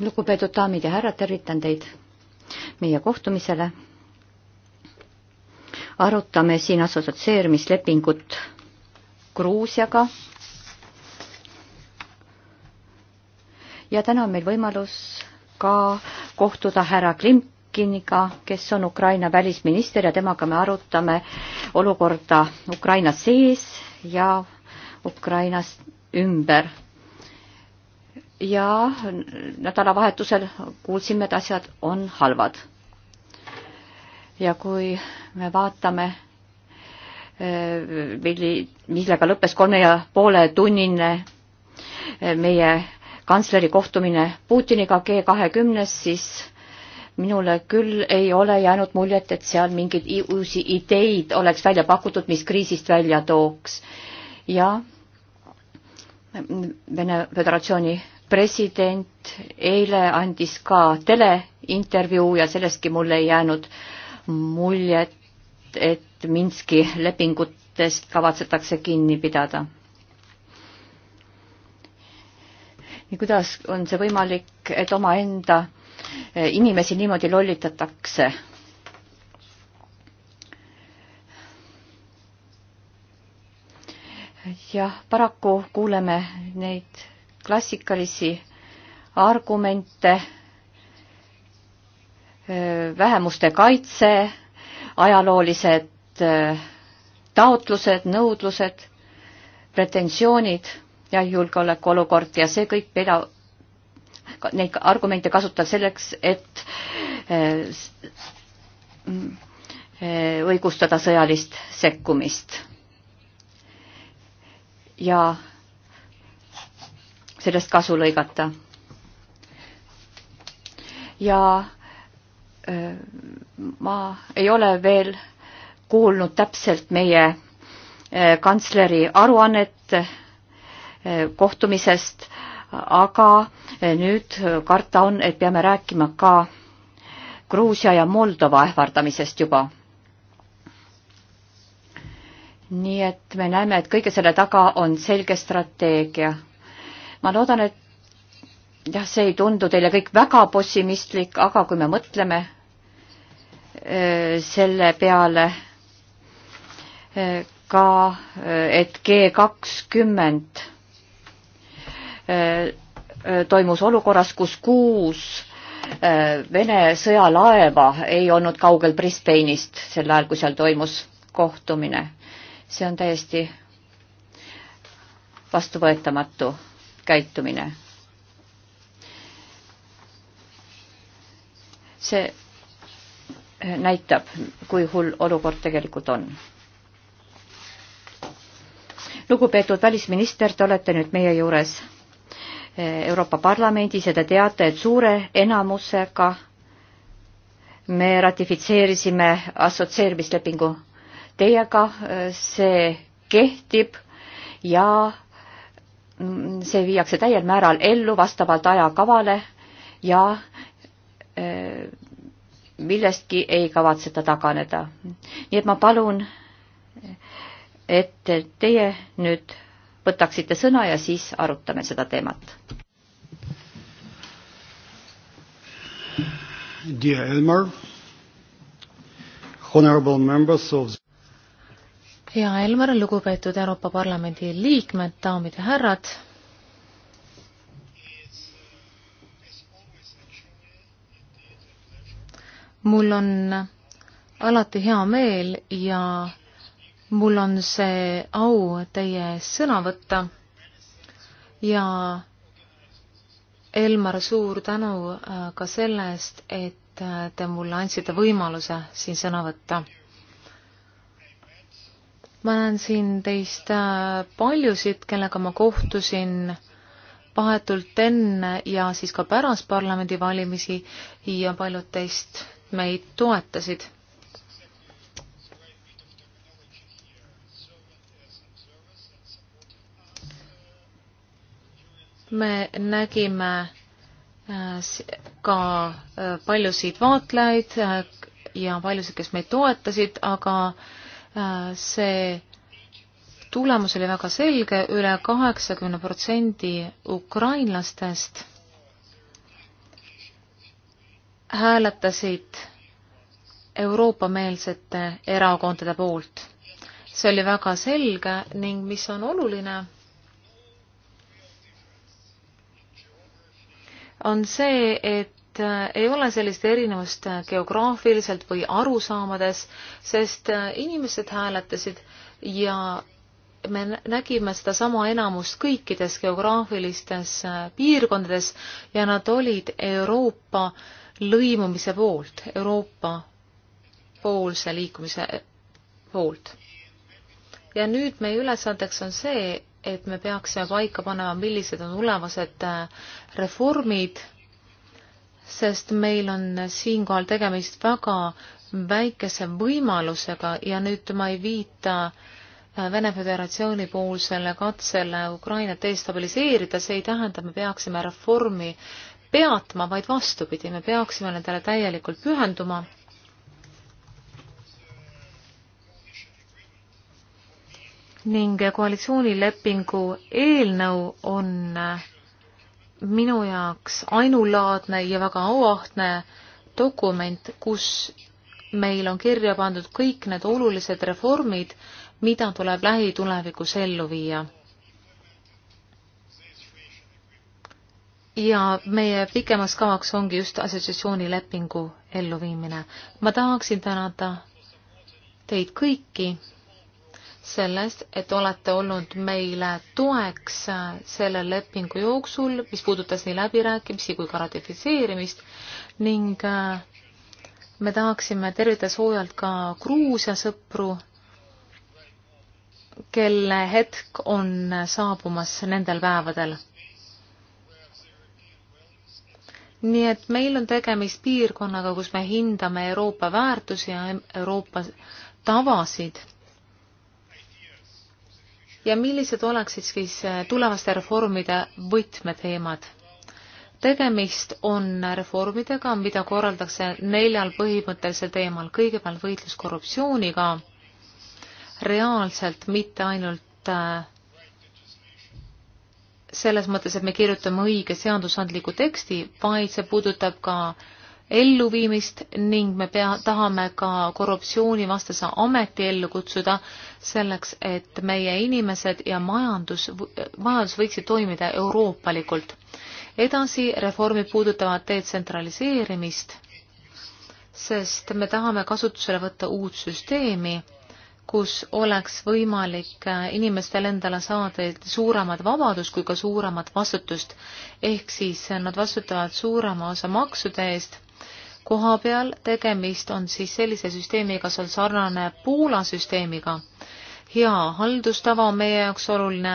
lugupeetud daamid ja härrad, tervitan teid meie kohtumisele. arutame siin assotsieerimislepingut Gruusiaga. ja täna on meil võimalus ka kohtuda härra Klimt Kretskiniga, kes on Ukraina välisminister ja temaga me arutame olukorda Ukraina sees ja Ukrainas ümber. ja nädalavahetusel kuulsime, et asjad on halvad. ja kui me vaatame eh, milli, millega lõppes kolme ja poole tunnine eh, meie kantsleri kohtumine Putiniga G kahekümnes, siis minule küll ei ole jäänud muljet, et seal mingeid uusi ideid oleks välja pakutud, mis kriisist välja tooks. ja Vene Föderatsiooni president eile andis ka teleintervjuu ja sellestki mulle ei jäänud muljet, et Minski lepingutest kavatsetakse kinni pidada. nii kuidas on see võimalik, et omaenda inimesi niimoodi lollitatakse. jah, paraku kuuleme neid klassikalisi argumente, vähemuste kaitse, ajaloolised taotlused, nõudlused, pretensioonid ja julgeolekuolukord ja see kõik peda-, neid argumente kasutada selleks, et eh, mm, õigustada sõjalist sekkumist. ja sellest kasu lõigata. ja eh, ma ei ole veel kuulnud täpselt meie eh, kantsleri aruannet kohtumisest äh, aga nüüd karta on, et peame rääkima ka Gruusia ja Moldova ähvardamisest juba. nii et me näeme, et kõige selle taga on selge strateegia. ma loodan, et jah, see ei tundu teile kõik väga pessimistlik, aga kui me mõtleme öö, äh, selle peale öö, äh, ka, äh, et G kakskümmend Äh, äh, toimus olukorras, kus kuus äh, Vene sõjalaeva ei olnud kaugel Brisbane'ist sel ajal, kui seal toimus kohtumine. see on täiesti vastuvõetamatu käitumine. see näitab, kui hull olukord tegelikult on. lugupeetud välisminister, te olete nüüd meie juures Euroopa Parlamendis ja te teate, et suure enamusega me ratifitseerisime assotsieerimislepingu teiega, äh, see kehtib ja mm, see viiakse täiel määral ellu vastavalt ajakavale ja äh, millestki ei kavatseta taganeda. nii et ma palun, et teie nüüd võtaksite sõna ja siis arutame seda teemat. Dear Elmar, honorable members of hea Elmar, lugupeetud Euroopa Parlamendi liikmed, daamid ja härrad. mul on alati hea meel ja mul on see au teie sõna võtta ja Elmar, suur tänu äh, ka selle eest, et äh, te mulle andsite võimaluse siin sõna võtta. ma näen siin teist äh, paljusid, kellega ma kohtusin vahetult enne ja siis ka pärast parlamendivalimisi ja paljud teist meid toetasid me nägime äh, ka äh, paljusid vaatlejaid äh, ja paljusid, kes meid toetasid, aga see tulemus oli väga selge üle, üle kaheksakümne protsendi ukrainlastest hääletasid Euroopa-meelsete erakondade poolt. see oli väga selge ning mis on oluline on see, et äh, ei ole sellist erinevust äh, geograafiliselt või arusaamades, sest äh, inimesed hääletasid ja me nägime sedasama enamust kõikides geograafilistes piirkondades ja nad olid Euroopa lõimumise poolt, Euroopa poolse liikumise poolt. ja nüüd meie ülesandeks on see, et me peaksime paika panema, millised on tulevased äh, reformid, sest meil on siinkohal tegemist väga väikese võimalusega ja nüüd ma ei viita äh, Vene Föderatsiooni poolsele katsele Ukrainat destabiliseerida, see ei tähenda, me peaksime reformi peatma, vaid vastupidi, me peaksime nendele täielikult pühenduma ning koalitsioonilepingu eelnõu on minu jaoks ainulaadne ja väga auahtne dokument, kus meil on kirja pandud kõik need olulised reformid, mida tuleb lähitulevikus ellu viia. ja meie pikemaks kavaks ongi just assotsiatsioonilepingu elluviimine. ma tahaksin tänada teid kõiki sellest, et olete olnud meile toeks selle lepingu jooksul, mis puudutas nii läbirääkimisi kui ka ratifitseerimist ning äh, me tahaksime tervitada soojalt ka Gruusia sõpru, kelle hetk on saabumas nendel päevadel. nii et meil on tegemist piirkonnaga, kus me hindame Euroopa väärtusi ja Euroopa tavasid ja millised oleksid siis äh, tulevaste reformide võtmeteemad? tegemist on reformidega, mida korraldatakse neljal põhimõttelisel teemal. kõigepealt võitlus korruptsiooniga, reaalselt mitte ainult äh, selles mõttes, et me kirjutame õige seadusandliku teksti, vaid see puudutab ka äh, elluviimist ning me pea, tahame ka korruptsioonivastase ameti ellu kutsuda selleks, et meie inimesed ja majandus, majandus võiksid toimida euroopalikult. edasi reformid puudutavad detsentraliseerimist, sest me tahame kasutusele võtta uut süsteemi, kus oleks võimalik äh, inimestel endale saada suuremat vabadust kui ka suuremat vastutust. ehk siis nad vastutavad suurema osa maksude eest koha peal, tegemist on siis sellise süsteemiga, see on sarnane Poola süsteemiga. hea haldustava on meie jaoks oluline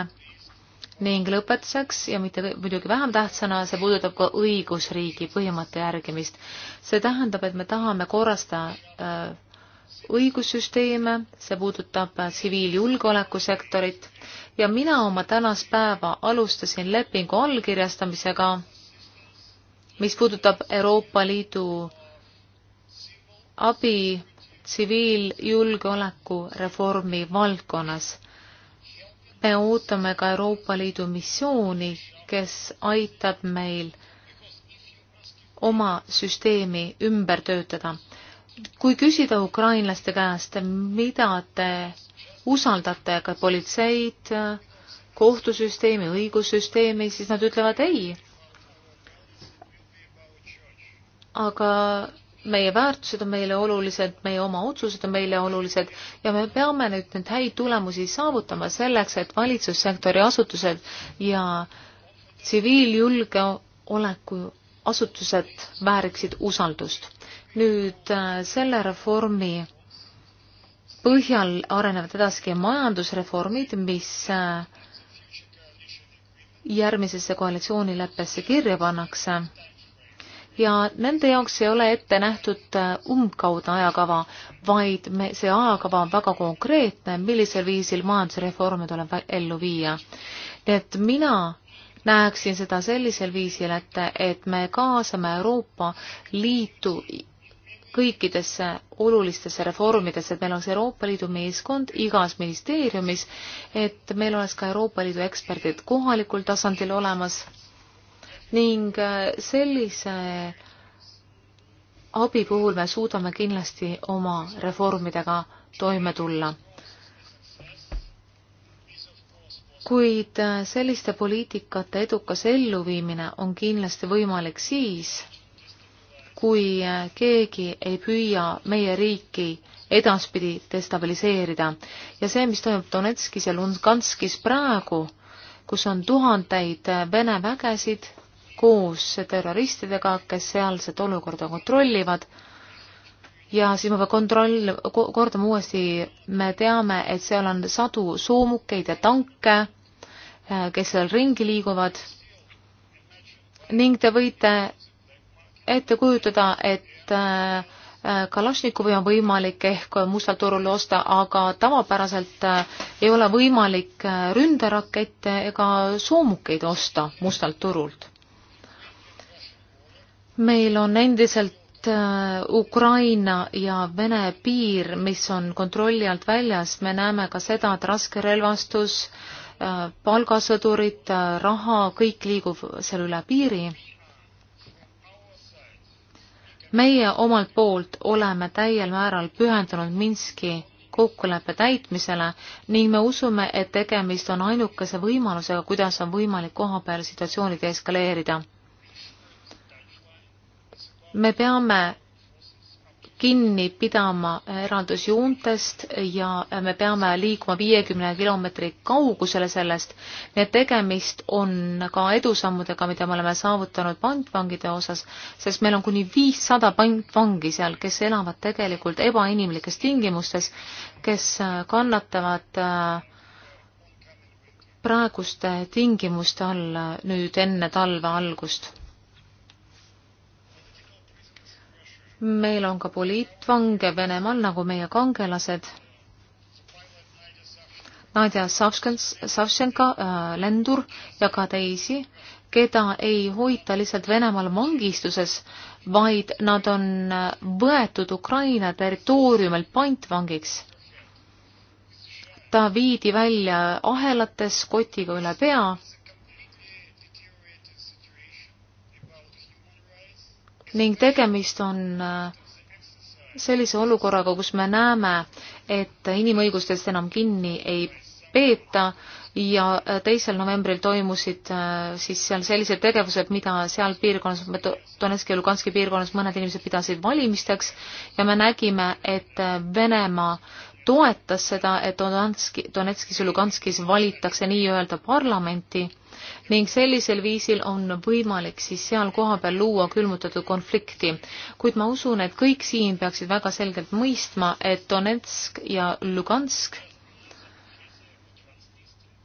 ning lõpetuseks ja mitte muidugi vähem tähtsana, see puudutab ka õigusriigi põhimõtte järgimist. see tähendab, et me tahame korrastada äh, õigussüsteeme, see puudutab äh, tsiviiljulgeolekusektorit ja mina oma tänast päeva alustasin lepingu allkirjastamisega, mis puudutab Euroopa Liidu abi tsiviiljulgeoleku reformi valdkonnas. me ootame ka Euroopa Liidu missiooni, kes aitab meil oma süsteemi ümber töötada. kui küsida ukrainlaste käest, mida te usaldate, ka politseid, kohtusüsteemi, õigussüsteemi, siis nad ütlevad ei. aga meie väärtused on meile olulised, meie oma otsused on meile olulised ja me peame nüüd neid häid tulemusi saavutama selleks, et valitsussektori asutused ja tsiviiljulgeoleku asutused vääriksid usaldust. nüüd äh, selle reformi põhjal arenevad edaski majandusreformid, mis äh, järgmisesse koalitsioonileppesse kirja pannakse ja nende jaoks ei ole ette nähtud äh, umbkaudne ajakava, vaid me, see ajakava on väga konkreetne, millisel viisil majandusreforme tuleb ellu viia. nii et mina näeksin seda sellisel viisil, et, et me kaasame Euroopa Liitu kõikidesse olulistesse reformidesse, et meil oleks Euroopa Liidu meeskond igas ministeeriumis, et meil oleks ka Euroopa Liidu eksperdid kohalikul tasandil olemas ning äh, sellise abi puhul me suudame kindlasti oma reformidega toime tulla. kuid äh, selliste poliitikate edukas elluviimine on kindlasti võimalik siis, kui äh, keegi ei püüa meie riiki edaspidi destabiliseerida. ja see, mis toimub Donetskis ja Luganskis praegu, kus on tuhandeid Vene vägesid koos terroristidega, kes sealset olukorda kontrollivad. ja siis ma pean kontroll, kordama uuesti, me teame, et seal on sadu soomukeid ja tanke, äh, kes seal ringi liiguvad ning te võite ette kujutada, et äh, äh, Kalašnikovi on võimalik ehk mustal turul osta, aga tavapäraselt ei ole võimalik ründerakette ega soomukeid osta mustalt turult meil on endiselt äh, Ukraina ja Vene piir, mis on kontrolli alt väljas, me näeme ka seda, et raske relvastus, äh, palgasõdurid, äh, raha, kõik liigub seal üle piiri. meie omalt poolt oleme täiel määral pühendunud Minski kokkuleppe täitmisele ning me usume, et tegemist on ainukese võimalusega, kuidas on võimalik kohapeal situatsioonid eskaleerida me peame kinni pidama eraldusjuuntest ja me peame liikuma viiekümne kilomeetri kaugusele sellest. nii et tegemist on ka edusammudega, mida me oleme saavutanud pantvangide osas, sest meil on kuni viissada pantvangi seal, kes elavad tegelikult ebainimlikes tingimustes, kes kannatavad äh, praeguste tingimuste all nüüd enne talve algust meil on ka poliitvange Venemaal, nagu meie kangelased. Nadja Savtšenka, äh, lendur ja ka teisi, keda ei hoita lihtsalt Venemaal vangistuses, vaid nad on äh, võetud Ukraina territooriumil pantvangiks. ta viidi välja ahelates kotiga üle pea ning tegemist on äh, sellise olukorraga, kus me näeme, et inimõigustest enam kinni ei peeta ja äh, teisel novembril toimusid äh, siis seal sellised tegevused, mida seal piirkonnas, Donetski ja Luganski piirkonnas mõned inimesed pidasid valimisteks ja me nägime, et Venemaa toetas seda, et Donetski, Donetskis ja Luganskis valitakse nii-öelda parlamenti ning sellisel viisil on võimalik siis seal kohapeal luua külmutatud konflikti. kuid ma usun, et kõik siin peaksid väga selgelt mõistma, et Donetsk ja Lugansk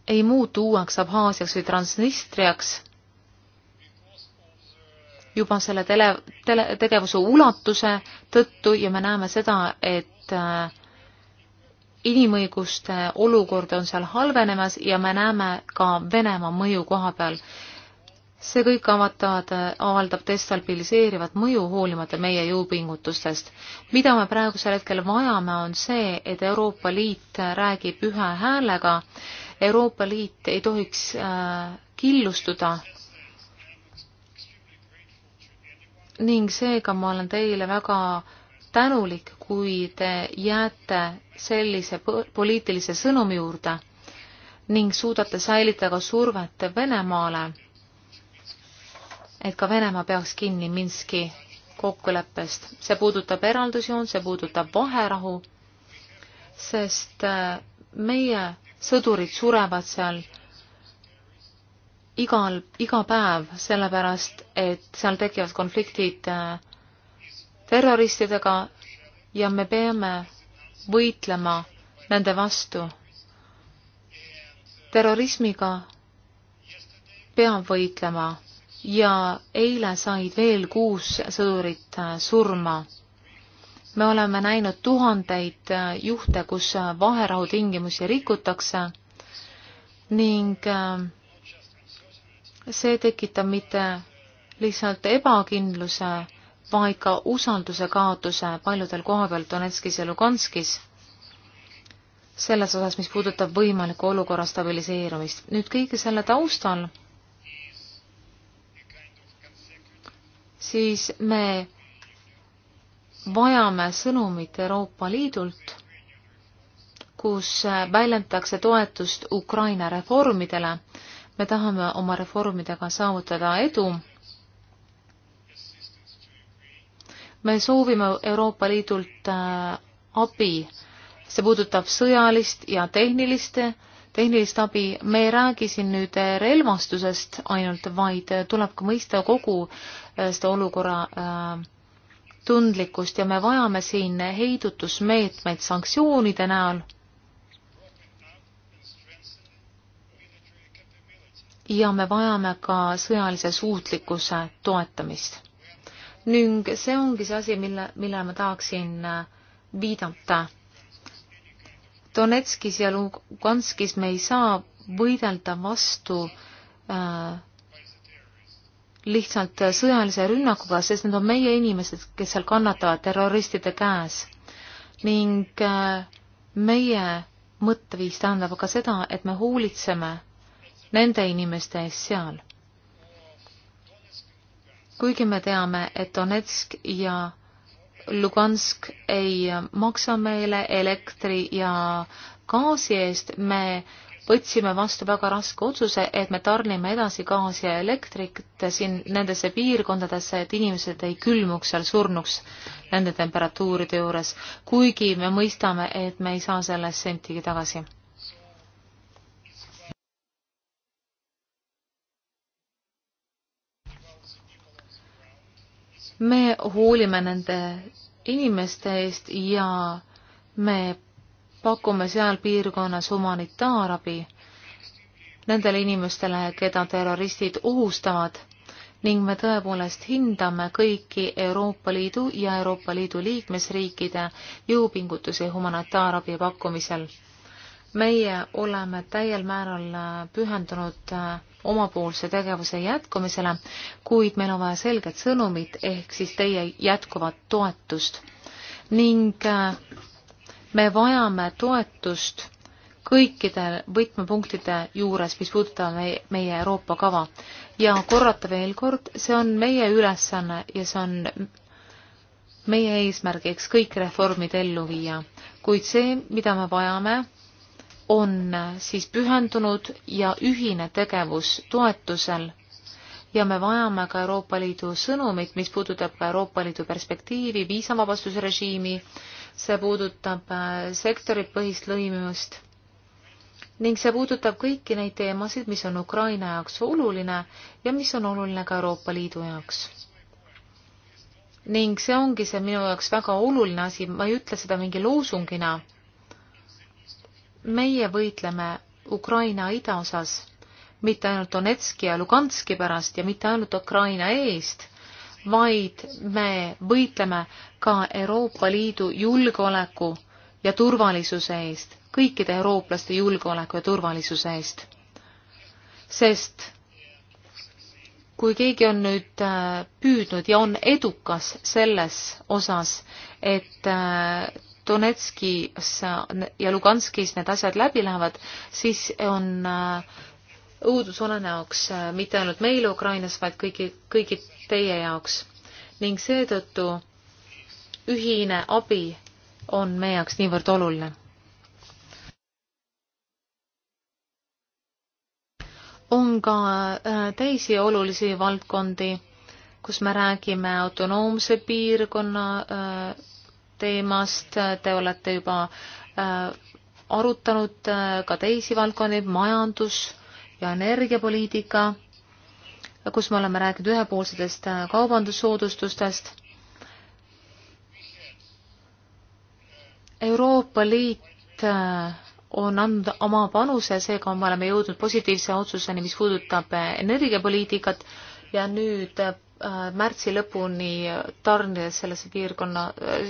ei muutu uueks Abhaasiaks või Transnistriaks juba selle tele, tele, tegevuse ulatuse tõttu ja me näeme seda, et äh, inimõiguste olukord on seal halvenemas ja me näeme ka Venemaa mõju koha peal. see kõik avatavad, avaldab destabiliseerivat mõju hoolimata meie jõupingutustest. mida me praegusel hetkel vajame, on see, et Euroopa Liit räägib ühe häälega. Euroopa Liit ei tohiks äh, killustuda ning seega ma olen teile väga äh, tänulik, kui te jääte sellise poliitilise sõnumi juurde ning suudate säilitada ka survet Venemaale, et ka Venemaa peaks kinni Minski kokkuleppest. see puudutab eraldusjoont, see puudutab vaherahu, sest äh, meie sõdurid surevad seal igal, iga päev, sellepärast et seal tekivad konfliktid äh, terroristidega ja me peame võitlema nende vastu. terrorismiga peab võitlema ja eile said veel kuus sõdurit äh, surma. me oleme näinud tuhandeid äh, juhte, kus äh, vaherahu tingimusi rikutakse ning see tekitab mitte lihtsalt ebakindluse vaid ka usalduse kaotuse paljudel kohapeal Donetskis ja Luganskis selles osas, mis puudutab võimaliku olukorra stabiliseerumist. nüüd kõige selle taustal siis me vajame sõnumit Euroopa Liidult, kus väljendatakse toetust Ukraina reformidele. me tahame oma reformidega saavutada edu me soovime Euroopa Liidult äh, abi, see puudutab sõjalist ja tehnilist, tehnilist abi, me ei räägi siin nüüd relvastusest ainult, vaid äh, tuleb ka mõista kogu äh, seda olukorra tundlikkust ja me vajame siin heidutusmeetmeid sanktsioonide näol ja me vajame ka sõjalise suutlikkuse toetamist ning see ongi see asi, mille, mille ma tahaksin äh, viidata. Donetskis ja Luganskis me ei saa võidelda vastu äh, lihtsalt sõjalise rünnakuga, sest need on meie inimesed, kes seal kannatavad terroristide käes. ning äh, meie mõtteviis tähendab aga seda, et me hoolitseme nende inimeste eest seal kuigi me teame, et Donetsk ja Lugansk ei maksa meile elektri ja gaasi eest, me võtsime vastu väga raske otsuse, et me tarnime edasi gaasi ja elektrit siin nendesse piirkondadesse, et inimesed ei külmuks seal surnuks nende temperatuuride juures, kuigi me mõistame, et me ei saa selle eest sentigi tagasi me hoolime nende inimeste eest ja me pakume seal piirkonnas humanitaarabi nendele inimestele, keda terroristid ohustavad ning me tõepoolest hindame kõiki Euroopa Liidu ja Euroopa Liidu liikmesriikide jõupingutusi humanitaarabi pakkumisel meie oleme täiel määral äh, pühendunud äh, omapoolse tegevuse jätkumisele, kuid meil on vaja selget sõnumit ehk siis teie jätkuvat toetust ning äh, me vajame toetust kõikide võtmepunktide juures, mis puudutavad meie Euroopa kava. ja korrata veel kord, see on meie ülesanne ja see on meie eesmärgiks kõik reformid ellu viia, kuid see, mida me vajame, on siis pühendunud ja ühine tegevus toetusel ja me vajame ka Euroopa Liidu sõnumit, mis puudutab ka Euroopa Liidu perspektiivi, viisavabastusrežiimi, see puudutab äh, sektoripõhist lõimimist ning see puudutab kõiki neid teemasid, mis on Ukraina jaoks oluline ja mis on oluline ka Euroopa Liidu jaoks. ning see ongi see minu jaoks väga oluline asi, ma ei ütle seda mingi loosungina meie võitleme Ukraina idaosas mitte ainult Donetski ja Luganski pärast ja mitte ainult Ukraina eest, vaid me võitleme ka Euroopa Liidu julgeoleku ja turvalisuse eest, kõikide eurooplaste julgeoleku ja turvalisuse eest. sest kui keegi on nüüd äh, püüdnud ja on edukas selles osas, et äh, Donetskis ja Luganskis need asjad läbi lähevad, siis on äh, õudusone näoks äh, mitte ainult meile Ukrainas, vaid kõigi, kõigi teie jaoks. ning seetõttu ühine abi on meie jaoks niivõrd oluline. on ka äh, teisi olulisi valdkondi, kus me räägime autonoomse piirkonna teemast, te olete juba äh, arutanud äh, ka teisi valdkondi, majandus ja energiapoliitika, kus me oleme rääkinud ühepoolsetest äh, kaubandussoodustustest. Euroopa Liit on andnud oma panuse, seega me oleme jõudnud positiivse otsuseni, mis puudutab energiapoliitikat ja nüüd Äh, märtsi lõpuni tarnides sellesse piirkonna,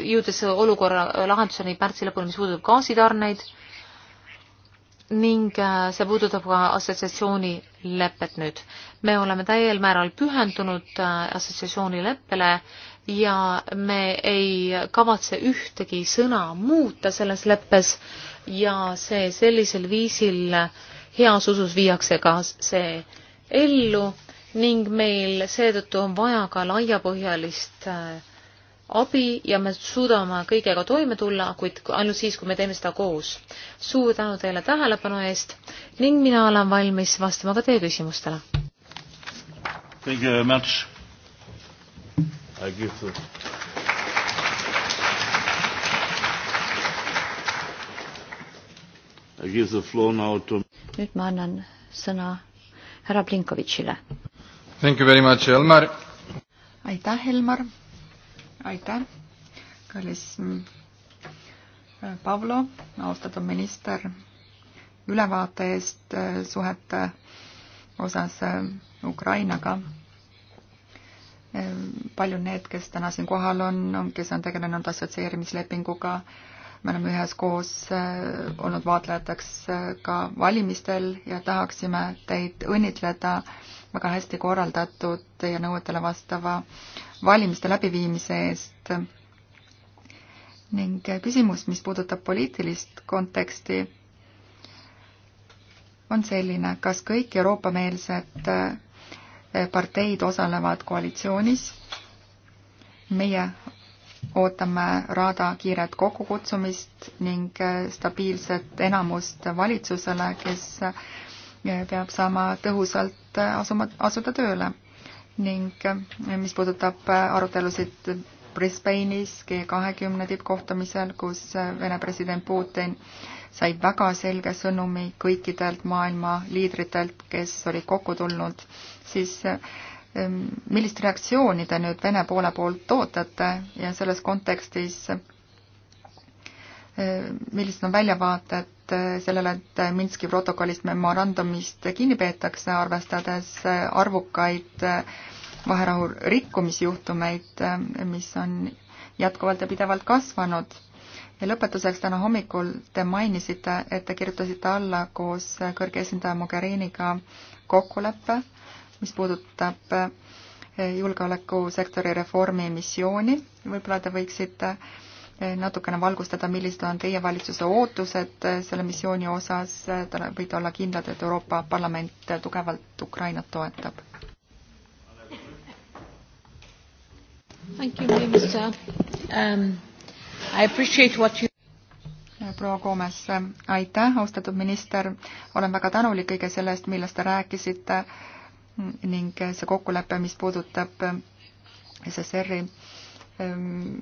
jõudes olukorra lahenduseni märtsi lõpuni, mis puudutab gaasitarneid ning äh, see puudutab ka assotsiatsiooni lepet nüüd. me oleme täiel määral pühendunud äh, assotsiatsiooni leppele ja me ei kavatse ühtegi sõna muuta selles leppes ja see sellisel viisil heas usus viiakse ka see ellu ning meil seetõttu on vaja ka laiapõhjalist äh, abi ja me suudame kõigega toime tulla, kuid ainult siis, kui me teeme seda koos. suur tänu teile tähelepanu eest ning mina olen valmis vastama ka teie küsimustele. Thank you very much. I give the I give the floor now to nüüd ma annan sõna härra Plinkovitšile. Thank you very much, Elmar. aitäh, Elmar. aitäh, kallis mm, äh, Pavlo, austatud minister, ülevaate eest äh, suhete osas äh, Ukrainaga. paljud need, kes täna siin kohal on, kes on tegelenud assotsieerimislepinguga, me oleme üheskoos olnud vaatlejateks ka valimistel ja tahaksime teid õnnitleda äh, väga hästi korraldatud teie nõuetele vastava valimiste läbiviimise eest. ning küsimus, mis puudutab poliitilist konteksti, on selline, kas kõik Euroopa-meelsed eh, parteid osalevad koalitsioonis. meie ootame Raada kiiret kokkukutsumist ning eh, stabiilset enamust valitsusele, kes eh, peab saama tõhusalt nad asuma, asuda tööle. ning eh, mis puudutab eh, arutelusid Brisbane'is G20 tippkohtumisel, kus eh, Vene president Putin sai väga selge sõnumi kõikidelt maailma liidritelt, kes olid kokku tulnud, siis millist reaktsiooni te nüüd Vene poole poolt ootate ja selles kontekstis millised on väljavaated et sellele, et Minski protokollist memorandumist kinni peetakse, arvestades arvukaid vaherahu rikkumisjuhtumeid, mis on jätkuvalt ja pidevalt kasvanud. ja lõpetuseks täna hommikul te mainisite, et te kirjutasite alla koos kõrge esindaja Mogheriniga kokkuleppe, mis puudutab julgeolekusektori reformi missiooni, võib-olla te võiksite äh, natukene valgustada, millised on teie valitsuse ootused eh, selle missiooni osas, eh, te võite olla kindlad, et Euroopa Parlament eh, tugevalt Ukrainat toetab. Um, proua Koomes, aitäh, austatud minister, olen väga tänulik kõige selle eest, millest te rääkisite mm, ning see kokkulepe, mis puudutab SSR-i ehm,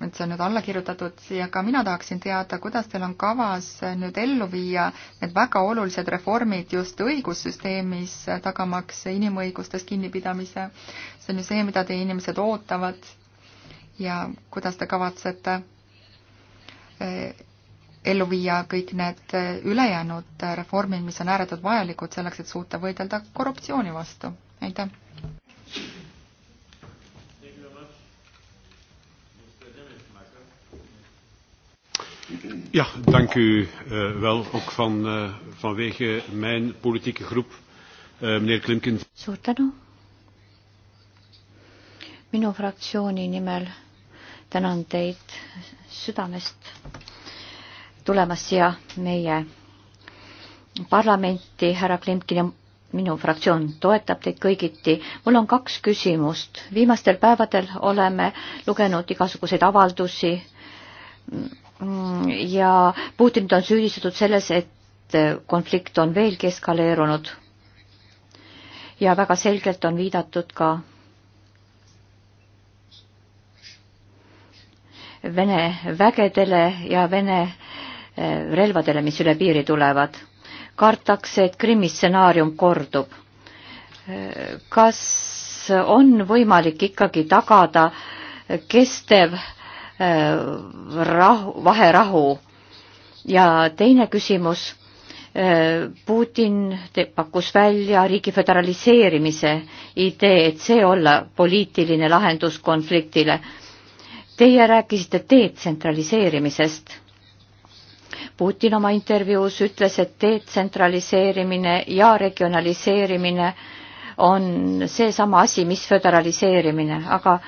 et see on nüüd alla kirjutatud ja ka mina tahaksin teada, kuidas teil on kavas nüüd ellu viia need väga olulised reformid just õigussüsteemis, tagamaks inimõigustest kinnipidamise. see on ju see, mida teie inimesed ootavad. ja kuidas te kavatsete eh, ellu viia kõik need eh, ülejäänud reformid, mis on ääretult vajalikud selleks, et suuta võidelda korruptsiooni vastu. aitäh! Ja, dank u uh, wel. Ook van, uh, vanwege mijn politieke groep, uh, meneer Klimkin. Suur tänu. Minu fraktsiooni nimel tänan teid südamest tulemast siia meie parlamenti. Härra Klimkin ja minu fraktsioon toetab teid kõigiti. mul on kaks küsimust. viimastel päevadel oleme lugenud igasuguseid avaldusi Mm, ja Putinit on süüdistatud selles, et äh, konflikt on veelgi eskaleerunud. ja väga selgelt on viidatud ka Vene vägedele ja Vene äh, relvadele, mis üle piiri tulevad. kartakse, et Krimmi stsenaarium kordub. Äh, kas on võimalik ikkagi tagada kestev äh, Äh, rahu, vaherahu. ja teine küsimus. Äh, Putin te, pakkus välja riigi föderaliseerimise idee, et see olla poliitiline lahendus konfliktile. Teie rääkisite detsentraliseerimisest Putin oma intervjuus ütles, et detsentraliseerimine ja regionaliseerimine on seesama asi, mis föderaliseerimine, aga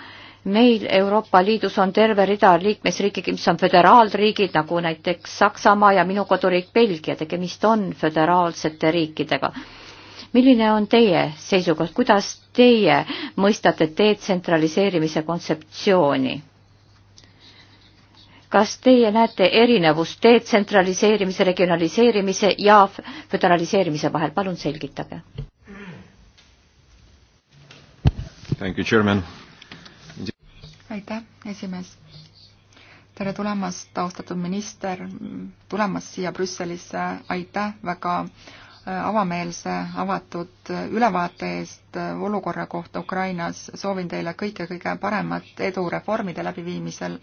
meil Euroopa Liidus on terve rida liikmesriike, mis on föderaalriigid, nagu näiteks Saksamaa ja minu koduriik Belgia, tegemist on föderaalsete riikidega. milline on teie seisukoht, kuidas teie mõistate detsentraliseerimise kontseptsiooni? kas teie näete erinevust detsentraliseerimise, regionaliseerimise ja föderaliseerimise vahel, palun selgitage. Thank you, Chairman aitäh, esimees. tere tulemast, austatud minister, tulemast siia Brüsselisse, aitäh väga äh, avameelse, avatud ülevaate eest äh, olukorra kohta Ukrainas. soovin teile kõike kõige paremat edu reformide läbiviimisel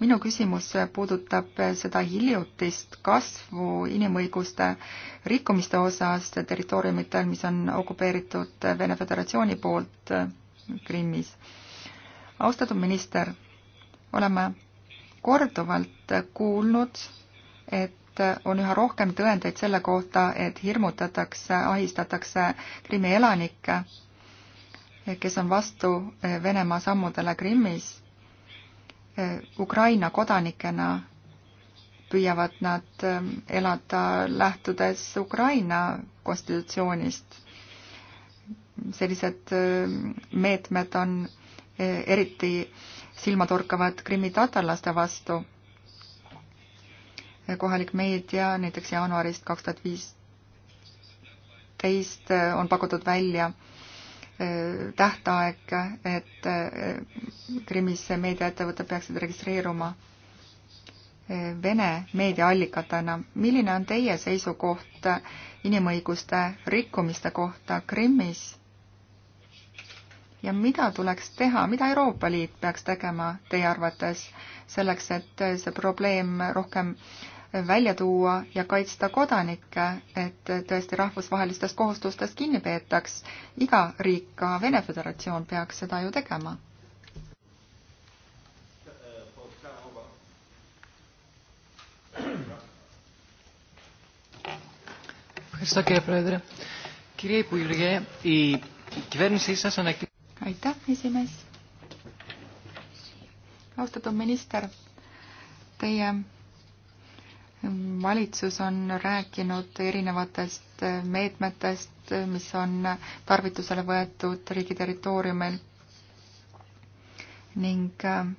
minu küsimus puudutab äh, seda hiljutist kasvu inimõiguste rikkumiste osas territooriumitel, mis on okupeeritud Vene Föderatsiooni poolt Krimmis austatud minister, oleme korduvalt kuulnud, et on üha rohkem tõendeid selle kohta, et hirmutatakse, ahistatakse Krimmi elanikke, kes on vastu Venemaa sammudele Krimmis. Ukraina kodanikena püüavad nad elada lähtudes Ukraina konstitutsioonist. sellised meetmed on E, eriti silmatorkavad krimmitatalaste vastu. E, kohalik meedia näiteks jaanuarist kaks tuhat viisteist e, on pakutud välja tähtaeg, et Krimmis meediaettevõtted peaksid registreeruma Vene meediaallikatena. milline on teie seisukoht inimõiguste rikkumiste kohta Krimmis ja mida tuleks teha, mida Euroopa Liit peaks tegema teie arvates selleks, et see probleem rohkem välja tuua ja kaitsta kodanikke, et tõesti rahvusvahelistest kohustustest kinni peetaks. iga riik, ka Vene Föderatsioon peaks seda ju tegema. Ευχαριστώ κύριε Πρόεδρε. Κύριε Υπουργέ, η κυβέρνησή σας ανακοίνωσε aitäh, esimees. austatud minister, teie valitsus on rääkinud erinevatest meetmetest, mis on tarvitusele võetud riigi territooriumil ning äh,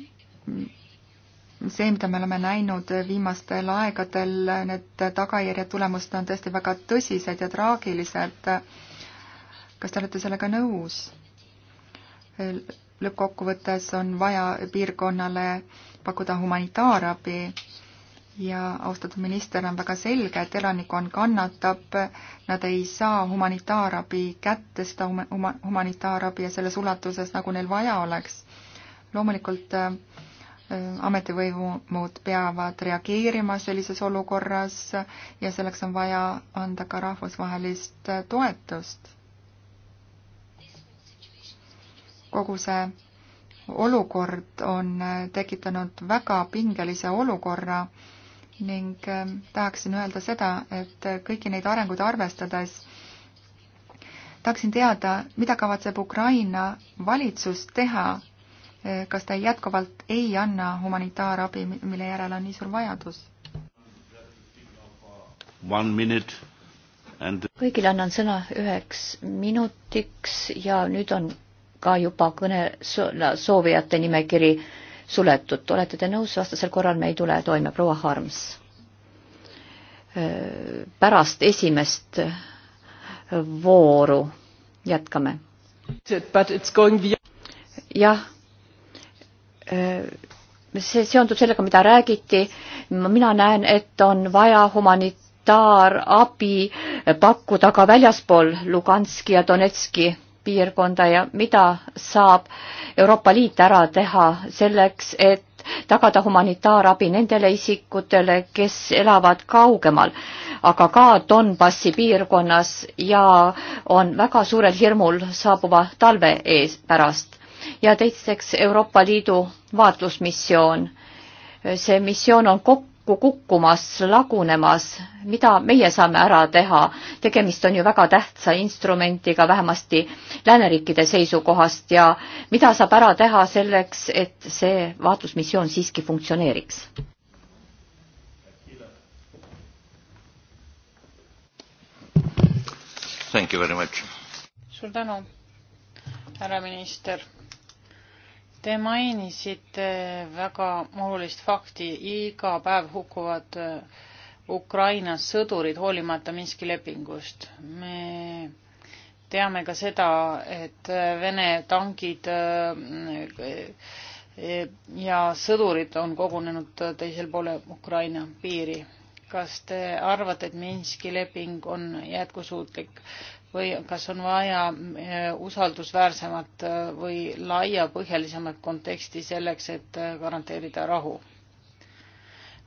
see, mida me oleme näinud viimastel aegadel, need tagajärjed, tulemused on tõesti väga tõsised ja traagilised kas te olete sellega nõus? lõppkokkuvõttes on vaja piirkonnale pakkuda humanitaarabi ja austatud minister on väga selge, et elanikkond kannatab, nad ei saa humanitaarabi kätte, seda huma-, humanitaarabi ja selles ulatuses, nagu neil vaja oleks. loomulikult äh, ametivõimud peavad reageerima sellises olukorras ja selleks on vaja anda ka rahvusvahelist äh, toetust kogu see olukord on äh, tekitanud väga pingelise olukorra ning äh, tahaksin öelda seda, et äh, kõiki neid arenguid arvestades tahaksin teada, mida kavatseb Ukraina valitsus teha, kas ta jätkuvalt ei anna humanitaarabi, mille järele on nii suur vajadus? kõigile annan sõna üheks minutiks ja nüüd on ka juba kõne soovijate nimekiri suletud. olete te nõus, vastasel korral me ei tule toime, proua Harms. pärast esimest vooru jätkame. jah, see seondub sellega, mida räägiti. mina näen, et on vaja humanitaarabi pakkuda ka väljaspool Luganski ja Donetski piirkonda ja mida saab Euroopa Liit ära teha selleks, et tagada humanitaarabi nendele isikutele, kes elavad kaugemal, aga ka Donbassi piirkonnas ja on väga suurel hirmul saabuva talve ees pärast. ja teiseks Euroopa Liidu vaatlusmissioon. see missioon on kokku kokku kukkumas, lagunemas, mida meie saame ära teha? tegemist on ju väga tähtsa instrumendiga vähemasti lääneriikide seisukohast ja mida saab ära teha selleks, et see vaatlusmissioon siiski funktsioneeriks? suur tänu, härra minister Te mainisite väga olulist fakti, iga päev hukkuvad äh, Ukraina sõdurid hoolimata Minski lepingust. me teame ka seda, et äh, Vene tankid äh, ja sõdurid on kogunenud teisel pool Ukraina piiri kas te arvate, et Minski leping on jätkusuutlik või kas on vaja äh, usaldusväärsemat äh, või laiapõhjalisemat konteksti selleks, et äh, garanteerida rahu?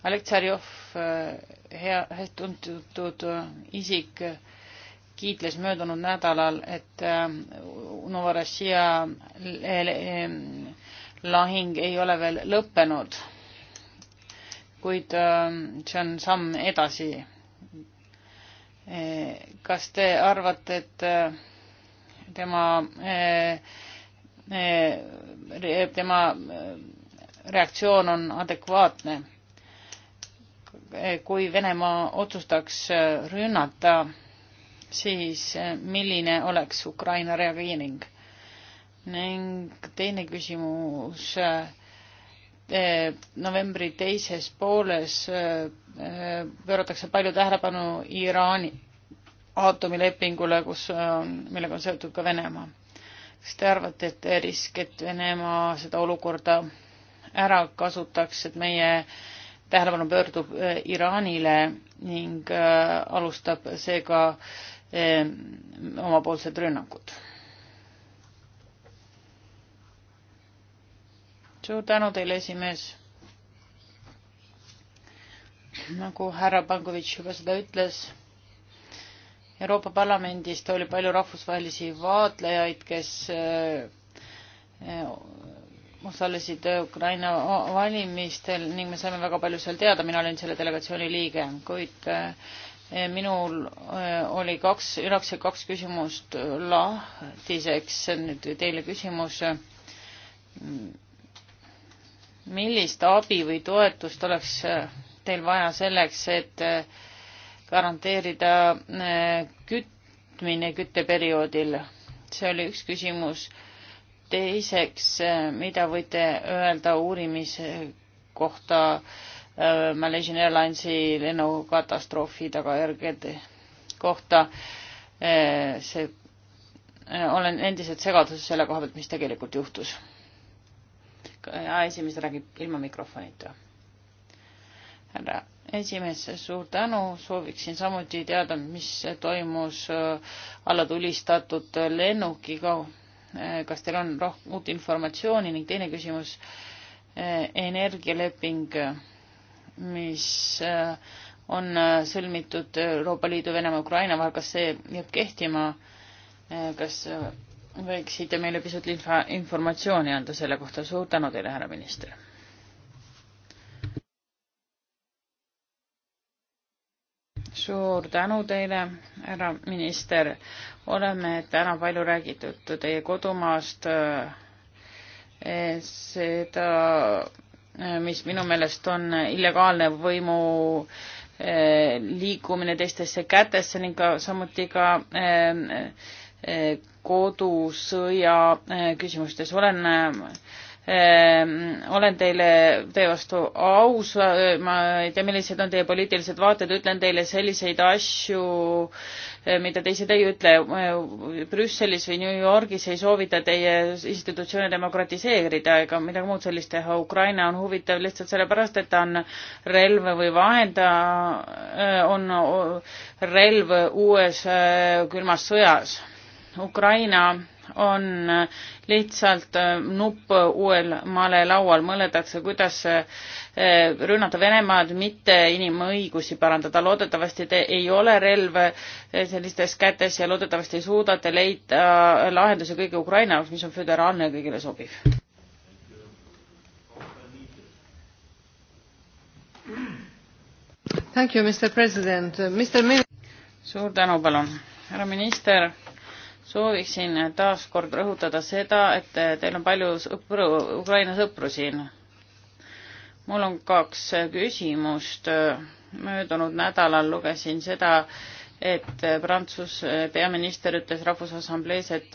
Aleksarjov, hea, hästi tuntud isik, kiitles möödunud nädalal, et Novorossija lahing ei ole veel lõppenud kuid ähm, see on samm edasi. Eh, kas te arvate, et äh, tema, eh, eh, tema äh, reaktsioon on adekvaatne? kui Venemaa otsustaks äh, rünnata, siis milline oleks Ukraina reageering? ning teine küsimus äh, Eh, novembri teises pooles eh, pööratakse palju tähelepanu Iraani aatomilepingule, kus, millega on seotud ka Venemaa. kas te arvate, et risk, et Venemaa seda olukorda ära kasutaks, et meie tähelepanu pöördub eh, Iraanile ning alustab seega omapoolsed rünnakud? suur tänu teile, esimees. nagu härra Pankovitš juba seda ütles, Euroopa Parlamendist oli palju rahvusvahelisi vaatlejaid, kes eh, osalesid Ukraina valimistel ning me saime väga palju seal teada, mina olin selle delegatsiooni liige, kuid eh, minul eh, oli kaks, ülaks kaks küsimust lahtiseks, nüüd teile küsimus millist abi või toetust oleks äh, teil vaja selleks, et äh, garanteerida äh, kütmine kütteperioodil? see oli üks küsimus. teiseks, mida võite öelda uurimise kohta Malaysian Airlinesi lennukatastroofi tagajärgede kohta? see, olen endiselt segaduses selle koha pealt, mis tegelikult juhtus esimees räägib ilma mikrofonita. härra esimees, suur tänu, sooviksin samuti teada, mis toimus äh, allatulistatud lennukiga. Äh, kas teil on rohkem uut informatsiooni ning teine küsimus, äh, energialeping, mis on sõlmitud Euroopa Liidu, Venemaa, Ukraina vahel, kas see jääb kehtima, kas võiksite meile pisut infa, informatsiooni anda selle kohta. suur tänu teile, härra minister. suur tänu teile, härra minister. oleme täna palju räägitud teie kodumaast. seda, mis minu meelest on illegaalne võimu liikumine teistesse kätesse ning ka samuti ka äh, kodusõja eh, küsimustes. olen, eh, olen teile, teie vastu aus, ma ei tea, millised on teie poliitilised vaated, ütlen teile selliseid asju, eh, mida teised ei ütle. Brüsselis või New Yorgis ei soovita teie institutsioone demokratiseerida ega midagi muud sellist teha. Ukraina on huvitav lihtsalt sellepärast, et ta on relv või vahend, on relv uues külmas sõjas Ukraina on lihtsalt äh, nupp uuel malelaual, mõeldakse, kuidas äh, rünnata Venemaad, mitte inimõigusi parandada. loodetavasti te ei ole relv äh, sellistes kätes ja loodetavasti suudate leida lahenduse kõige Ukraina jaoks, mis on föderaalne ja kõigile sobiv. suur tänu, palun. härra minister sooviksin taas kord rõhutada seda, et teil on palju sõpru, Ukraina sõpru siin. mul on kaks küsimust. möödunud nädalal lugesin seda, et Prantsuse peaminister ütles Rahvusassamblees, et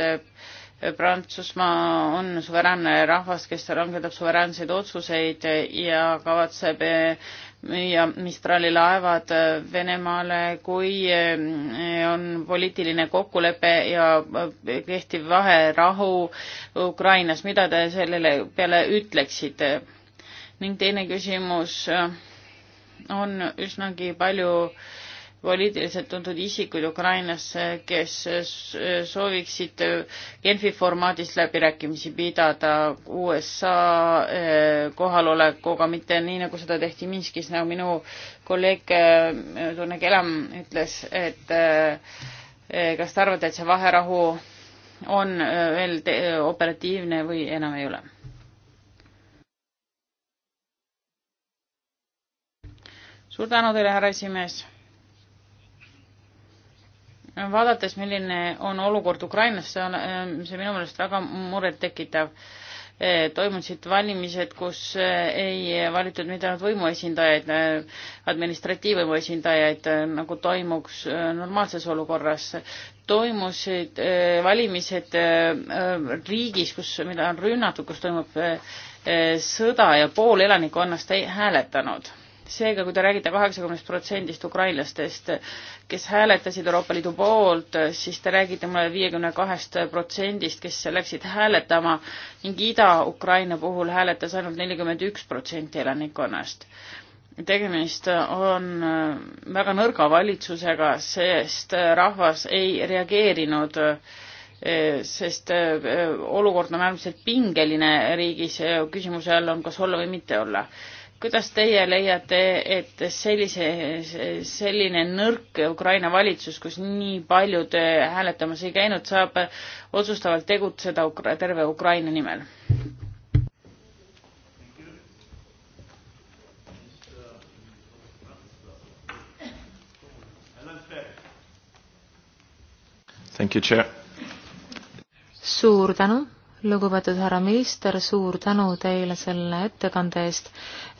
Prantsusmaa on suveräänne rahvas, kes langetab suveräänseid otsuseid ja kavatseb müüa Mistrali laevad äh, Venemaale, kui äh, on poliitiline kokkulepe ja äh, kehtiv vaherahu Ukrainas, mida te sellele peale ütleksite? ning teine küsimus on üsnagi palju äh, poliitiliselt tuntud isikuid Ukrainas, kes sooviksid Genfi formaadis läbirääkimisi pidada USA eh, kohalolekuga, mitte nii, nagu seda tehti Minskis, nagu minu kolleeg eh, Tunne Kelam ütles, et eh, kas te arvate, et see vaherahu on veel operatiivne või enam ei ole? suur tänu teile, härra esimees vaadates, milline on olukord Ukrainas, see on, ähm, see minu meelest väga murettekitav. Äh, toimusid valimised, kus äh, ei valitud mitte ainult võimuesindajaid, äh, administratiivvõimu esindajaid, nagu toimuks normaalses olukorras. toimusid valimised riigis, kus, mida on rünnatud, kus toimub sõda ja pool elanikkonnast ei hääletanud seega, kui te räägite kaheksakümnest protsendist ukrainlastest, kes hääletasid Euroopa Liidu poolt, siis te räägite mulle viiekümne kahest protsendist, kes läksid hääletama ning Ida-Ukraina puhul hääletas ainult nelikümmend üks protsenti elanikkonnast. tegemist on äh, väga nõrga valitsusega, sest äh, rahvas ei reageerinud äh, sest olukord on äärmiselt pingeline riigis, küsimuse all on, kas olla või mitte olla kuidas teie leiate, et sellise, selline nõrk Ukraina valitsus, kus nii paljud hääletamas ei käinud, saab otsustavalt tegutseda Ukra terve Ukraina nimel? suur tänu lugupeetud härra minister, suur tänu teile selle ettekande eest.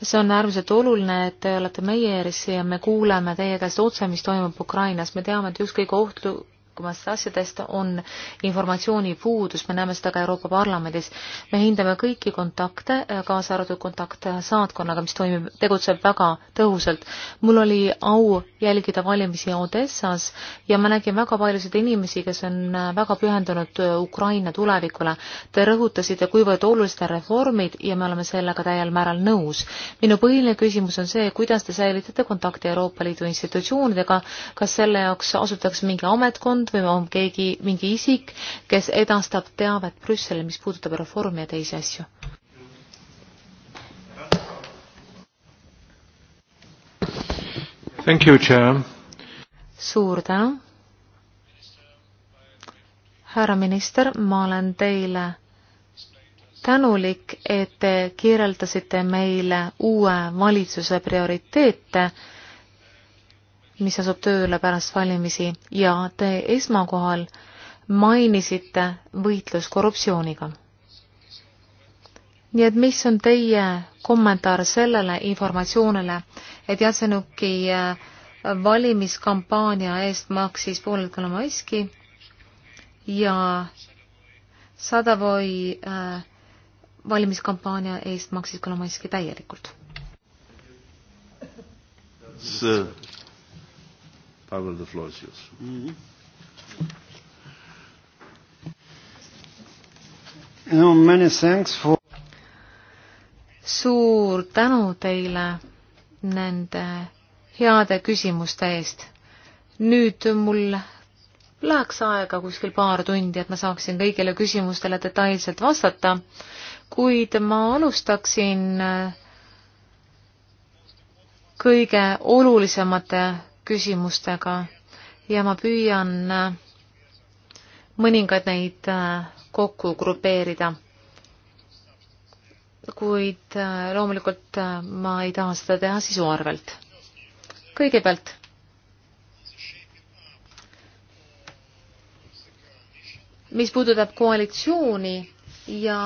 see on äärmiselt oluline, et te olete meie ees ja me kuuleme teie käest otse, mis toimub Ukrainas. me teame, et üks kõige ohtlu-, üksikasjalikest asjadest on informatsiooni puudus, me näeme seda ka Euroopa Parlamendis. me hindame kõiki kontakte, kaasa arvatud kontakt saatkonnaga, mis toimib, tegutseb väga tõhusalt. mul oli au jälgida valimisi Odessas ja ma nägin väga paljusid inimesi, kes on väga pühendunud Ukraina tulevikule. Te rõhutasite, kuivõrd olulised on reformid ja me oleme sellega täiel määral nõus. minu põhiline küsimus on see, kuidas te säilitate kontakti Euroopa Liidu institutsioonidega, kas selle jaoks asutatakse mingi ametkond, fond või on keegi, mingi isik, kes edastab teavet Brüsseli, mis puudutab reformi ja teisi asju? Thank you, Chair. suur tänu. härra minister, ma olen teile tänulik, et te kirjeldasite meile uue valitsuse prioriteete mis asub tööle pärast valimisi ja te esmakohal mainisite võitlus korruptsiooniga. nii et mis on teie kommentaar sellele informatsioonile, et Jatsenuki äh, valimiskampaania eest maksis pooled Kalamaski ja Sadavoi äh, valimiskampaania eest maksis Kalamaski täielikult? Pavel, the floor is yours. Mm -hmm. no oh, many thanks for suur tänu teile nende heade küsimuste eest. nüüd mul läheks aega kuskil paar tundi, et ma saaksin kõigile küsimustele detailselt vastata, kuid ma alustaksin kõige olulisemate küsimustega ja ma püüan äh, mõningad neid äh, kokku grupeerida. kuid äh, loomulikult ma ei taha seda teha sisu arvelt. kõigepealt mis puudutab koalitsiooni ja,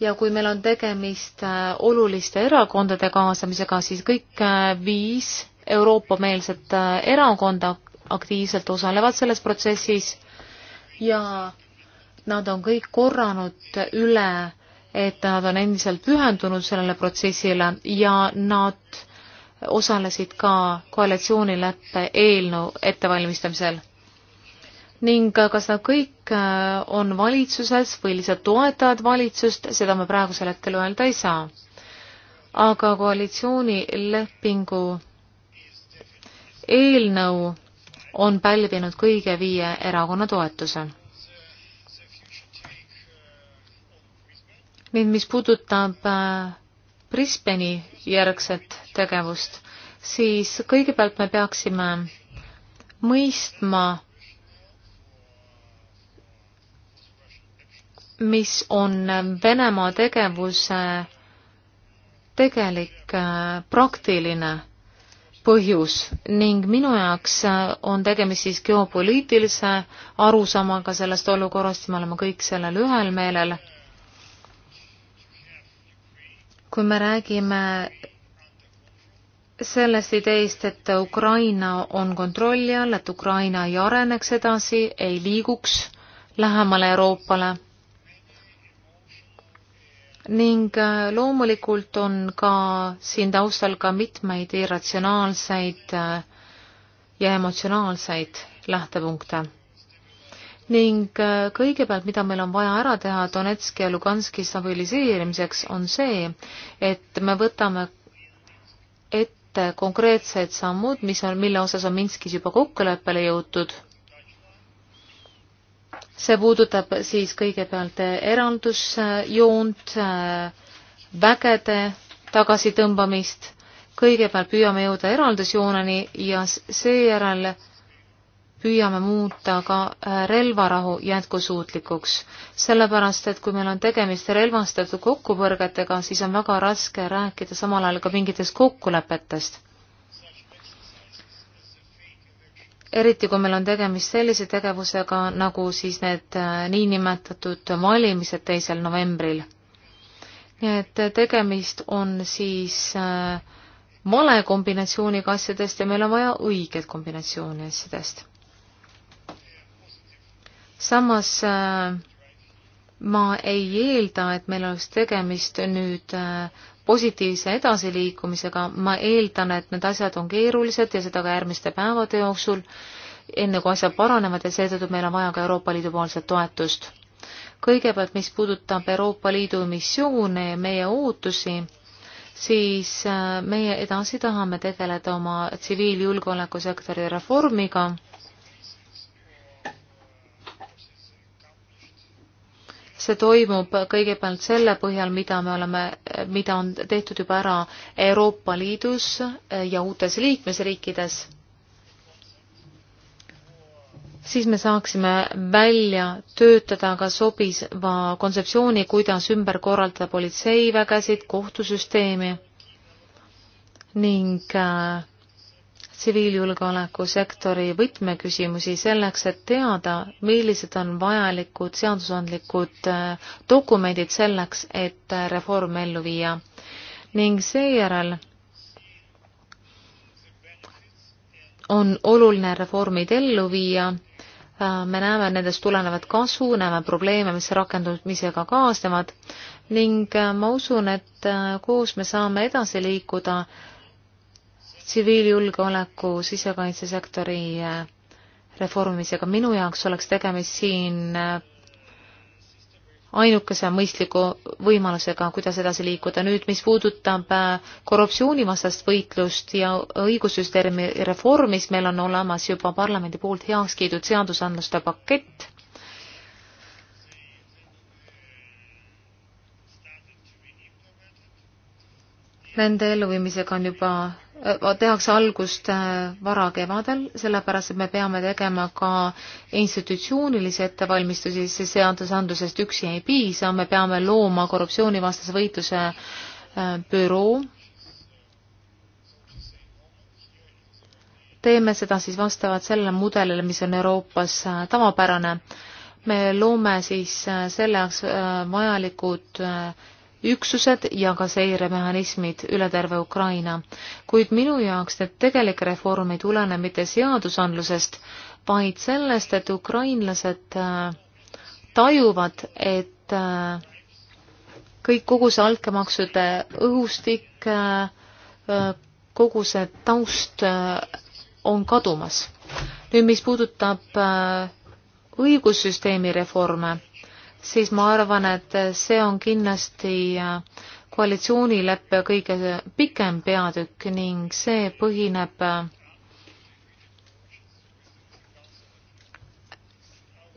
ja kui meil on tegemist oluliste erakondade kaasamisega, siis kõik viis Euroopa-meelset äh, erakonda aktiivselt osalevad selles protsessis ja nad on kõik korranud üle, et nad on endiselt pühendunud sellele protsessile ja nad osalesid ka koalitsioonileppe eelnõu ettevalmistamisel. ning kas nad kõik äh, on valitsuses või lihtsalt toetavad valitsust, seda me praegusel hetkel öelda ei saa. aga koalitsioonilepingu eelnõu on pälvinud kõige viie erakonna toetuse. ning mis puudutab äh, Brisbane'i järgset tegevust, siis kõigepealt me peaksime mõistma, mis on Venemaa tegevuse tegelik äh, praktiline põhjus ning minu jaoks äh, on tegemist siis geopoliitilise arusaamaga sellest olukorrast ja me oleme kõik sellel ühel meelel. kui me räägime sellest ideest, et Ukraina on kontrolli all, et Ukraina ei areneks edasi, ei liiguks lähemale Euroopale ning äh, loomulikult on ka siin taustal ka mitmeid irratsionaalseid äh, ja emotsionaalseid lähtepunkte. ning äh, kõigepealt, mida meil on vaja ära teha Donetski ja Luganski stabiliseerimiseks, on see, et me võtame ette konkreetsed sammud, mis on, mille osas on Minskis juba kokkuleppele jõutud see puudutab siis kõigepealt eraldusjoont, vägede tagasitõmbamist, kõigepealt püüame jõuda eraldusjooneni ja seejärel püüame muuta ka relvarahu jätkusuutlikuks, sellepärast et kui meil on tegemist relvastatud kokkupõrgetega, siis on väga raske rääkida samal ajal ka mingitest kokkulepetest eriti kui meil on tegemist sellise tegevusega, nagu siis need äh, niinimetatud valimised teisel novembril. nii et tegemist on siis äh, vale kombinatsiooniga asjadest ja meil on vaja õiget kombinatsiooni asjadest. samas äh, ma ei eelda, et meil oleks tegemist nüüd positiivse edasiliikumisega, ma eeldan, et need asjad on keerulised ja seda ka järgmiste päevade jooksul, enne kui asjad paranevad ja seetõttu meil on vaja ka Euroopa Liidu poolset toetust. kõigepealt, mis puudutab Euroopa Liidu missioone ja meie ootusi, siis äh, meie edasi tahame tegeleda oma tsiviiljulgeolekusektori reformiga see toimub kõigepealt selle põhjal, mida me oleme, mida on tehtud juba ära Euroopa Liidus ja uutes liikmesriikides. siis me saaksime välja töötada ka sobiva kontseptsiooni, kuidas ümber korraldada politseivägesid, kohtusüsteemi ning äh, tsiviiljulgeoleku sektori võtmeküsimusi selleks, et teada, millised on vajalikud seadusandlikud äh, dokumendid selleks, et äh, reform ellu viia. ning seejärel on oluline reformid ellu viia, äh, me näeme nendest tulenevat kasu, näeme probleeme, mis rakendumisega kaasnevad ning ma usun, et koos me saame edasi liikuda tsiviiljulgeoleku sisekaitsesektori äh, reformimisega. minu jaoks oleks tegemist siin äh, ainukese mõistliku võimalusega, kuidas edasi liikuda. nüüd, mis puudutab äh, korruptsioonivastast võitlust ja õigussüsteemi reformi, siis meil on olemas juba parlamendi poolt heaks kiidud seadusandluste pakett. Nende elluviimisega on juba Äh, tehakse algust äh, varakevadel, sellepärast et me peame tegema ka institutsioonilisi ettevalmistusi, sest seadusandlusest üksi ei piisa, me peame looma korruptsioonivastase võitluse äh, büroo. teeme seda siis vastavalt sellele mudelile, mis on Euroopas tavapärane. me loome siis selle jaoks vajalikud üksused ja ka seiremehhanismid üle terve Ukraina, kuid minu jaoks need tegelik reform ei tulene mitte seadusandlusest, vaid sellest, et ukrainlased äh, tajuvad, et äh, kõik, kogu see altkäemaksude õhustik, äh, kogu see taust on kadumas. nüüd, mis puudutab õigussüsteemi reforme, siis ma arvan, et see on kindlasti äh, koalitsioonileppe kõige pikem peatükk ning see põhineb äh,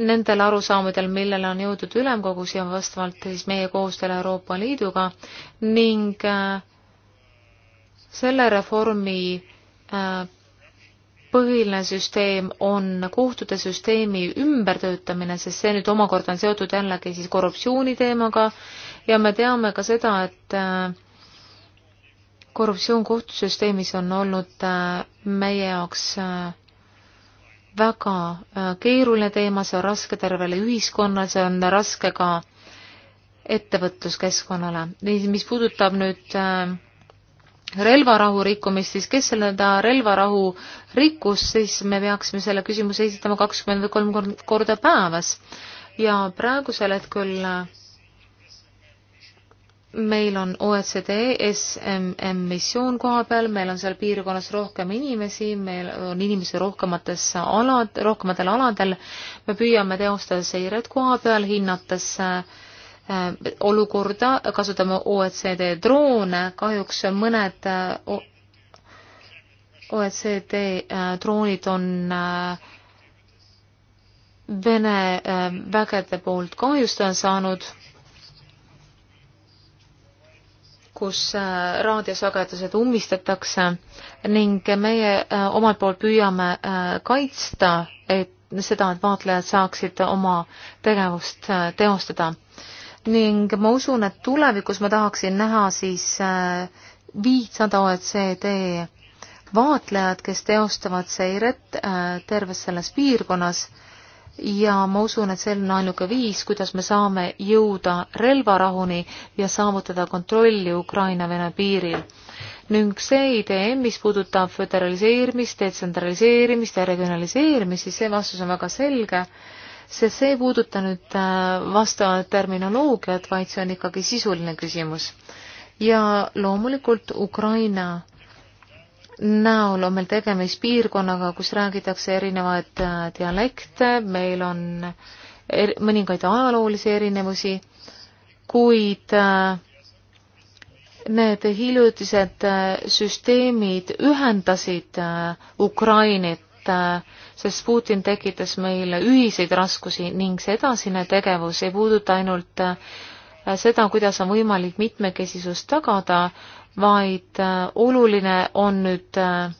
nendel arusaamadel, millele on jõudnud ülemkogus ja vastavalt siis meie koostööle Euroopa Liiduga ning äh, selle reformi põhiline süsteem on kohtute süsteemi ümbertöötamine, sest see nüüd omakorda on seotud jällegi siis korruptsiooni teemaga ja me teame ka seda, et äh, korruptsioon kohtusüsteemis on olnud äh, meie jaoks äh, väga keeruline teema, see on raske tervele ühiskonnale, see on raske ka ettevõtluskeskkonnale. mis puudutab nüüd äh, relvarahu rikkumist, siis kes seda relvarahu rikkus, siis me peaksime selle küsimuse esitama kakskümmend või kolm korda päevas. ja praegusel hetkel äh, meil on OECD SMM missioon koha peal, meil on seal piirkonnas rohkem inimesi, meil on inimesi rohkemates alad, rohkematel aladel, me püüame teostada seiret koha peal, hinnates äh, Äh, olukorda, kasutame OECD droone, kahjuks mõned äh, OECD äh, droonid on Vene vägede poolt kahjustada saanud, kus raadiosagedused ummistatakse ning meie omalt poolt püüame kaitsta, et seda, et vaatlejad saaksid oma tegevust teostada ning ma usun, et tulevikus ma tahaksin näha siis äh, viitsada OECD vaatlejad, kes teostavad seiret äh, terves selles piirkonnas ja ma usun, et see on ainuke viis, kuidas me saame jõuda relvarahuni ja saavutada kontrolli Ukraina-Vene piiril. ning see idee, mis puudutab föderaliseerimist, detsentraliseerimist ja regionaliseerimist, siis see vastus on väga selge sest see ei puuduta nüüd äh, vastavat terminoloogiat, vaid see on ikkagi sisuline küsimus. ja loomulikult Ukraina näol on meil tegemist piirkonnaga, kus räägitakse erinevaid äh, dialekte, meil on er, mõningaid ajaloolisi erinevusi, kuid äh, need hiljutised süsteemid ühendasid Ukrainit sest Putin tekitas meile ühiseid raskusi ning see edasine tegevus ei puuduta ainult äh, seda, kuidas on võimalik mitmekesisust tagada, vaid äh, oluline on nüüd äh,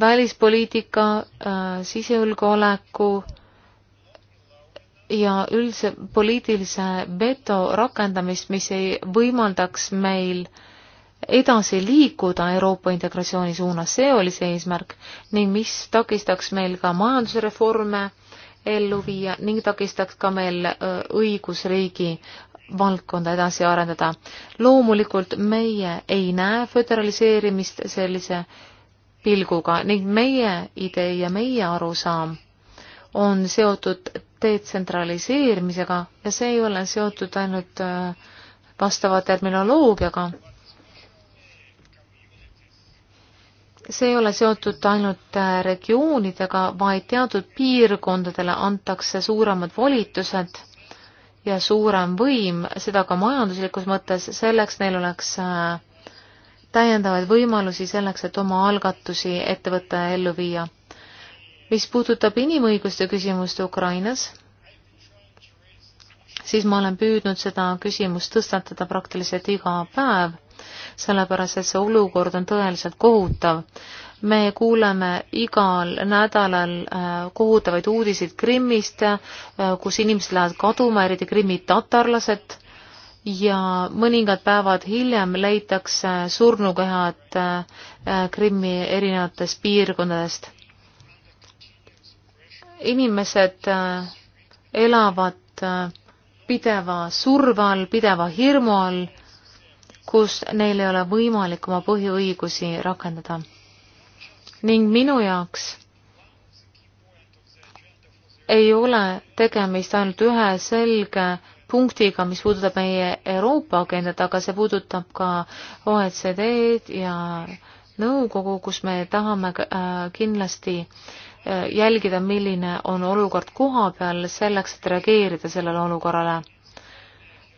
välispoliitika, sisejulgeoleku ja üldse poliitilise veto rakendamist, mis ei võimaldaks meil äh, edasi liikuda Euroopa integratsiooni suunas, see oli see eesmärk ning mis takistaks meil ka majandusreforme ellu viia ning takistaks ka meil äh, õigusriigi valdkonda edasi arendada. loomulikult meie ei näe föderaliseerimist sellise pilguga ning meie idee ja meie arusaam on seotud detsentraliseerimisega ja see ei ole seotud ainult äh, vastava terminoloogiaga see ei ole seotud ainult äh, regioonidega, vaid teatud piirkondadele antakse suuremad volitused ja suurem võim, seda ka majanduslikus mõttes, selleks neil oleks äh, täiendavaid võimalusi selleks, et oma algatusi ette võtta ja ellu viia. mis puudutab inimõiguste küsimust Ukrainas, siis ma olen püüdnud seda küsimust tõstatada praktiliselt iga päev sellepärast et see olukord on tõeliselt kohutav. me kuuleme igal nädalal äh, kohutavaid uudiseid Krimmist, äh, kus inimesed lähevad kaduma, eriti Krimmi tatarlased, ja mõningad päevad hiljem leitakse surnukehad äh, Krimmi erinevatest piirkondadest. inimesed elavad pideva surve all, pideva hirmu all kus neil ei ole võimalik oma põhiõigusi rakendada. ning minu jaoks ei ole tegemist ainult ühe selge punktiga, mis puudutab meie Euroopa agendat, aga see puudutab ka OECD-d ja nõukogu, kus me tahame äh, kindlasti äh, jälgida, milline on olukord koha peal selleks, et reageerida sellele olukorrale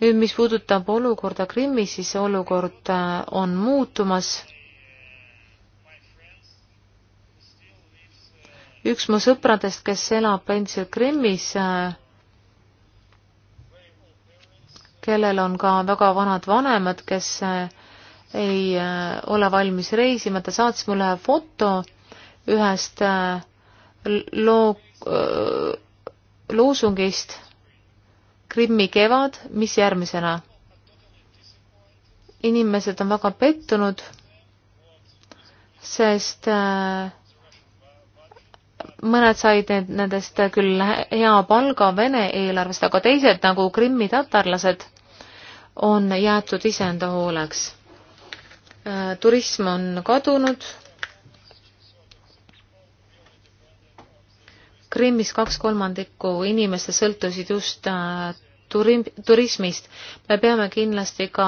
nüüd, mis puudutab olukorda Krimmis, siis olukord äh, on muutumas. üks mu sõpradest, kes elab endiselt Krimmis, äh, kellel on ka väga vanad vanemad, kes äh, ei ole valmis reisima, ta saatis mulle foto ühest loo, loosungist Krimmi kevad, mis järgmisena? inimesed on väga pettunud, sest äh, mõned said nendest küll hea palga Vene eelarvest, aga teised nagu Krimmi tatarlased on jäetud iseenda hooleks. Äh, turism on kadunud Krimmis kaks kolmandikku inimeste sõltusid just äh, turim-, turismist. me peame kindlasti ka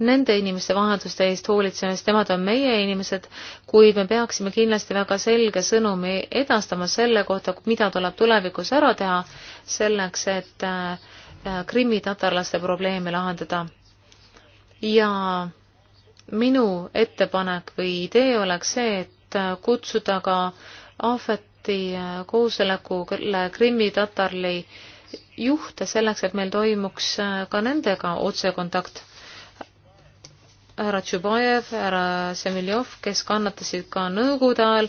nende inimeste vajaduste eest hoolitsema, sest nemad on meie inimesed, kuid me peaksime kindlasti väga selge sõnumi edastama selle kohta, mida tuleb tulevikus ära teha selleks, et äh, krimmitatarlaste probleeme lahendada. ja minu ettepanek või idee oleks see, et äh, kutsuda ka ahvet samuti äh, koosolekule äh, Krimmi-Tatarli juhte selleks, et meil toimuks äh, ka nendega otsekontakt. härra Tšubajev, härra Semiljov, kes kannatasid ka Nõukogude ajal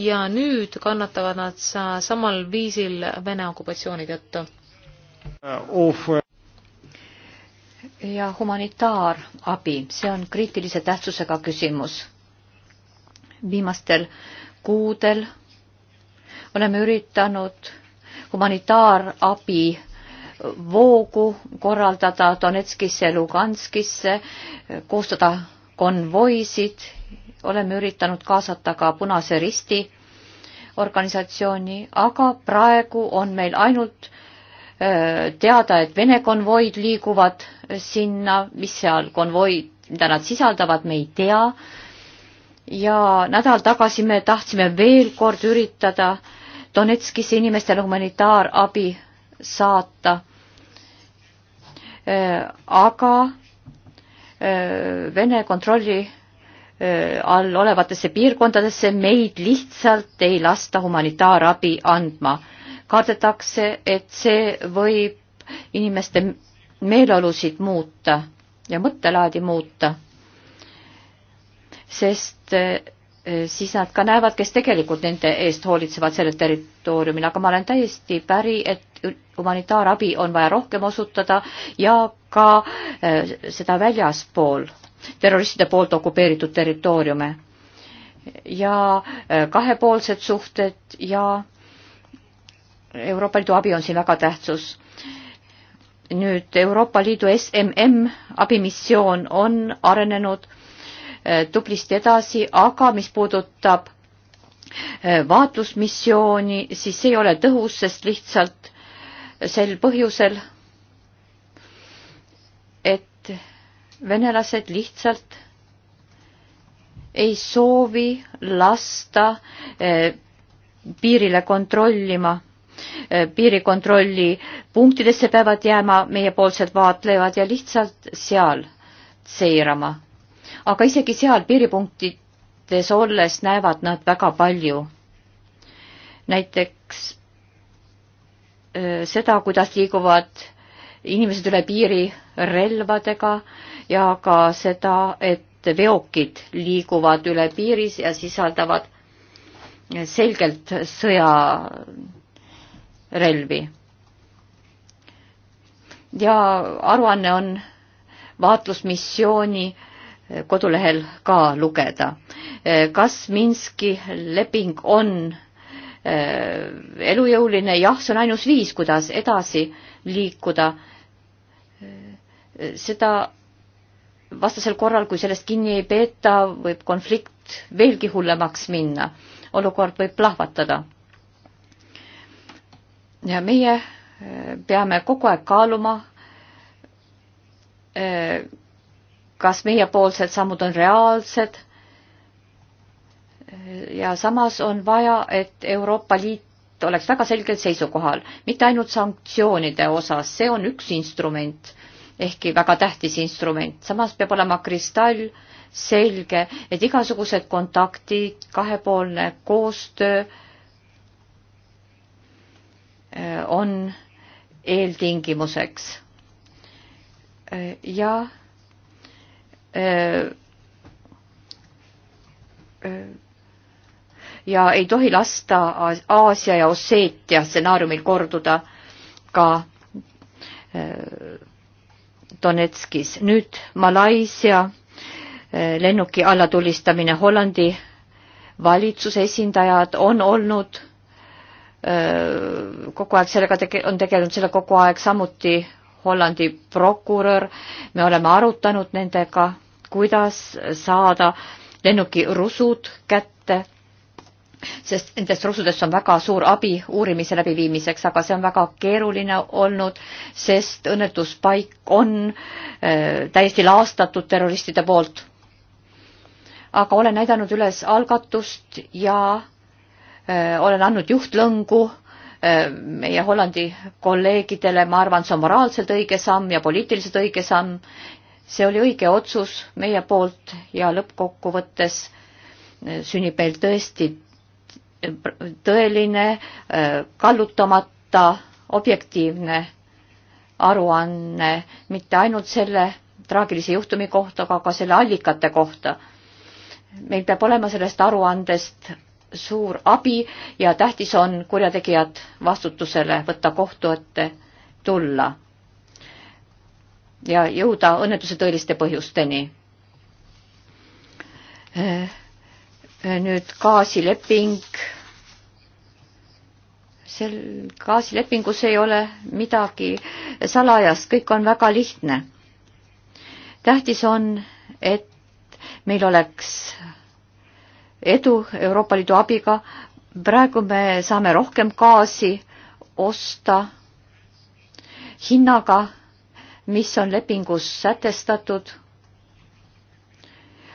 ja nüüd kannatavad nad sa samal viisil Vene okupatsiooni tõttu. ja humanitaarabi, see on kriitilise tähtsusega küsimus. viimastel kuudel oleme üritanud humanitaarabi voogu korraldada Donetskisse ja Luganskisse, koostada konvoisid, oleme üritanud kaasata ka Punase Risti organisatsiooni, aga praegu on meil ainult teada, et Vene konvoid liiguvad sinna, mis seal konvoid, mida nad sisaldavad, me ei tea. ja nädal tagasi me tahtsime veel kord üritada äh, Donetskis inimestele humanitaarabi saata. Äh, aga äh, Vene kontrolli äh, all olevatesse piirkondadesse meid lihtsalt ei lasta humanitaarabi andma. kardetakse, et see võib inimeste meeleolusid muuta ja mõttelaadi muuta. sest Äh, siis nad ka näevad, kes tegelikult nende eest hoolitsevad sellel territooriumil, aga ma olen täiesti päri, et humanitaarabi on vaja rohkem osutada ja ka äh, seda väljaspool terroristide poolt okupeeritud territooriume. ja äh, kahepoolsed suhted ja Euroopa Liidu abi on siin väga tähtsus. nüüd Euroopa Liidu SMM abimissioon on arenenud Äh, tublisti edasi, aga mis puudutab äh, vaatlusmissiooni, siis see ei ole tõhus, sest lihtsalt sel põhjusel, et venelased lihtsalt ei soovi lasta äh, piirile kontrollima piirikontrolli punktidesse peavad jääma meiepoolsed vaatlejad ja lihtsalt seal seirama aga isegi seal piiripunktides olles näevad nad väga palju. näiteks seda, kuidas liiguvad inimesed üle piiri relvadega ja ka seda, et veokid liiguvad üle piiris ja sisaldavad selgelt sõjarelvi. ja aruanne on vaatlusmissiooni äh, kodulehel ka lugeda. kas Minski leping on eh, elujõuline, jah, see on ainus viis, kuidas edasi liikuda. Eh, seda vastasel korral, kui sellest kinni ei peeta, võib konflikt veelgi hullemaks minna. olukord võib plahvatada. ja meie eh, peame kogu aeg kaaluma kas meiepoolsed sammud on reaalsed ja samas on vaja, et Euroopa Liit oleks väga selgel seisukohal, mitte ainult sanktsioonide osas, see on üks instrument, ehkki väga tähtis instrument, samas peab olema kristall selge, et igasugused kontaktid, kahepoolne koostöö eh, on eeltingimuseks. Eh, ja ja ei tohi lasta Aasia ja Osseetia stsenaariumil korduda ka äh, Donetskis. nüüd Malaisia äh, lennuki allatulistamine Hollandi valitsuse esindajad on olnud äh, kogu aeg sellega tege-, on tegelenud selle kogu aeg samuti Hollandi prokurör, me oleme arutanud nendega kuidas saada lennuki rusud kätte, sest nendest rusudest on väga suur abi uurimise läbiviimiseks, aga see on väga keeruline olnud, sest õnnetuspaik on äh, täiesti laastatud terroristide poolt. aga olen näidanud üles algatust ja äh, olen andnud juhtlõngu äh, meie Hollandi kolleegidele, ma arvan, see on moraalselt õige samm ja poliitiliselt õige samm see oli õige otsus meie poolt ja lõppkokkuvõttes eh, sünnib meil tõesti eh, tõeline, eh, kallutamata, objektiivne aruanne mitte ainult selle traagilise juhtumi kohta, aga ka selle allikate kohta. meil peab olema sellest aruandest suur abi ja tähtis on kurjategijad vastutusele võtta kohtu ette tulla ja jõuda õnnetuse tõeliste põhjusteni. Äh, nüüd gaasileping. sel gaasilepingus ei ole midagi salajast, kõik on väga lihtne. tähtis on, et meil oleks edu Euroopa Liidu abiga. praegu me saame rohkem gaasi osta hinnaga mis on lepingus sätestatud,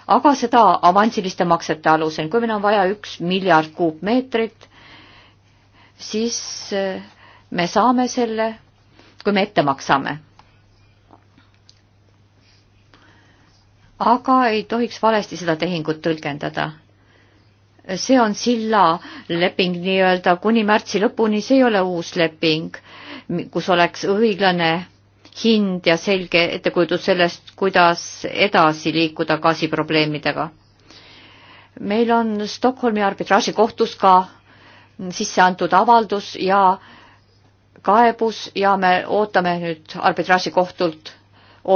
aga seda avansiliste maksete alusel. kui meil on vaja üks miljard kuupmeetrit, siis eh, me saame selle, kui me ette maksame. aga ei tohiks valesti seda tehingut tõlgendada see on silla leping nii-öelda kuni märtsi lõpuni, see ei ole uus leping, kus oleks õiglane hind ja selge ettekujutus sellest, kuidas edasi liikuda gaasiprobleemidega. meil on Stockholmi arbitraažikohtus ka sisse antud avaldus ja kaebus ja me ootame nüüd arbitraažikohtult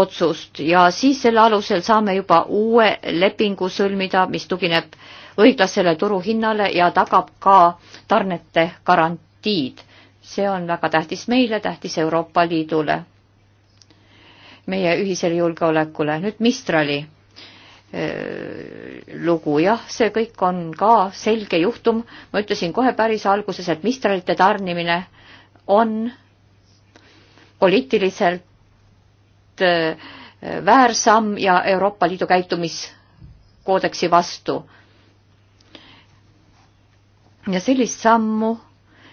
otsust ja siis selle alusel saame juba uue lepingu sõlmida, mis tugineb õiglasele turuhinnale ja tagab ka tarnete garantiid. see on väga tähtis meile, tähtis Euroopa Liidule meie ühisele julgeolekule. nüüd Mistrali lugu, jah, see kõik on ka selge juhtum, ma ütlesin kohe päris alguses, et Mistralite tarnimine on poliitiliselt väärsamm ja Euroopa Liidu käitumiskoodeksi vastu. ja sellist sammu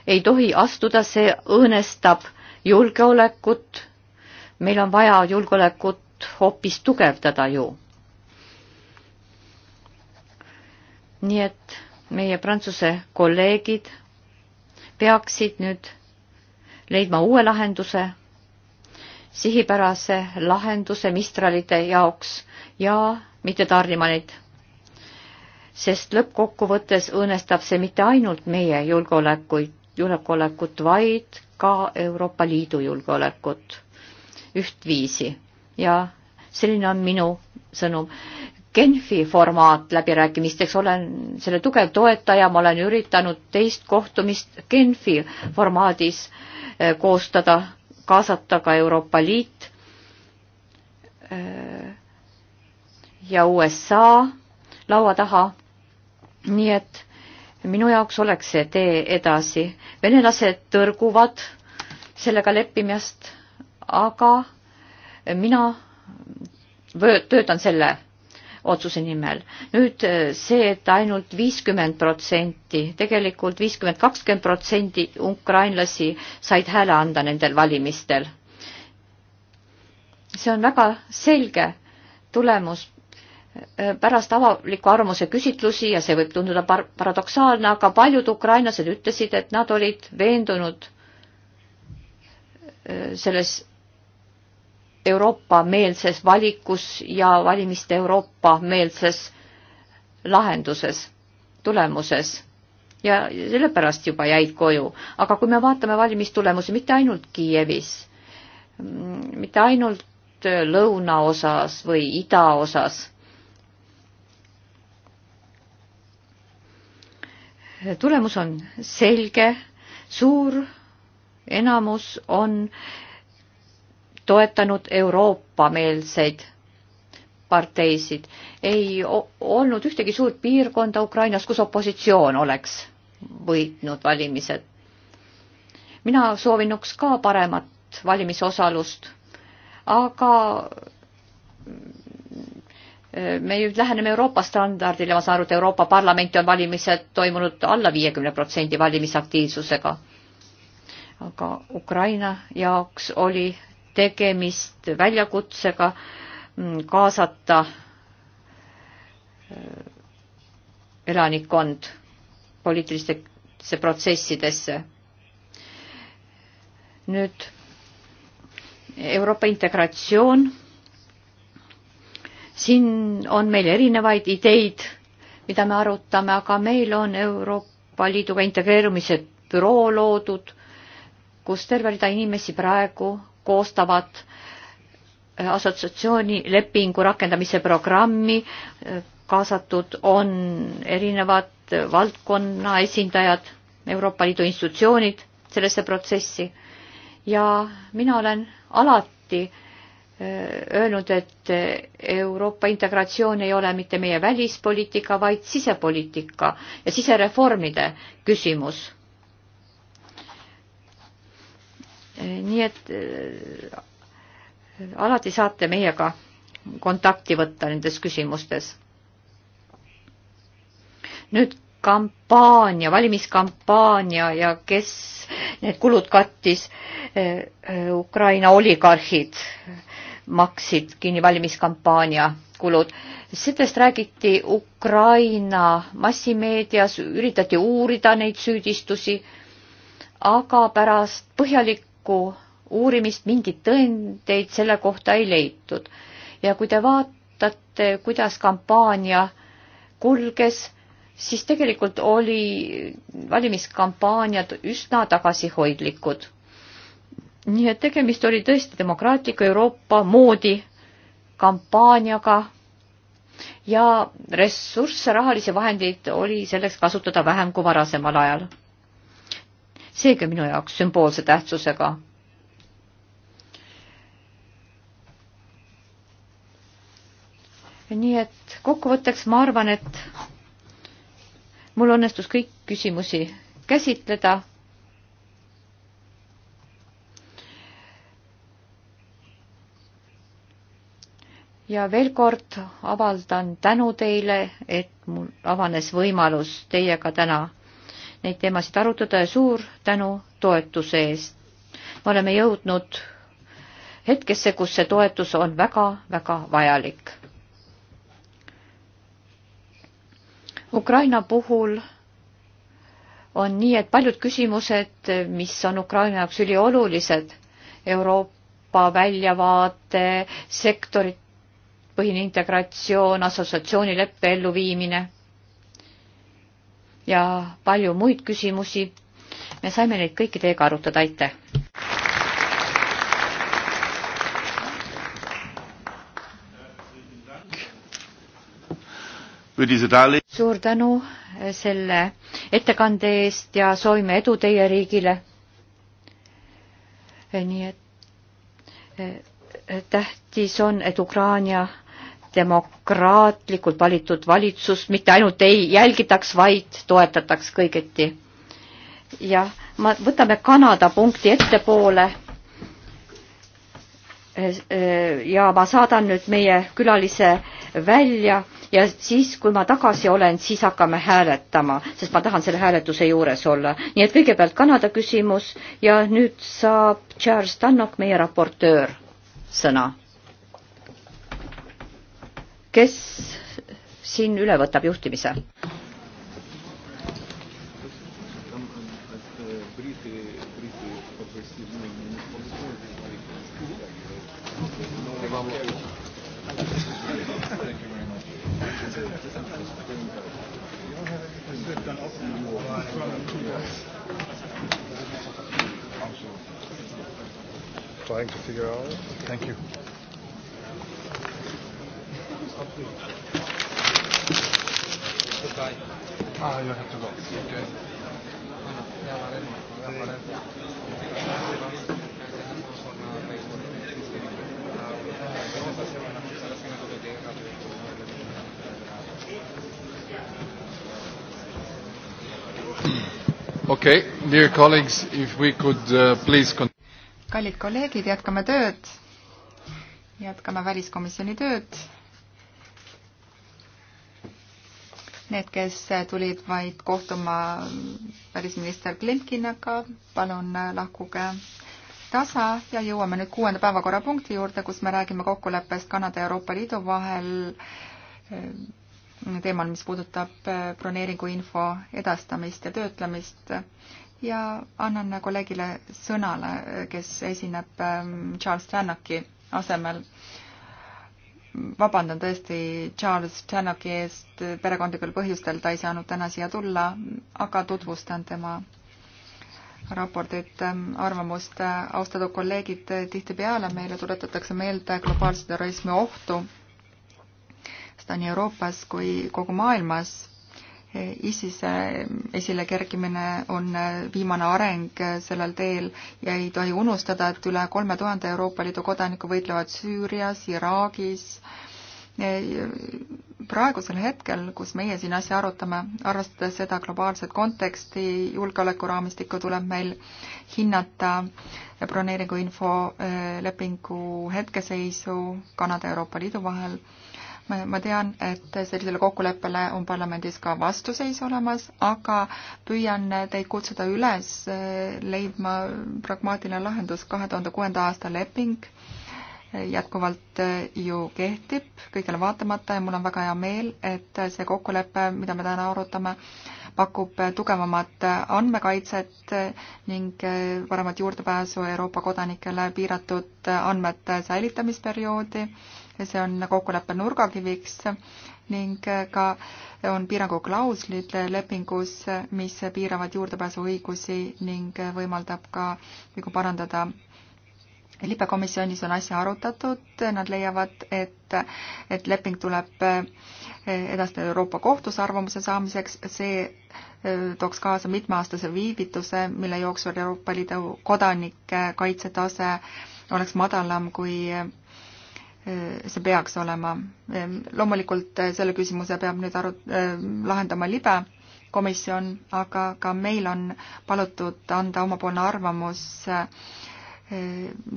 ei tohi astuda, see õõnestab julgeolekut meil on vaja julgeolekut hoopis tugevdada ju. nii et meie Prantsuse kolleegid peaksid nüüd leidma uue lahenduse, sihipärase lahenduse mistralide jaoks ja mitte tarnima neid. sest lõppkokkuvõttes õõnestab see mitte ainult meie julgeolekuid, julgeolekut, vaid ka Euroopa Liidu julgeolekut ühtviisi ja selline on minu sõnum. Genfi formaat läbirääkimisteks olen selle tugev toetaja, ma olen üritanud teist kohtumist Genfi formaadis eh, koostada, kaasata ka Euroopa Liit eh, ja USA laua taha. nii et minu jaoks oleks see tee edasi. venelased tõrguvad sellega leppimast aga mina töötan selle otsuse nimel. nüüd äh, see, et ainult viiskümmend protsenti, tegelikult viiskümmend, kakskümmend protsenti ukrainlasi said hääle anda nendel valimistel. see on väga selge tulemus äh, pärast avaliku arvamuse küsitlusi ja see võib tunduda par-, paradoksaalne, aga paljud ukrainlased ütlesid, et nad olid veendunud äh, selles Euroopa-meelses valikus ja valimiste Euroopa-meelses lahenduses, tulemuses. ja sellepärast juba jäid koju. aga kui me vaatame valimistulemusi mitte ainult Kiievis, mitte ainult lõunaosas või idaosas, tulemus on selge, suur enamus on äh, toetanud Euroopa-meelseid parteisid. ei olnud ühtegi suurt piirkonda Ukrainas, kus opositsioon oleks võitnud valimised. mina soovinuks ka paremat valimisosalust, aga me nüüd läheneme Euroopa standardile, ma saan aru, et Euroopa Parlamenti on valimised toimunud alla viiekümne protsendi valimisaktiivsusega. aga Ukraina jaoks oli tegemist väljakutsega mm, kaasata äh, elanikkond poliitilistesse protsessidesse. nüüd Euroopa integratsioon. siin on meil erinevaid ideid, mida me arutame, aga meil on Euroopa Liiduga integreerumise büroo loodud, kus terve rida inimesi praegu koostavad äh, assotsiatsiooni lepingu rakendamise programmi, äh, kaasatud on erinevad äh, valdkonna esindajad, Euroopa Liidu institutsioonid sellesse protsessi ja mina olen alati öelnud, et Euroopa integratsioon ei ole mitte meie välispoliitika, vaid sisepoliitika ja sisereformide küsimus nii et äh, alati saate meiega kontakti võtta nendes küsimustes. nüüd kampaania, valimiskampaania ja kes need kulud kattis. Äh, äh, Ukraina oligarhid maksid kinni valimiskampaania kulud. sellest räägiti Ukraina massimeedias, üritati uurida neid süüdistusi, aga pärast põhjalik põhjalikku uurimist, mingeid tõendeid selle kohta ei leitud. ja kui te vaatate, kuidas kampaania kulges, siis tegelikult oli valimiskampaaniad üsna tagasihoidlikud. nii et tegemist oli tõesti demokraatliku Euroopa moodi kampaaniaga ja ressursse, rahalisi vahendeid oli selleks kasutada vähem kui varasemal ajal seegi on minu jaoks sümboolse tähtsusega. nii et kokkuvõtteks ma arvan, et mul õnnestus kõik küsimusi käsitleda ja veel kord avaldan tänu teile, et mul avanes võimalus teiega täna neid teemasid arutada ja suur tänu toetuse eest. me oleme jõudnud hetkesse, kus see toetus on väga-väga vajalik. Ukraina puhul on nii, et paljud küsimused, mis on Ukraina jaoks üliolulised, Euroopa väljavaate, sektoripõhine integratsioon, assotsiatsioonileppe elluviimine ja palju muid küsimusi. me saime neid kõiki teiega arutada, aitäh! suur tänu selle ettekande eest ja soovime edu teie riigile. nii et eh, tähtis on, et Ukraina demokraatlikult valitud valitsus mitte ainult ei jälgitaks, vaid toetataks kõigeti. jah, ma, võtame Kanada punkti ettepoole. Äh, äh, ja ma saadan nüüd meie külalise välja ja siis, kui ma tagasi olen, siis hakkame hääletama, sest ma tahan selle hääletuse juures olla. nii et kõigepealt Kanada küsimus ja nüüd saab Charles Tannock, meie raportöör, sõna kes siin üle võtab juhtimise? Trying to figure out. Thank you. Goodbye. Ah, you have to go. Okay. Ya hablaremos, ya hablaremos. Okay, dear colleagues, if we could uh, please continue kallid kolleegid, jätkame tööd, jätkame väliskomisjoni tööd need, kes tulid vaid kohtuma välisminister Klimkinaga, palun äh, lahkuge tasa ja jõuame nüüd kuuenda päevakorrapunkti juurde, kus me räägime kokkuleppest Kanada ja Euroopa Liidu vahel äh, teemal, mis puudutab äh, broneeringuinfo edastamist ja töötlemist ja annan kolleegile sõnale, kes esineb ähm, Charles Tannocki asemel äh, vabandan tõesti Charles Channoki eest, perekondlikul põhjustel ta ei saanud täna siia tulla, aga tutvustan tema raportit, ähm, arvamust. austatud kolleegid, tihtipeale meile tuletatakse meelde globaalse terrorismi ohtu, seda nii Euroopas kui kogu maailmas ISISe esilekerkimine on viimane areng sellel teel ja ei tohi unustada, et üle kolme tuhande Euroopa Liidu kodaniku võitlevad Süürias, Iraagis. praegusel hetkel, kus meie siin asja arutame, arvestades seda globaalset konteksti, julgeolekuraamistikku tuleb meil hinnata broneeringuinfo lepingu hetkeseisu Kanada ja Euroopa Liidu vahel ma tean, et sellisele kokkuleppele on parlamendis ka vastuseis olemas, aga püüan teid kutsuda üles eh, leidma pragmaatiline lahendus. kahe tuhande kuuenda aasta leping eh, jätkuvalt eh, ju kehtib kõigele vaatamata ja mul on väga hea meel, et see kokkulepe, mida me täna arutame, pakub tugevamat andmekaitset ning paremat juurdepääsu Euroopa kodanikele piiratud andmete säilitamisperioodi see on kokkuleppe nurgakiviks ning ka on piiranguklauslid lepingus, mis piiravad juurdepääsuõigusi ning võimaldab ka nagu parandada libekomisjonis on asja arutatud, nad leiavad, et, et leping tuleb edastada Euroopa Kohtus arvamuse saamiseks, see eh, tooks kaasa mitmeaastase viivituse, mille jooksul Euroopa Liidu kodanike kaitsetase oleks madalam kui see peaks olema. Ehm, loomulikult eh, selle küsimuse peab nüüd aru-, ehm, lahendama libe komisjon, aga ka meil on palutud anda omapoolne arvamus ehm,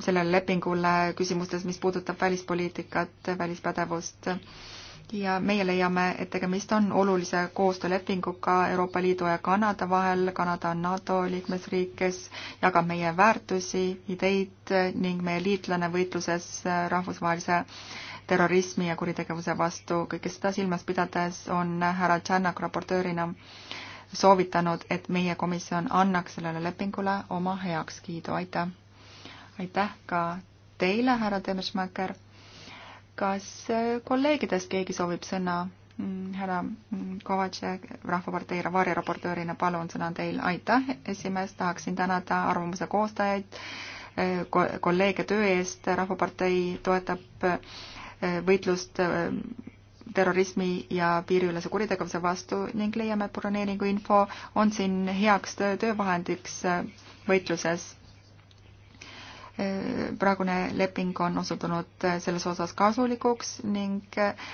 sellele lepingule küsimustes, mis puudutab välispoliitikat, välispädevust ja meie leiame, et tegemist on olulise koostöölepinguga Euroopa Liidu ja Kanada vahel. Kanada on NATO liikmesriik, kes jagab meie väärtusi, ideid ning meie liitlane võitluses rahvusvahelise terrorismi ja kuritegevuse vastu. kõike seda silmas pidades on härra Tšannak raportöörina soovitanud, et meie komisjon annaks sellele lepingule oma heakskiidu. aitäh! aitäh ka teile, härra Temesmäker kas äh, kolleegidest keegi soovib sõna? Mm, härra mm, Kovatšek, Rahvapartei varjeraportöörina, palun, sõna on teil. aitäh, esimees, tahaksin tänada arvamuse koostajaid, äh, kolleege töö eest, Rahvapartei toetab äh, võitlust terrorismi ja piiriülese kuritegevuse vastu ning leiame, et broneeringu info on siin heaks töövahendiks võitluses Äh, praegune leping on osutunud äh, selles osas kasulikuks ning äh,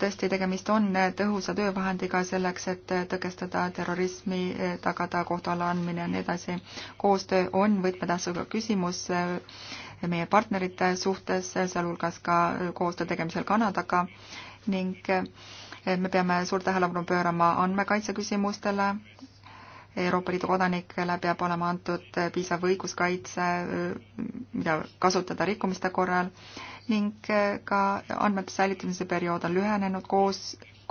tõesti tegemist on tõhusa töövahendiga selleks, et tõkestada terrorismi, tagada kohtuala andmine ja nii edasi. koostöö on võtmetähtsusega küsimus meie partnerite suhtes, sealhulgas ka koostöö tegemisel Kanadaga ning me peame suurt tähelepanu pöörama andmekaitse küsimustele, Euroopa Liidu kodanikele peab olema antud piisav õiguskaitse, äh, mida kasutada rikkumiste korral ning äh, ka andmete säilitamise periood on lühenenud koos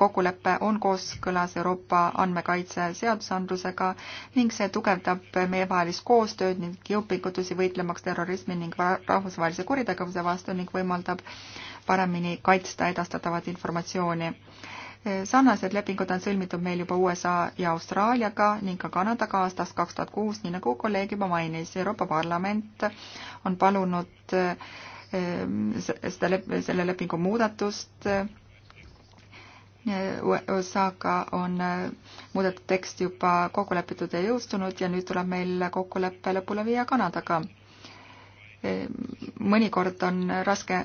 kokkulepe on kooskõlas Euroopa andmekaitse seadusandlusega ning see tugevdab meievahelist koostööd ning jõupingutusi võitlemaks terrorismi ning rahvusvahelise kuritegevuse vastu ning võimaldab paremini kaitsta edastatavat informatsiooni sarnased lepingud on sõlmitud meil juba USA ja Austraaliaga ning ka Kanadaga aastast kaks tuhat kuus, nii nagu kolleeg juba mainis, Euroopa Parlament on palunud eh, seda lep-, selle lepingu muudatust USA-ga on eh, muudetud tekst juba kokku lepitud ja jõustunud ja nüüd tuleb meil kokkulepe lõpule viia Kanadaga mõnikord on raske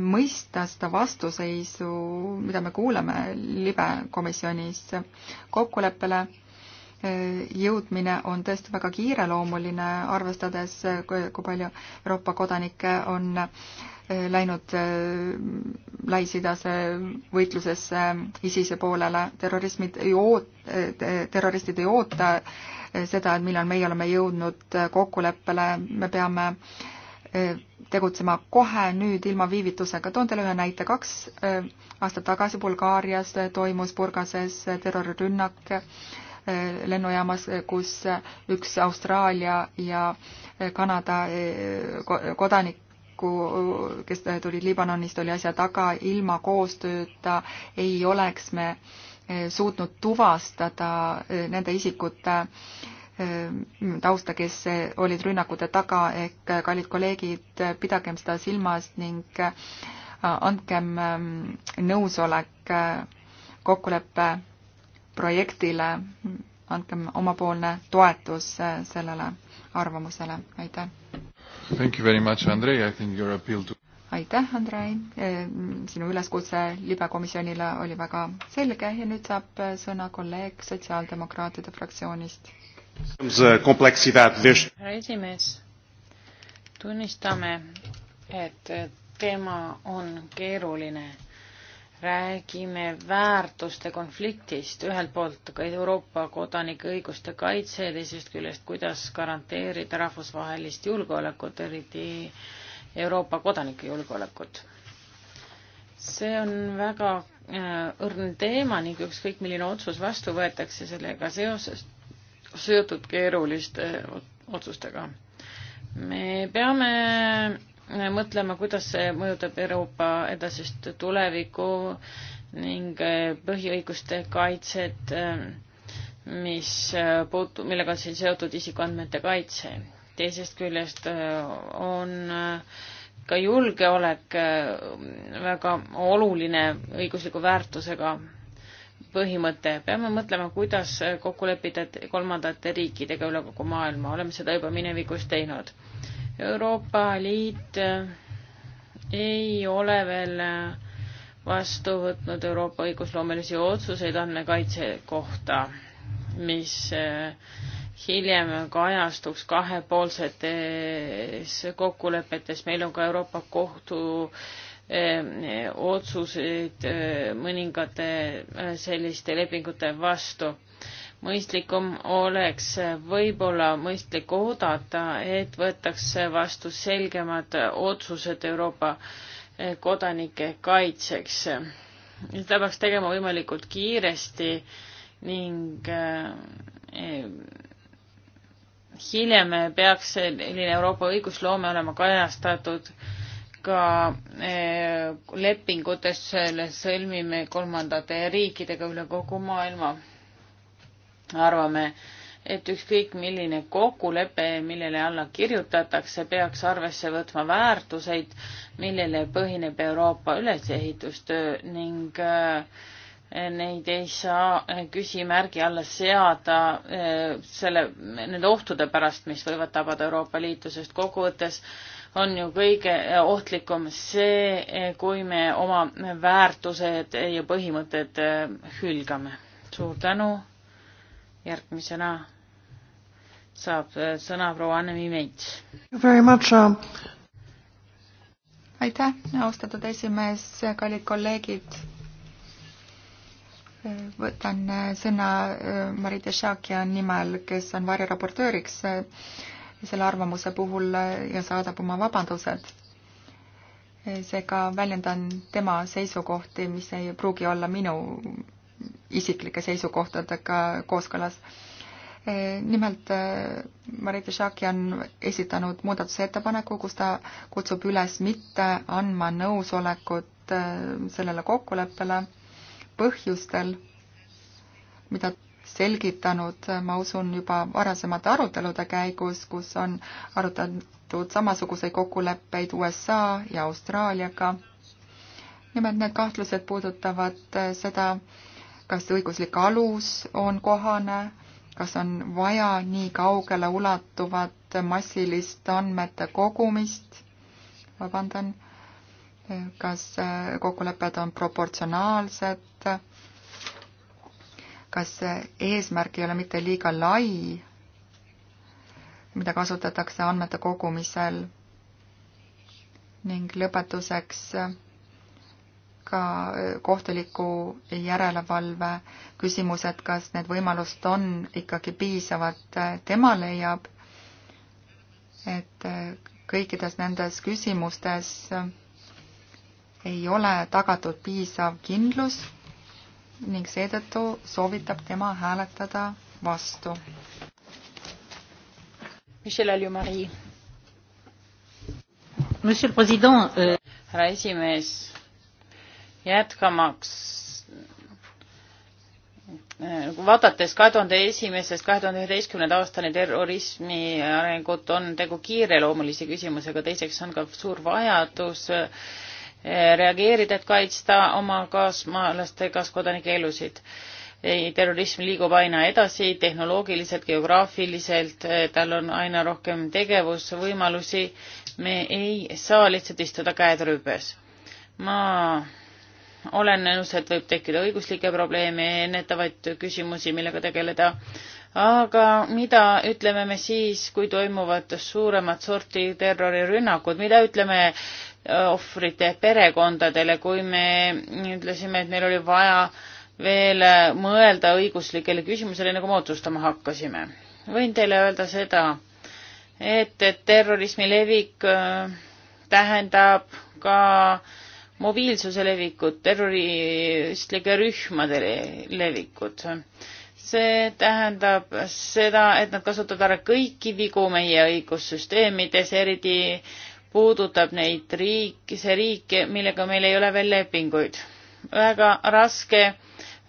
mõista seda vastuseisu, mida me kuuleme libe komisjonis kokkuleppele e, jõudmine on tõesti väga kiireloomuline, arvestades, kui palju Euroopa kodanikke on e, läinud e, Lähis-Idase võitlusesse ISISe poolele. terrorismid ei oot-, terroristid ei oota seda, et millal meie oleme jõudnud kokkuleppele, me peame äh, tegutsema kohe nüüd ilma viivitusega. toon teile ühe näite. kaks äh, aastat tagasi Bulgaarias äh, toimus Burgases äh, terrorirünnak lennujaamas, kus üks Austraalia ja Kanada kodanik kes tulid Liibanonist, oli asja taga, ilma koostööta ei oleks me suutnud tuvastada nende isikute äh, Ehm, tausta, kes olid rünnakute taga, ehk kallid kolleegid, pidagem seda silmas ning äh, andkem ehm, nõusolek äh, kokkuleppe projektile, andkem omapoolne toetus äh, sellele arvamusele, aitäh! Thank you very much, Andrei, I think your appeal to aitäh, Andrei, ehm, sinu üleskutse libekomisjonile oli väga selge ja nüüd saab sõna kolleeg Sotsiaaldemokraatide fraktsioonist härra esimees, tunnistame, et teema on keeruline. räägime väärtuste konfliktist, ühelt poolt ka Euroopa kodanike õiguste kaitse ja teisest küljest, kuidas garanteerida rahvusvahelist julgeolekut, eriti Euroopa kodanike julgeolekut. see on väga äh, õrn teema ning ükskõik, milline otsus vastu võetakse sellega seoses, seotud keeruliste otsustega. me peame mõtlema, kuidas see mõjutab Euroopa edasist tulevikku ning põhiõiguste kaitset, mis puutu-, millega on siin seotud isikuandmete kaitse. teisest küljest äh, on äh, ka julgeolek äh, väga oluline õigusliku väärtusega põhimõte, peame mõtlema, kuidas kokku leppida kolmandate riikidega üle kogu maailma, oleme seda juba minevikus teinud. Euroopa Liit eh, ei ole veel eh, vastu võtnud Euroopa õigusloomelisi otsuseid andmekaitse kohta, mis eh, hiljem kajastuks kahepoolsetes kokkulepetes, meil on ka Euroopa Kohtu äh, Ehm, eh, otsuseid eh, mõningate eh, selliste lepingute vastu. mõistlikum oleks võib-olla mõistlik oodata, et võetakse vastu selgemad otsused Euroopa kodanike kaitseks. seda peaks tegema võimalikult kiiresti ning hiljem peaks selline Euroopa õigusloome olema kajastatud ka ka eh, lepingutes sõlmime kolmandate riikidega üle kogu maailma. arvame, et ükskõik milline kokkulepe, millele alla kirjutatakse, peaks arvesse võtma väärtuseid, millele põhineb Euroopa ülesehitustöö ning eh, neid ei saa eh, küsimärgi alla seada selle, nende ohtude pärast, mis võivad tabada Euroopa Liitu, sest kokkuvõttes on ju kõige äh, ohtlikum see, äh, kui me oma väärtused ja põhimõtted äh, hülgame. suur tänu. järgmisena saab sõna proua Anne-Mii Meits. Uh, aitäh, austatud esimees, kallid kolleegid. võtan sõna Mari Dešakia nimel, kes on variraportööriks selle arvamuse puhul äh, ja saadab oma vabandused. seega väljendan tema seisukohti, mis ei pruugi olla minu isiklike seisukohtadega kooskõlas. Äh, nimelt äh, Marita Šaki on esitanud muudatusettepaneku, kus ta kutsub üles mitte andma nõusolekut sellele kokkuleppele põhjustel, mida selgitanud, ma usun, juba varasemate arutelude käigus, kus on arutatud samasuguseid kokkuleppeid USA ja Austraaliaga. nimelt need kahtlused puudutavad seda, kas õiguslik alus on kohane, kas on vaja nii kaugele ulatuvat massilist andmete kogumist, vabandan, kas kokkulepped on proportsionaalsed kas see eesmärk ei ole mitte liiga lai, mida kasutatakse andmete kogumisel ning lõpetuseks ka äh, kohtuliku järelevalve küsimus, et kas need võimalused on ikkagi piisavad, äh, tema leiab, et äh, kõikides nendes küsimustes ei ole tagatud piisav kindlus ning seetõttu soovitab tema hääletada vastu. Michel Aljumarii. Monsieur le Président euh.... härra esimees, jätkamaks, äh, vaadates kahe tuhande esimesest kahe tuhande üheteistkümnenda aastani terrorismi arengut, on tegu kiireloomulise küsimusega, teiseks on ka suur vajadus äh, reageerida, et kaitsta oma kaasmaalaste, kaaskodanike elusid. terrorism liigub aina edasi tehnoloogiliselt, geograafiliselt, tal on aina rohkem tegevusvõimalusi. me ei saa lihtsalt istuda käed rüübes. ma olen nõus, et võib tekkida õiguslikke probleeme, ennetavaid küsimusi, millega tegeleda aga mida ütleme me siis, kui toimuvad suuremat sorti terrorirünnakud, mida ütleme ohvrite perekondadele, kui me ütlesime, et meil oli vaja veel mõelda õiguslikele küsimusele, nagu me otsustama hakkasime. võin teile öelda seda, et, et terrorismi levik äh, tähendab ka mobiilsuse levikut, terroristlike rühmade levikut. see tähendab seda, et nad kasutavad ära kõiki vigu meie õigussüsteemides, eriti puudutab neid riike, see riik, millega meil ei ole veel lepinguid. väga raske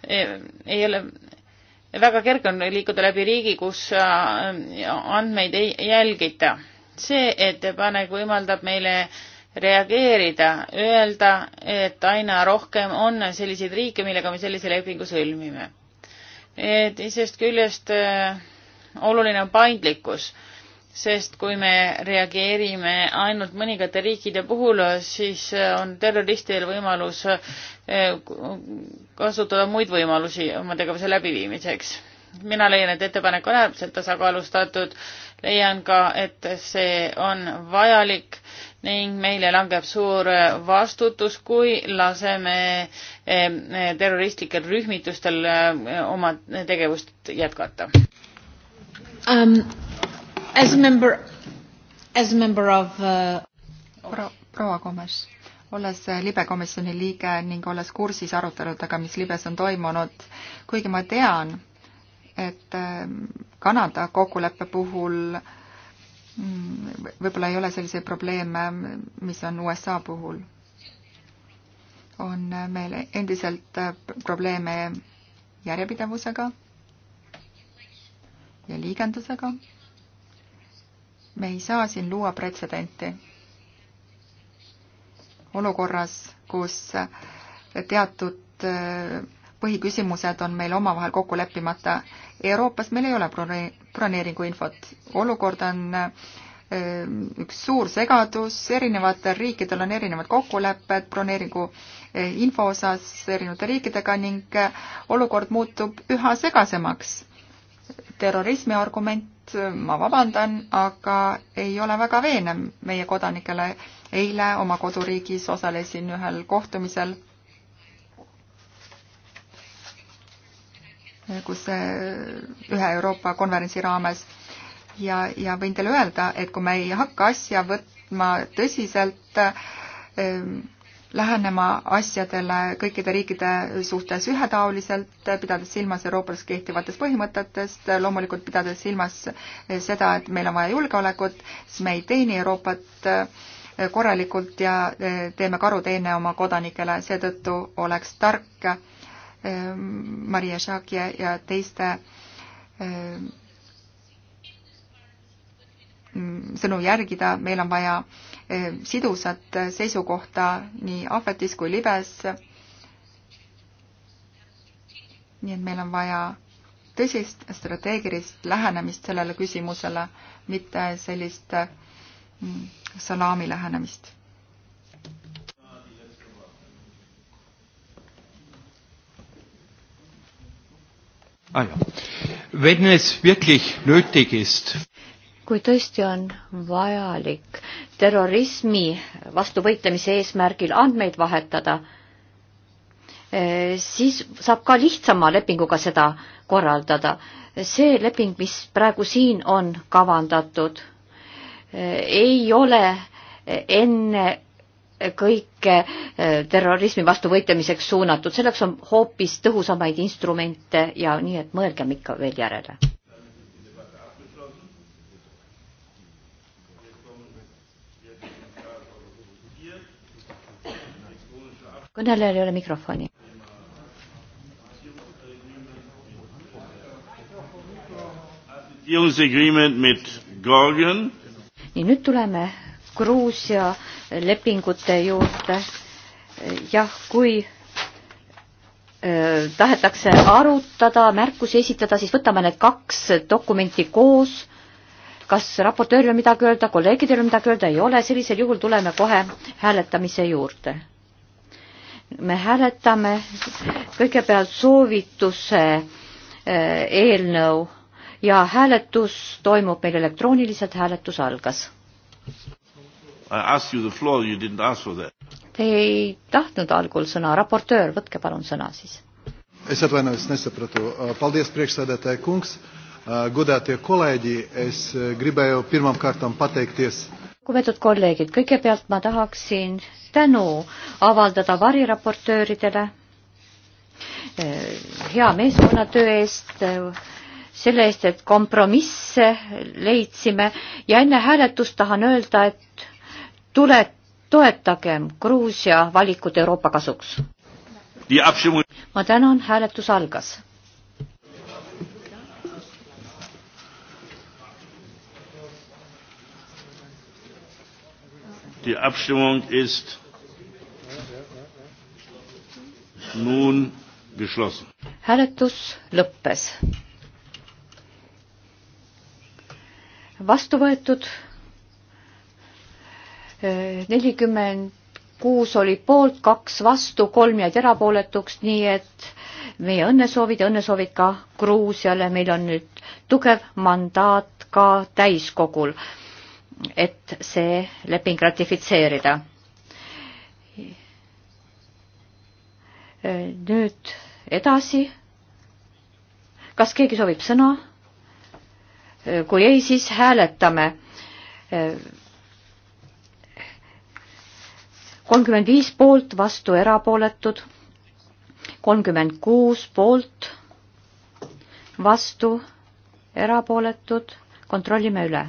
eh, ei ole, väga kerge on liikuda läbi riigi, kus eh, andmeid ei jälgita. see ettepanek võimaldab meile reageerida, öelda, et aina rohkem on selliseid riike, millega me sellise lepingu sõlmime. Eh, teisest küljest oluline on paindlikkus sest kui me reageerime ainult mõningate riikide puhul, siis eh, on terroristil võimalus eh, kasutada muid võimalusi oma tegevuse läbiviimiseks. mina leian, et ettepanek on äärmiselt tasakaalustatud, leian ka, et see on vajalik ning meile langeb suur vastutus, kui laseme eh, terroristlikel rühmitustel oma tegevust jätkata um As a member, as a member of uh... Pro, proua Gomes, olles libekomisjoni liige ning olles kursis aruteludega, mis libes on toimunud, kuigi ma tean, et ähm, Kanada kokkuleppe puhul mm, võib-olla ei ole selliseid probleeme, mis on USA puhul. on meil endiselt äh, probleeme järjepidevusega ja liigendusega me ei saa siin luua pretsedenti olukorras, kus teatud äh, põhiküsimused on meil omavahel kokku leppimata. Euroopas meil ei ole broneeringuinfot, olukord on äh, üks suur segadus, erinevatel riikidel on erinevad kokkulepped broneeringu äh, info osas erinevate riikidega ning olukord muutub üha segasemaks. terrorismi argument ma vabandan, aga ei ole väga veenev meie kodanikele. eile oma koduriigis osalesin ühel kohtumisel, kus eh, ühe Euroopa konverentsi raames ja, ja võin teile öelda, et kui me ei hakka asja võtma tõsiselt, eh, lähenema asjadele kõikide riikide suhtes ühetaoliselt, pidades silmas Euroopas kehtivatest põhimõtetest, loomulikult pidades silmas seda, et meil on vaja julgeolekut, siis me ei teeni Euroopat eh, korralikult ja eh, teeme karuteene oma kodanikele, seetõttu oleks tark eh, Maria Šakje ja teiste Mm, sõnu järgida, meil on vaja eh, sidusat eh, seisukohta nii ahvetis kui libes. nii et meil on vaja tõsist strateegilist lähenemist sellele küsimusele, mitte sellist eh, mm, salaami lähenemist. Ah ja. Wenn es wirklich nötig ist, kui tõesti on vajalik terrorismi vastu võitlemise eesmärgil andmeid vahetada, eh, siis saab ka lihtsama lepinguga seda korraldada. see leping, mis praegu siin on kavandatud, eh, ei ole enne kõike eh, terrorismi vastu võitlemiseks suunatud, selleks on hoopis tõhusamaid instrumente ja nii et mõelgem ikka veel järele. kõnelejal ei ole mikrofoni. nii, nüüd tuleme Gruusia lepingute juurde. jah, kui äh, tahetakse arutada, märkusi esitada, siis võtame need kaks dokumenti koos kas raportööril on midagi öelda, kolleegidel on midagi öelda, ei ole, sellisel juhul tuleme kohe hääletamise juurde me hääletame kõigepealt soovituse äh, eelnõu ja hääletus toimub meil elektrooniliselt, hääletus algas. Te ei tahtnud algul sõna, raportöör, võtke palun sõna siis. es atvainojos, nesapratu. Paldies, priekšsēdētāja kungs. Godātie kolēģi, es gribēju pirmām kārtām pateikties uh, lugupeetud kolleegid, kõigepealt ma tahaksin tänu avaldada variraportööridele eh, hea meeskonnatöö eest, eh, selle eest, et kompromisse leidsime ja enne hääletust tahan öelda, et tule, toetagem Gruusia valikut Euroopa kasuks. ma tänan, hääletus algas Die Abstimmung ist nun geschlossen. hääletus lõppes. vastu võetud äh, nelikümmend kuus oli poolt, kaks vastu, kolm jäid erapooletuks, nii et meie õnnesoovid ja õnnesoovid ka Gruusiale, meil on nüüd tugev mandaat ka täiskogul et see leping ratifitseerida. nüüd edasi. kas keegi soovib sõna? kui ei, siis hääletame. kolmkümmend viis poolt, vastu erapooletud. kolmkümmend kuus poolt, vastu erapooletud. kontrollime üle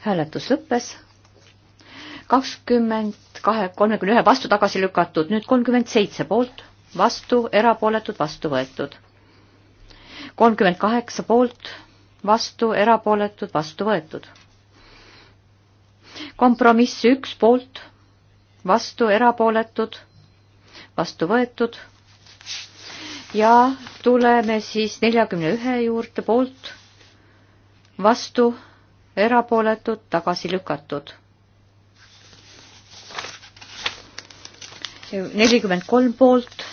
hääletus lõppes. kakskümmend kahe, kolmekümne ühe vastu tagasi lükatud, nüüd kolmkümmend seitse poolt, vastu, erapooletud, vastu võetud. kolmkümmend kaheksa poolt, vastu, erapooletud, vastu võetud. kompromiss üks poolt, vastu, erapooletud, vastu võetud. ja tuleme siis neljakümne ühe juurde poolt vastu, erapooletud, tagasi lükatud. nelikümmend kolm poolt,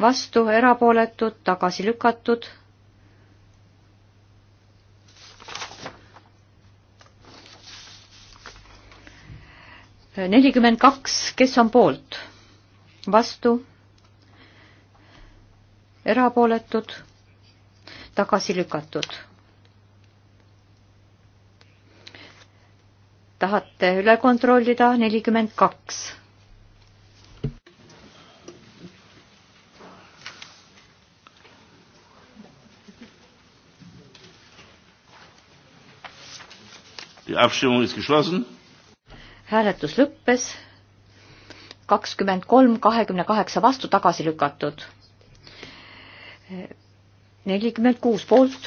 vastu, erapooletud, tagasi lükatud nelikümmend kaks, kes on poolt? vastu? erapooletud? tagasi lükatud. tahate üle kontrollida nelikümmend kaks. Die Abstimmung ist geschlossen. hääletus lõppes kakskümmend kolm kahekümne kaheksa vastu tagasi lükatud nelikümmend kuus poolt,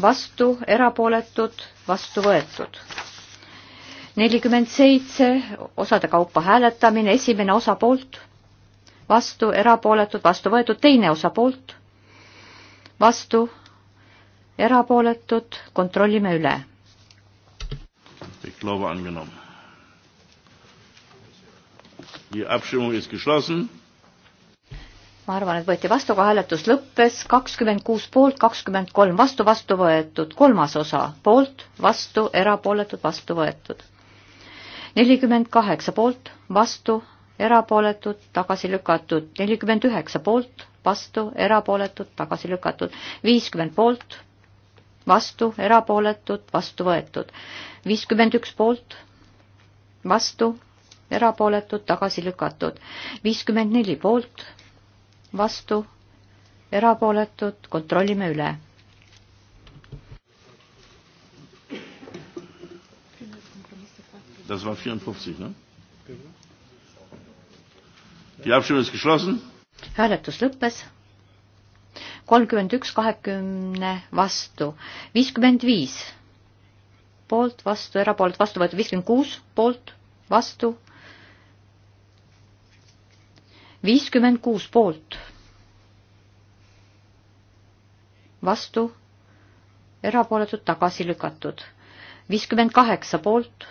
vastu, erapooletud, vastu võetud. nelikümmend seitse osade kaupa hääletamine, esimene osa poolt, vastu, erapooletud, vastu võetud, teine osa poolt, vastu, erapooletud, kontrollime üle. Ich glaube angenommen. Die Abstimmung ist geschlossen ma arvan, et võeti vastu, aga hääletus lõppes kakskümmend kuus poolt, kakskümmend kolm vastu, vastu võetud, kolmas osa poolt, vastu, erapooletud, vastu võetud. nelikümmend kaheksa poolt, vastu, erapooletud, tagasi lükatud, nelikümmend üheksa poolt, vastu, erapooletud, tagasi lükatud, viiskümmend poolt, vastu, erapooletud, vastu võetud. viiskümmend üks poolt, vastu, erapooletud, tagasi lükatud. viiskümmend neli poolt, vastu, erapooletud, kontrollime üle. Das war 54, ne? Die Abstimmung ist geschlossen. Hääletus lõppes. 31 kahekümne vastu, 55 poolt, vastu, erapoolt, vastu võetud, 56 poolt, vastu, viiskümmend kuus poolt. vastu, erapooletud, tagasi lükatud. viiskümmend kaheksa poolt,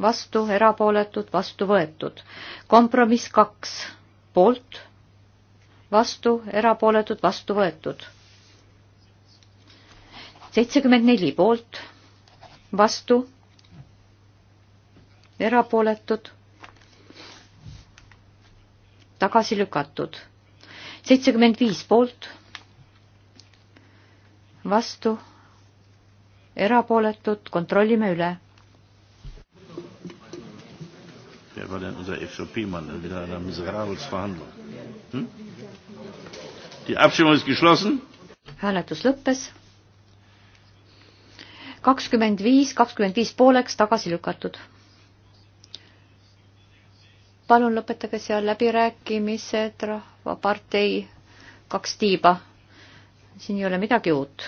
vastu, erapooletud, vastu võetud. kompromiss kaks poolt, vastu, erapooletud, vastu võetud. seitsekümmend neli poolt, vastu, erapooletud tagasi lükatud. seitsekümmend viis poolt, vastu, erapooletud, kontrollime üle. Wer war denn unser FVP-Mann wieder einer Miserabelsverhandlung? Hm? Die Abstimmung ist geschlossen. Hääletus lõppes. kakskümmend viis, kakskümmend viis pooleks tagasi lükatud palun lõpetage seal läbirääkimised, Rahvapartei kaks tiiba. siin ei ole midagi uut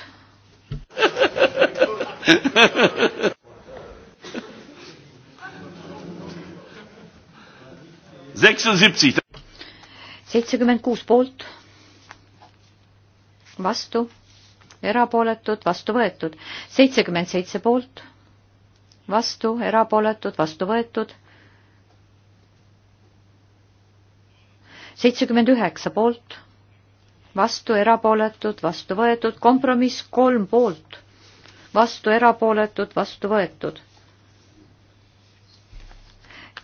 seitsekümmend kuus poolt, vastu, erapooletud, vastu võetud, seitsekümmend seitse poolt, vastu, erapooletud, vastu võetud seitsekümmend üheksa poolt, vastu erapooletud, vastu võetud, kompromiss kolm poolt, vastu erapooletud, vastu võetud.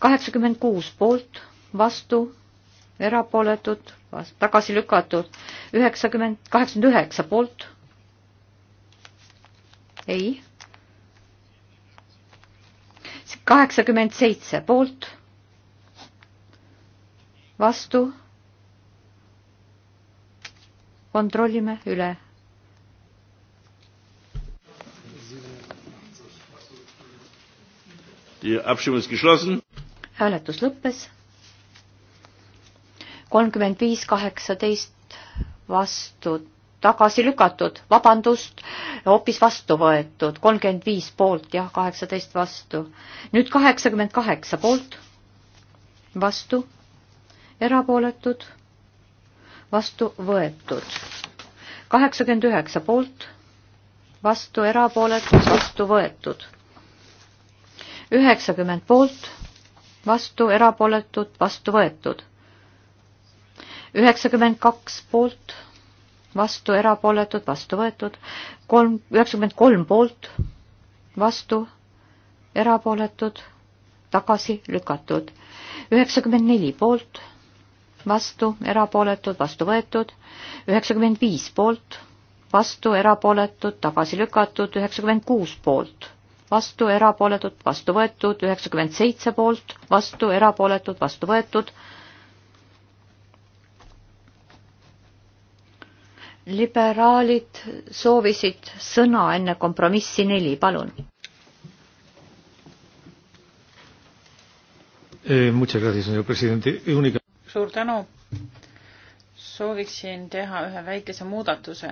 kaheksakümmend kuus poolt, vastu erapooletud, tagasi lükatud, üheksakümmend, kaheksakümmend üheksa poolt. ei. kaheksakümmend seitse poolt, vastu kontrollime üle. hääletus lõppes. kolmkümmend viis kaheksateist vastu tagasi lükatud, vabandust, hoopis vastu võetud, kolmkümmend viis poolt ja kaheksateist vastu. nüüd kaheksakümmend kaheksa poolt, vastu, erapooletud vastu võetud. kaheksakümmend üheksa poolt, vastu erapooletud, vastu võetud. üheksakümmend poolt, vastu erapooletud, vastu võetud. üheksakümmend kaks poolt, vastu erapooletud, vastu võetud. kolm, üheksakümmend kolm poolt, vastu erapooletud, tagasi lükatud. üheksakümmend neli poolt vastu, erapooletud, vastu võetud, üheksakümmend viis poolt, vastu, erapooletud, tagasi lükatud, üheksakümmend kuus poolt, vastu, erapooletud, vastu võetud, üheksakümmend seitse poolt, vastu, erapooletud, vastu võetud. liberaalid soovisid sõna enne kompromissi neli, palun. Eh, muchas gracias, señor presidente. Única suur tänu. sooviksin teha ühe väikese muudatuse.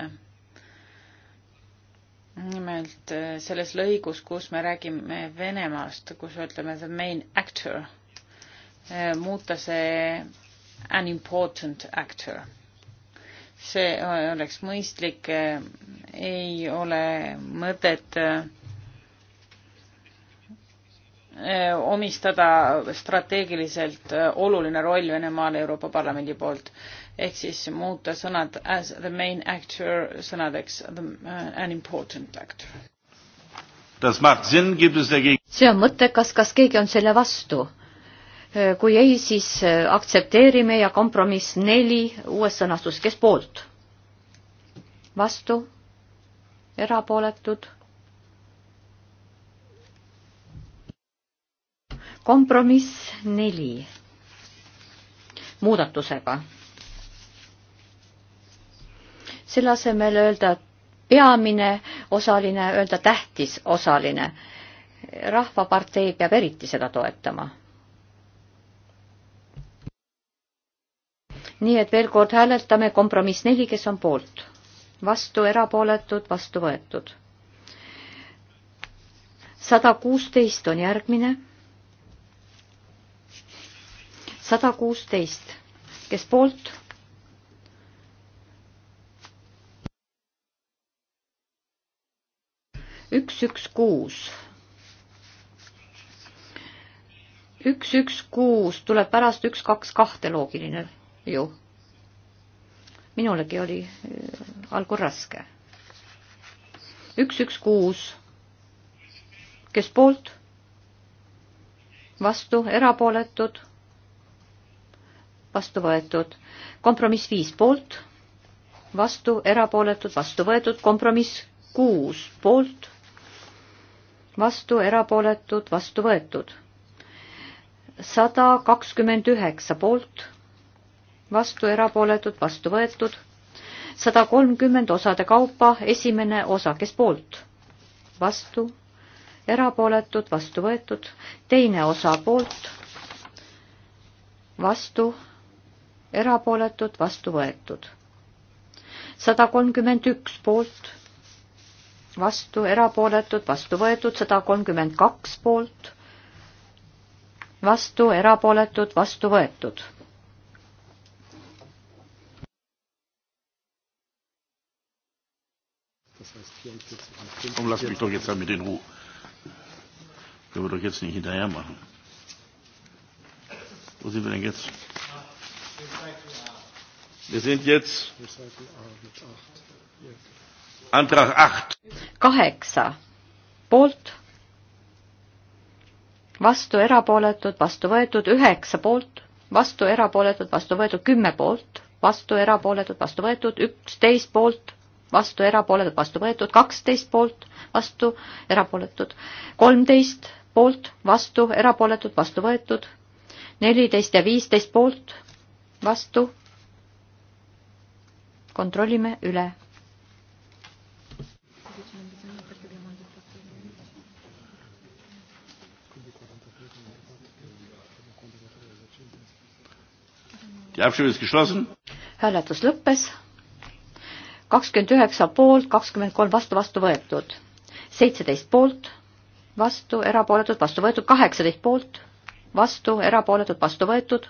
nimelt äh, selles lõigus, kus me räägime Venemaast, kus ütleme the main actor, äh, muuta see an important actor. see oleks mõistlik, äh, ei ole mõtet Eh, omistada strateegiliselt eh, oluline roll Venemaale Euroopa Parlamendi poolt. ehk siis muuta sõnad as the main actor sõnadeks the, eh, an important actor. see on mõttekas, kas keegi on selle vastu? kui ei, siis aktsepteerime ja kompromiss neli uues sõnastus, kes poolt? vastu? erapooletud? kompromiss neli muudatusega. selle asemel öelda peamine osaline, öelda tähtis osaline. rahvapartei peab eriti seda toetama. nii et veel kord hääletame kompromiss neli, kes on poolt, vastu erapooletud, vastu võetud. sada kuusteist on järgmine sada kuusteist, kes poolt? üks, üks, kuus. üks, üks, kuus tuleb pärast üks, kaks, kahte loogiline ju. minulegi oli äh, algul raske. üks, üks, kuus. kes poolt? vastu, erapooletud vastu võetud. kompromiss viis poolt, vastu, erapooletud, vastu võetud, kompromiss kuus poolt, vastu, erapooletud, vastu võetud. sada kakskümmend üheksa poolt, vastu, erapooletud, vastu võetud, sada kolmkümmend osade kaupa, esimene osa, kes poolt, vastu, erapooletud, vastu võetud, teine osa poolt, vastu, erapooletud, vastu võetud. sada kolmkümmend üks poolt, vastu, erapooletud, vastu võetud, sada kolmkümmend kaks poolt, vastu, erapooletud, vastu võetud. Komm, lass mich doch jetzt damit in Ruhe. Können wir doch jetzt nicht hinterher machen. Wo sind wir denn jetzt? Wir sind jetzt Antrag 8. kaheksa poolt, vastu erapooletud, vastu võetud üheksa poolt, vastu erapooletud, vastu võetud kümme poolt, vastu erapooletud, vastu võetud üksteist poolt, vastu erapooletud, vastu võetud kaksteist poolt, vastu erapooletud kolmteist poolt, vastu erapooletud, vastu võetud neliteist ja viisteist poolt, vastu. kontrollime üle. hääletus lõppes. kakskümmend üheksa poolt, kakskümmend kolm vastu, vastu võetud. seitseteist poolt, vastu, erapooletud, vastu võetud, kaheksateist poolt, vastu, erapooletud, vastu võetud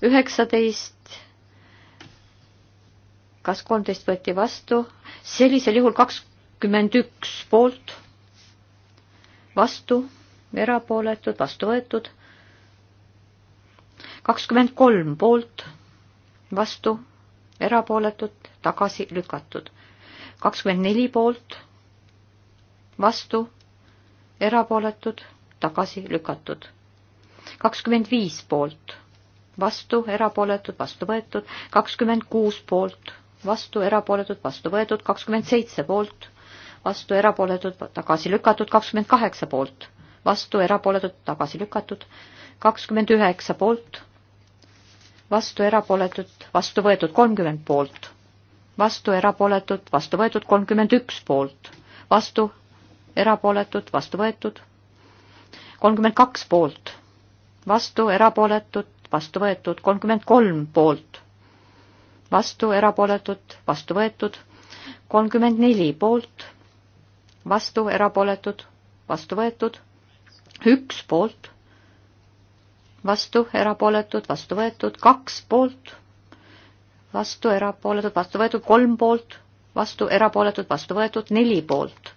üheksateist, kas kolmteist võeti vastu, sellisel juhul kakskümmend üks poolt, vastu, erapooletud, vastu võetud, kakskümmend kolm poolt, vastu, erapooletud, tagasi lükatud, kakskümmend neli poolt, vastu, erapooletud, tagasi lükatud kakskümmend viis poolt, vastu, erapooletud, vastu võetud, kakskümmend kuus poolt, vastu, erapooletud, vastu võetud, kakskümmend seitse poolt, vastu, erapooletud, tagasi lükatud, kakskümmend kaheksa poolt, vastu, erapooletud, tagasi lükatud, kakskümmend üheksa poolt, vastu, erapooletud, vastu võetud, kolmkümmend poolt, vastu, erapooletud, vastu võetud, kolmkümmend üks poolt, vastu, erapooletud, vastu võetud, kolmkümmend kaks poolt, vastu, erapooletud, vastu võetud, kolmkümmend kolm poolt, vastu erapooletud, vastu võetud, kolmkümmend neli poolt, vastu erapooletud, vastu võetud, üks poolt, vastu erapooletud, vastu võetud, kaks poolt, vastu erapooletud, vastu võetud, kolm poolt, vastu erapooletud, vastu võetud, neli poolt,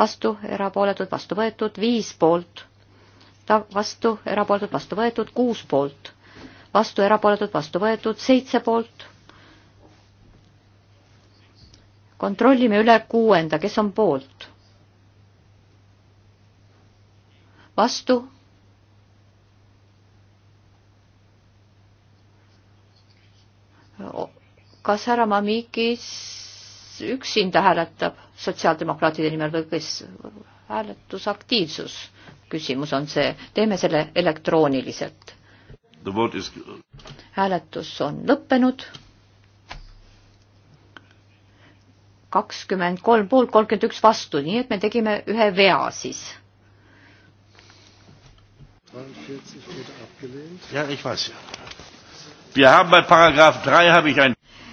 vastu erapooletud, vastu võetud, viis poolt ta vastu, erapooletud vastu võetud, kuus poolt vastu erapooletud, vastu võetud, seitse poolt. kontrollime üle kuuenda, kes on poolt? vastu. kas härra Mamikis üksinda hääletab sotsiaaldemokraatide nimel või kes hääletusaktiivsus küsimus on see, teeme selle elektrooniliselt Is... hääletus on lõppenud. kakskümmend kolm poolt, kolmkümmend üks vastu, nii et me tegime ühe vea siis.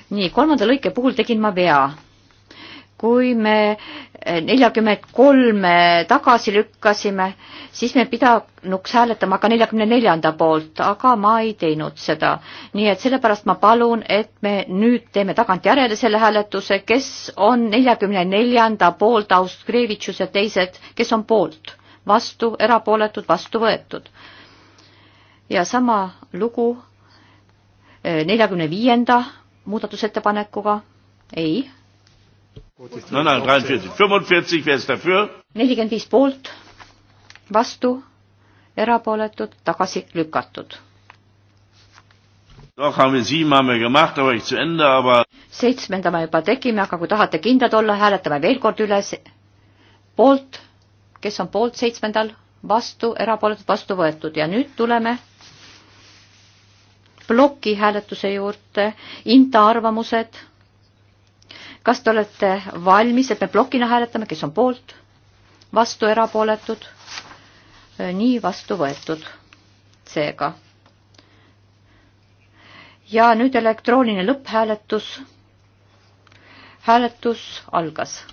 nii, kolmanda lõike puhul tegin ma vea kui me neljakümmet kolme tagasi lükkasime, siis me pidanuks hääletama ka neljakümne neljanda poolt, aga ma ei teinud seda. nii et sellepärast ma palun, et me nüüd teeme tagantjärele selle hääletuse, kes on neljakümne neljanda poolt, Austrevitšus ja teised, kes on poolt, vastu, erapooletud, vastu võetud. ja sama lugu eh, neljakümne viienda muudatusettepanekuga, ei no no nelikümmend viis poolt, vastu, erapooletud, tagasi lükatud. seitsmenda me juba tegime, aga kui tahate kindlad olla, hääletame veel kord üle. poolt, kes on poolt seitsmendal, vastu, erapooletud, vastu võetud ja nüüd tuleme ploki hääletuse juurde, inta arvamused kas te olete valmis, et me plokina hääletame, kes on poolt, vastu erapooletud, nii vastu võetud seega. ja nüüd elektrooniline lõpphääletus. hääletus algas.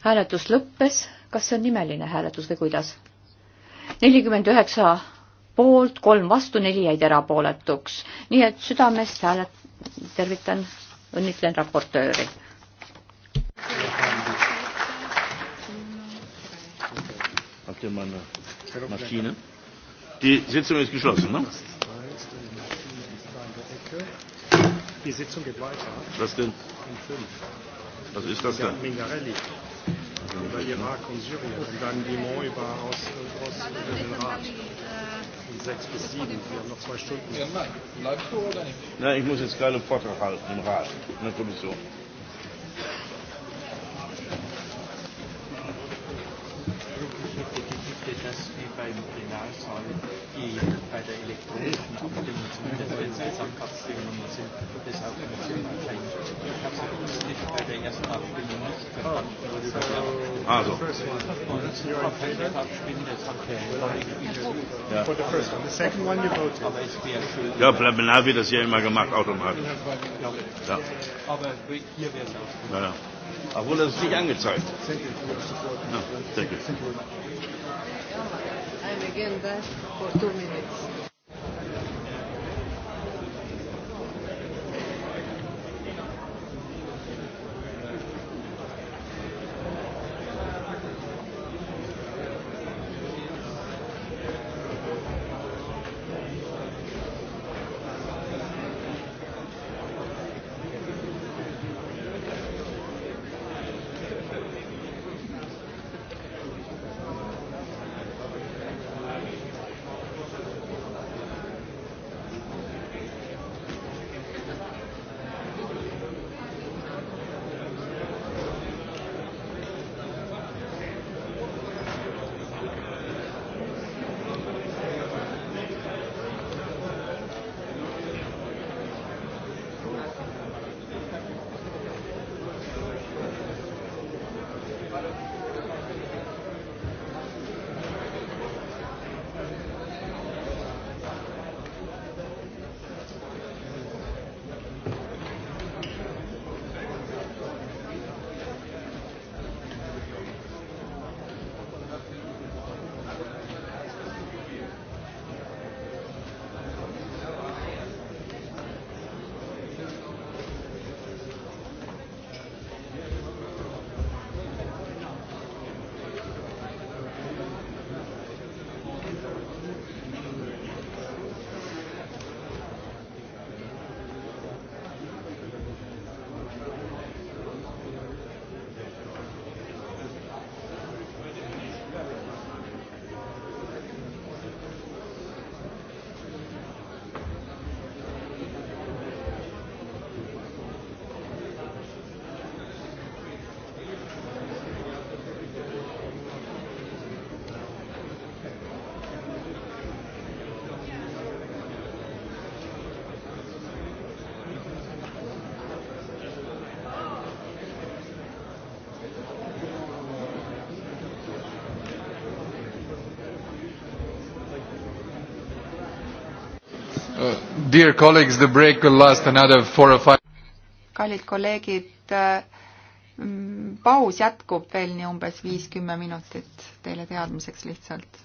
hääletus lõppes, kas see on nimeline hääletus või kuidas? nelikümmend üheksa poolt, kolm vastu, neli jäid erapooletuks. nii et südamest hääled tervitan, õnnitlen raportööri. Die Sitzung ist geschlossen, ne? Die Sitzung geht weiter. Was denn? Um fünf. Was ist das denn? Mingarelli über Irak und Syrien und dann Limon über aus, aus über den Rat sechs bis sieben. Wir haben noch zwei Stunden. Ja, nein, bleibst du oder nicht? Nein, ich muss jetzt gerade einen Vortrag halten im Rat, in der Kommission. Also. Ja, Plenar wird das ja immer gemacht, automatisch. Ja. Aber hier wäre es auch. Ja, ja. Obwohl das ist nicht angezeigt. Ja, danke. I begin that for two minutes. Dear colleagues, the break will last another four or five kallid kolleegid, mm, paus jätkub veel nii umbes viis-kümme minutit teile teadmiseks lihtsalt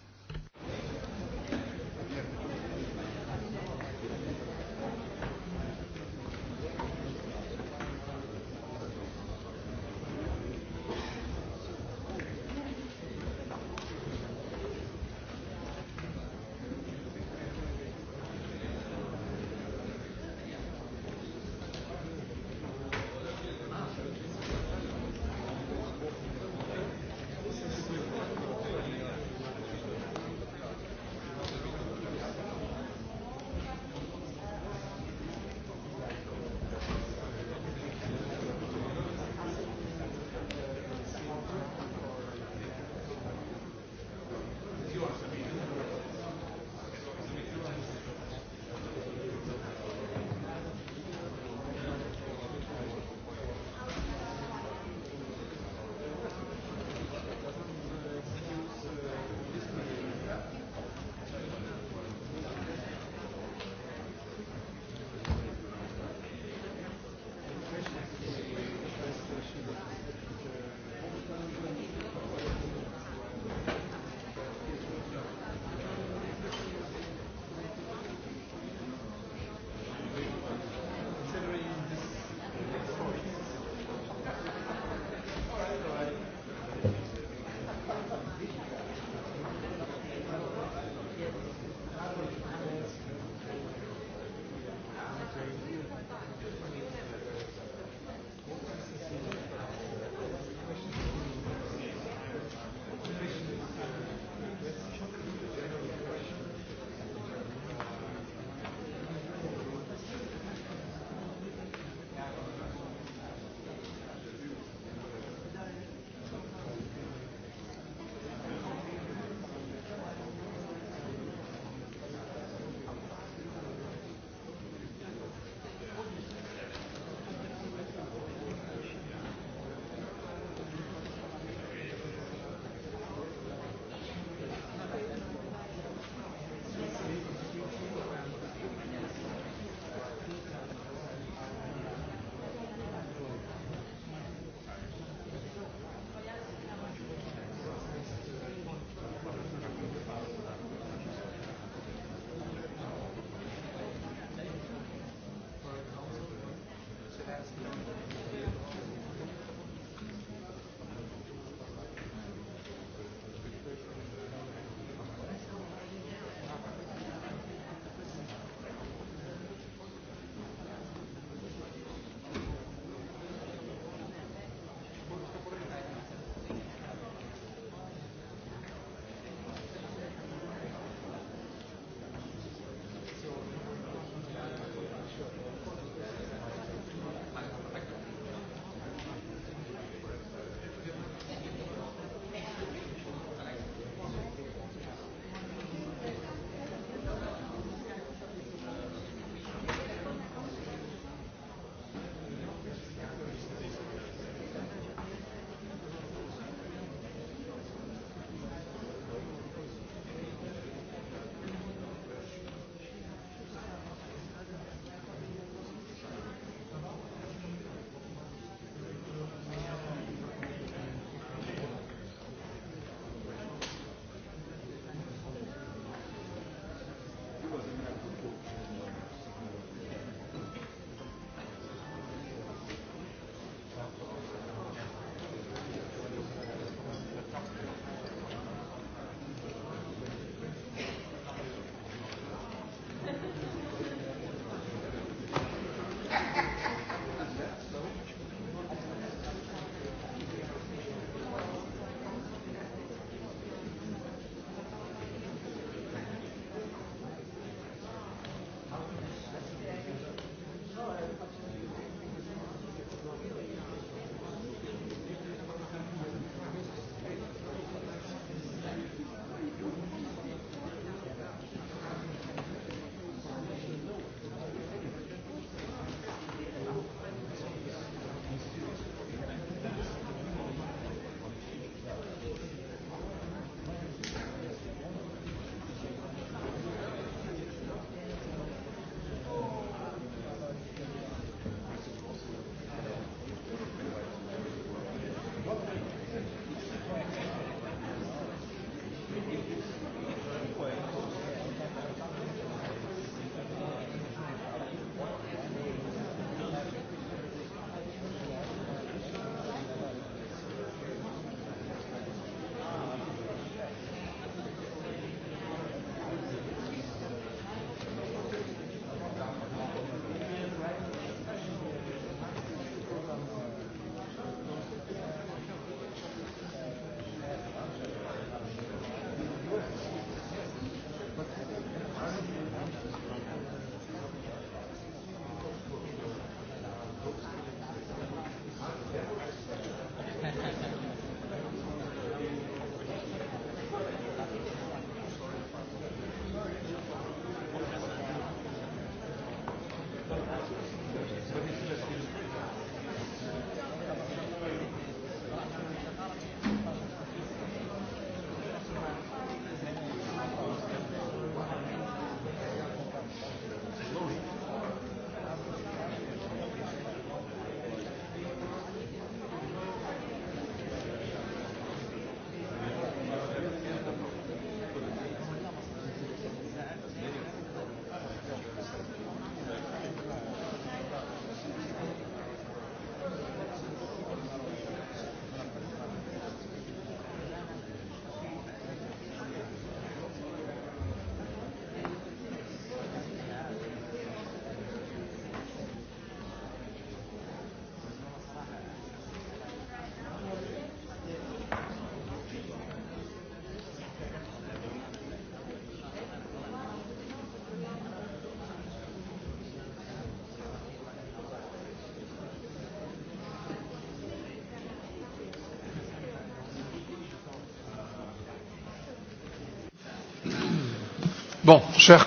Euh,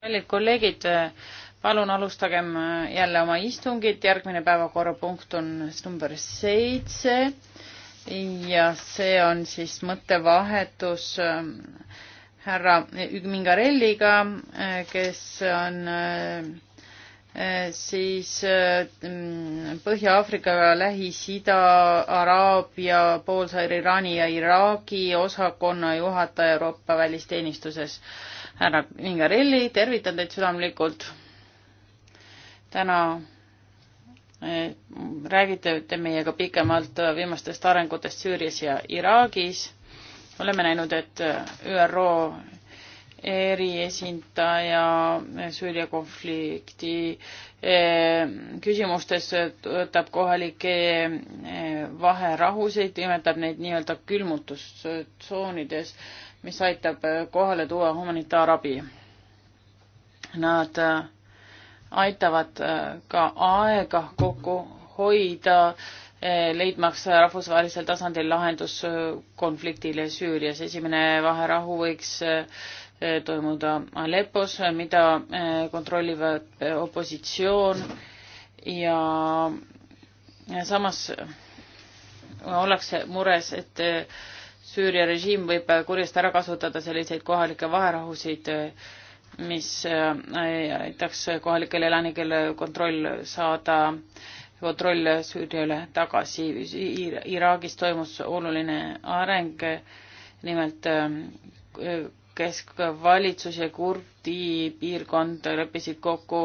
kallid kolleegid, äh, palun alustagem äh, jälle oma istungit, järgmine päevakorrapunkt on number seitse ja see on siis mõttevahetus äh, härra Mingarelliga, kes on siis mm, Põhja-Aafrika, Lähis-Ida, Araabia poolsaar Iraani ja Iraagi osakonna juhataja Euroopa välisteenistuses härra Mingarelli, tervitan teid südamlikult. täna eh, räägite te meiega pikemalt viimastest arengutest Süürias ja Iraagis. oleme näinud, et ÜRO eriesindaja Süüria konflikti eh, küsimustes võtab kohalikke eh, vaherahusid, nimetab neid nii-öelda külmutustsoonides mis aitab äh, kohale tuua humanitaarabi. Nad äh, aitavad äh, ka aega kokku hoida, leidmaks rahvusvahelisel tasandil lahendus konfliktile Süürias. esimene vaherahu võiks toimuda Aleppos, mida kontrollivad opositsioon ja samas ollakse mures, et Süüria režiim võib kurjast ära kasutada selliseid kohalikke vaherahusid, mis äh, aitaks kohalikel elanikel kontroll saada, kontroll Süüria üle tagasi. Iraagis toimus oluline areng, nimelt äh, keskvalitsus ja kurdi piirkond leppisid kokku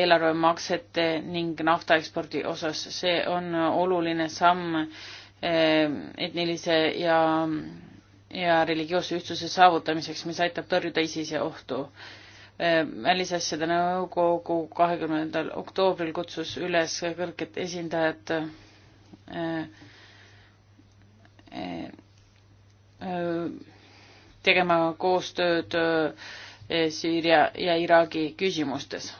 eelarvemaksete ning naftaekspordi osas. see on oluline samm Ehm, etnilise ja, ja religioosse ühtsuse saavutamiseks, mis aitab tõrjuda ISISe ohtu. Ehm, välisasjade nõukogu kahekümnendal oktoobril kutsus üles kõrget esindajat ehm, tegema koostööd Süüria ja Iraagi küsimustes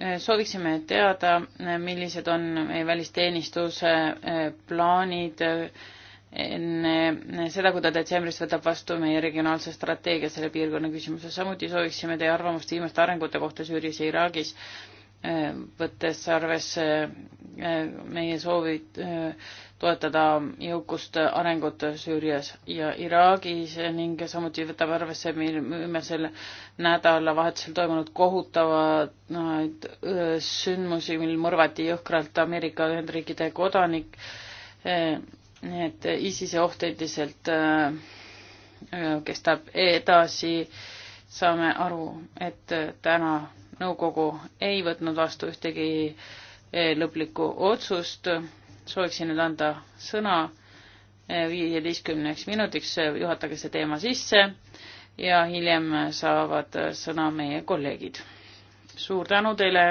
Äh, sooviksime teada, äh, millised on meie välisteenistuse äh, plaanid enne seda, kui ta detsembris võtab vastu meie regionaalse strateegia selle piirkonna küsimuses. samuti sooviksime teie arvamust viimaste arengute kohta Süürias ja Iraagis, võttes arvesse meie soovid toetada jõukust arengut Süürias ja Iraagis ning samuti võtab arvesse viimasel nädalavahetusel toimunud kohutavaid sündmusi, mil mõrvati jõhkralt Ameerika Ühendriikide kodanik. E, et ISISe oht endiselt e, kestab edasi. saame aru, et täna nõukogu ei võtnud vastu ühtegi e, lõplikku otsust sooviksin nüüd anda sõna eh, viieteistkümneks minutiks, eh, juhatage see teema sisse ja hiljem saavad sõna meie kolleegid. suur tänu teile,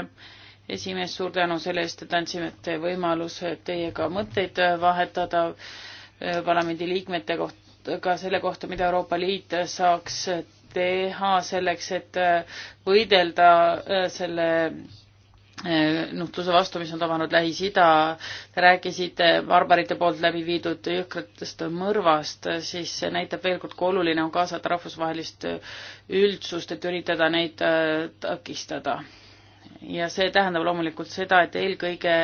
esimees, suur tänu selle eest, et andsite võimaluse teiega mõtteid vahetada eh, parlamendi liikmete kohta, ka selle kohta, mida Euroopa Liit saaks teha selleks, et võidelda selle Äh, nuhtluse vastu, mis on tabanud Lähis-Ida. Te rääkisite barbarite poolt läbi viidud jõhkratest mõrvast, siis see näitab veel kord, kui oluline on kaasata rahvusvahelist üldsust, et üritada neid äh, takistada. ja see tähendab loomulikult seda, et eelkõige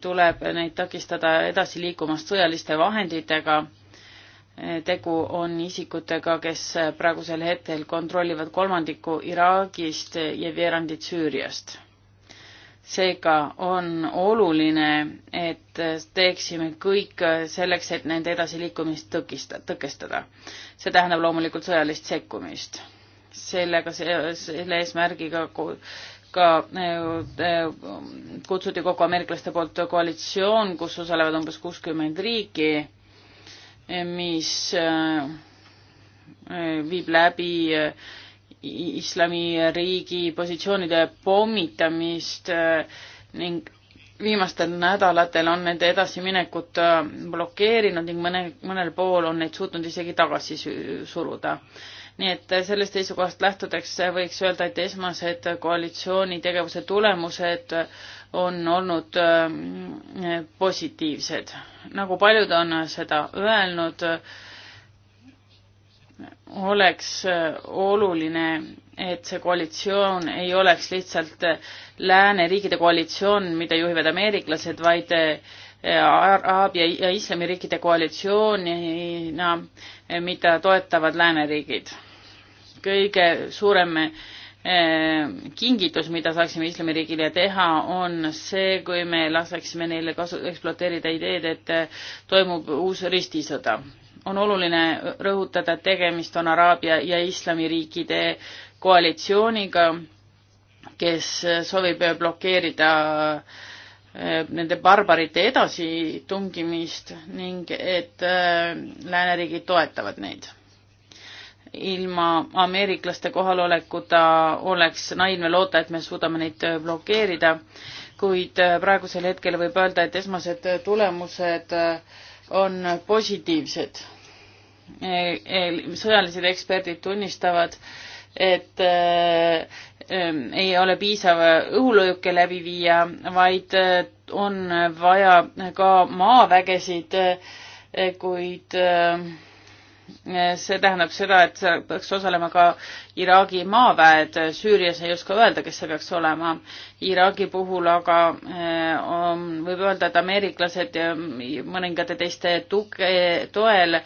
tuleb neid takistada edasi liikumast sõjaliste vahenditega. Äh, tegu on isikutega, kes praegusel hetkel kontrollivad kolmandikku Iraagist ja veerandit Süüriast seega on oluline, et teeksime kõik selleks, et nende edasiliikumist tõkista, tõkestada. see tähendab loomulikult sõjalist sekkumist. sellega, selle eesmärgiga ka äh, äh, kutsuti kokku ameeriklaste poolt koalitsioon, kus osalevad umbes kuuskümmend riiki, mis äh, viib läbi islamiriigi positsioonide pommitamist äh, ning viimastel nädalatel on nende edasiminekut äh, blokeerinud ning mõne, mõnel pool on neid suutnud isegi tagasi suruda. nii et äh, sellest seisukohast lähtudeks võiks öelda, et esmased koalitsiooni tegevuse tulemused on olnud positiivsed. nagu paljud on seda öelnud, oleks äh, oluline, et see koalitsioon ei oleks lihtsalt äh, lääneriikide koalitsioon, mida juhivad ameeriklased, vaid äh, Araabia ja Islamiriikide koalitsioonina, mida toetavad lääneriigid. kõige suurem kingitus, mida saaksime Islamiriigile teha, on see, kui me laseksime neile kasu, ekspluateerida ideed, et toimub uus ristisõda on oluline rõhutada, et tegemist on Araabia ja Islamiriikide koalitsiooniga, kes soovib blokeerida eh, nende barbarite edasitungimist ning et eh, lääneriigid toetavad neid. ilma ameeriklaste kohalolekuta oleks naiivne loota, et me suudame neid eh, blokeerida, kuid praegusel hetkel võib öelda, et esmased tulemused äh, on positiivsed. E, e, sõjalised eksperdid tunnistavad, et e, ei ole piisav õhulõõke läbi viia, vaid on vaja ka maavägesid, kuid äh, see tähendab seda, et seal peaks osalema ka Iraagi maaväed, Süürias ei oska öelda, kes see peaks olema. Iraagi puhul aga eh, on, võib öelda, et ameeriklased ja mm, mõningate teiste tuge, toel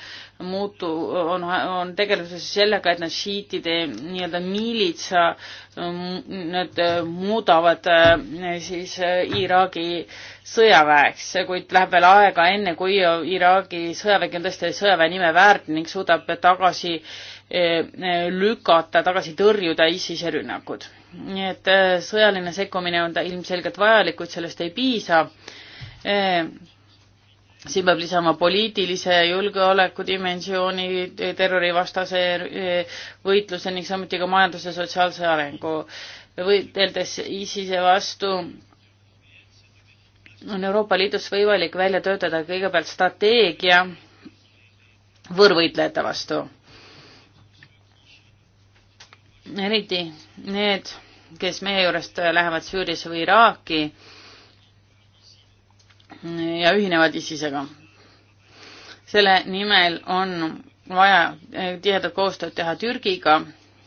muutu, on, on tegeluses sellega, et nad šiitide nii-öelda miilitsa, mm, nad äh, muudavad äh, siis äh, Iraagi sõjaväeks, kuid läheb veel aega, enne kui Iraagi sõjavägi on tõesti sõjaväe nime väärt ning suudab tagasi lükata, tagasi tõrjuda ISISe rünnakud. nii et sõjaline sekkumine on ta ilmselgelt vajalik, kuid sellest ei piisa siin peab lisama poliitilise julgeoleku dimensiooni, terrorivastase eh, võitluse ning samuti ka majanduse sotsiaalse arengu. võideldes ISISe vastu on Euroopa Liidus võimalik välja töötada kõigepealt strateegia võõrvõitlejate vastu. eriti need, kes meie juurest lähevad Süüriasse või Iraaki ja ühinevad ISISega. selle nimel on vaja eh, tihedat koostööd teha Türgiga,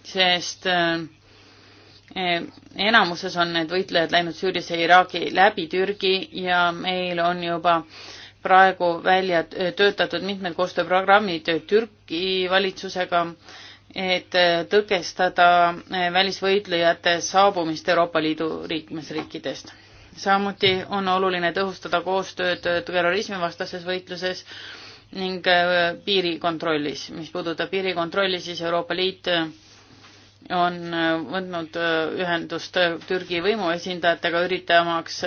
sest eh, enamuses on need võitlejad läinud Süüriasse ja Iraagi läbi Türgi ja meil on juba praegu välja eh, töötatud mitmed koostööprogrammid Türgi valitsusega, et tõkestada välisvõitlejate saabumist Euroopa Liidu liikmesriikidest samuti on oluline tõhustada koostööd terrorismivastases võitluses ning äh, piirikontrollis. mis puudutab piirikontrolli, siis Euroopa Liit äh, on äh, võtnud ühendust Türgi võimuesindajatega, üritamaks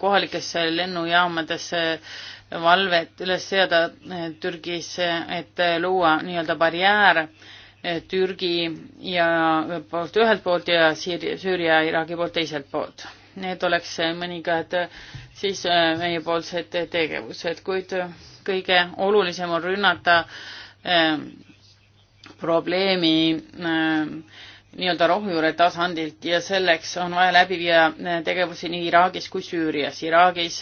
kohalikesse lennujaamadesse valvet üles seada Türgis, et luua nii-öelda barjäär Türgi ja poolt ühelt poolt ja Süüria, Iraagi poolt teiselt poolt need oleks mõningad äh, siis äh, meiepoolsed äh, tegevused, kuid kõige olulisem on rünnata ähm, probleemi ähm, nii-öelda rohujuure tasandilt ja selleks on vaja läbi viia tegevusi nii Iraagis kui Süürias. Iraagis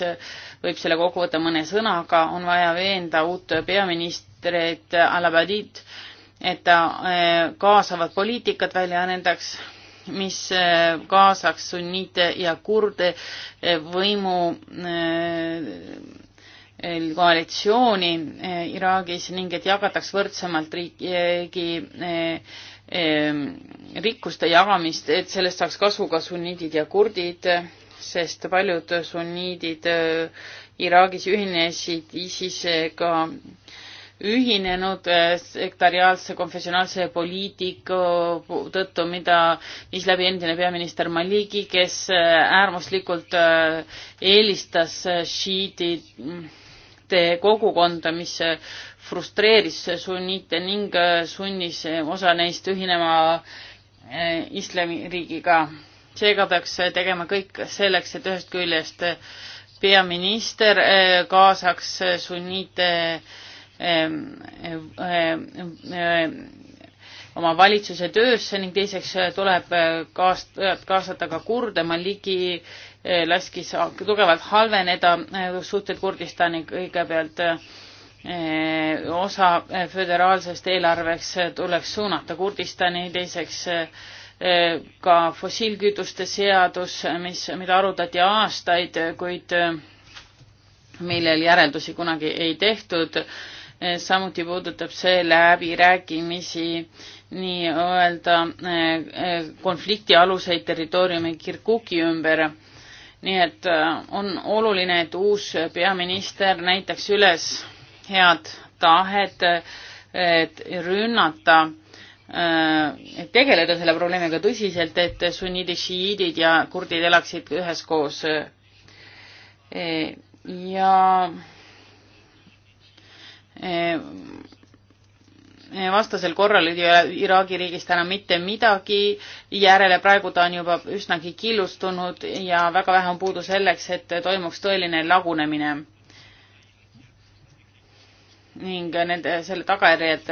võib selle kokku võtta mõne sõnaga, on vaja veenda uut peaministrit Al-Abadid, et ta kaasavat poliitikat välja arendaks mis eh, kaasaks sunniite ja kurde eh, võimu eh, koalitsiooni Iraagis ning et jagataks võrdsemalt riigi rikkuste jagamist, et sellest saaks kasu ka sunniidid ja kurdid, sest paljud sunniidid Iraagis ühinesid ISISega ühinenud äh, sektariaalse konfessionaalse poliitiku tõttu, mida viis läbi endine peaminister Maliki, kes äh, äärmuslikult äh, eelistas šiitide kogukonda, mis frustreeris sunnite ning sunnis osa neist ühinema islamiriigiga. seega peaks tegema kõik selleks, et ühest küljest peaminister kaasaks sunniite Ähm, ähm, ähm, oma valitsuse töösse ning teiseks äh, tuleb äh, kaas-, kaasata ka kurde, Maliki äh, laskis tugevalt halveneda suhted Kurdistani kõigepealt osa föderaalsest eelarveks tuleks suunata Kurdistani, teiseks ka fossiilkütuste seadus, mis, mida arutati aastaid, kuid millel järeldusi kunagi ei tehtud Eh, samuti puudutab see läbirääkimisi nii-öelda eh, eh, konflikti aluseid territooriumi Kirkuki ümber. nii et on oluline, et uus peaminister näitaks üles head tahet, et rünnata, tegeleda selle probleemiga tõsiselt, et sunniidid, šiiidid ja kurdid elaksid üheskoos. ja Eh, vastasel korral ei ole Iraagi riigist enam mitte midagi järele, praegu ta on juba üsnagi killustunud ja väga vähe on puudu selleks, et toimuks tõeline lagunemine. ning nende, selle tagajärjed,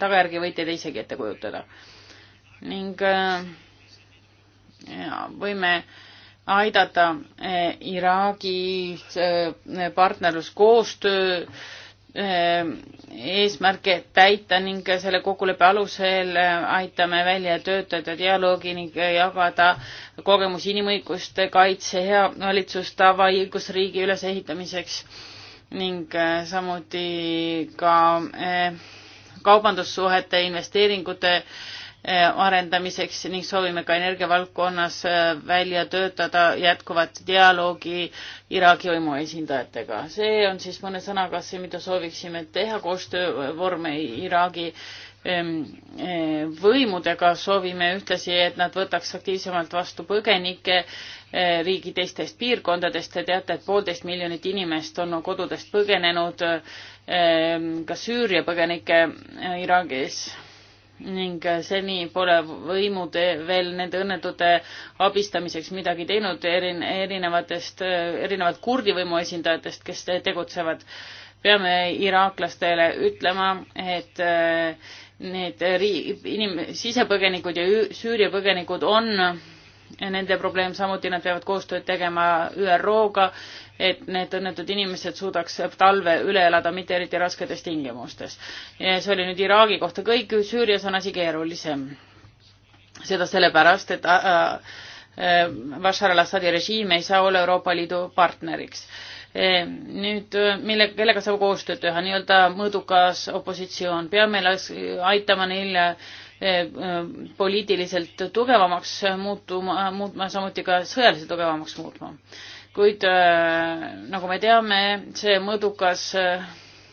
tagajärgi võite te isegi ette kujutada. ning eh, ja, võime aidata eh, Iraagi partnerluskoostöö Ähm, eesmärke täita ning selle kokkuleppe alusel äh, aitame välja töötada dialoogi ning äh, jagada kogemusi inimõiguste kaitse, hea valitsustava ja õigusriigi ülesehitamiseks ning äh, samuti ka kaubandussuhete investeeringute Eh, arendamiseks ning soovime ka energiavaldkonnas eh, välja töötada jätkuvat dialoogi Iraagi võimu esindajatega. see on siis mõne sõnaga see, mida sooviksime teha, koostöövorme Iraagi ehm, eh, võimudega, soovime ühtlasi, et nad võtaks aktiivsemalt vastu põgenikke riigi teistest piirkondadest. Te teate, et poolteist miljonit inimest on kodudest põgenenud, ehm, ka Süüria põgenikke Iraagis ning seni pole võimud veel nende õnnetute abistamiseks midagi teinud erin-, erinevatest, erinevalt kurdi võimu esindajatest, kes tegutsevad. peame iraaklastele ütlema, et äh, need ri-, inim-, sisepõgenikud ja Süüria põgenikud on nende probleem, samuti nad peavad koostööd tegema ÜRO-ga, et need õnnetud inimesed suudaks talve üle elada mitte eriti rasketes tingimustes. see oli nüüd Iraagi kohta kõik, Süürias on asi keerulisem. seda sellepärast, et äh, äh, Bashar al-Assadi režiim ei saa olla Euroopa Liidu partneriks e, nüüd äh, mille, kellega saab koostööd teha, nii-öelda mõõdukas opositsioon, peame aitama neil poliitiliselt tugevamaks muutuma, muutma, samuti ka sõjaliselt tugevamaks muutma. kuid äh, nagu me teame, see mõõdukas äh,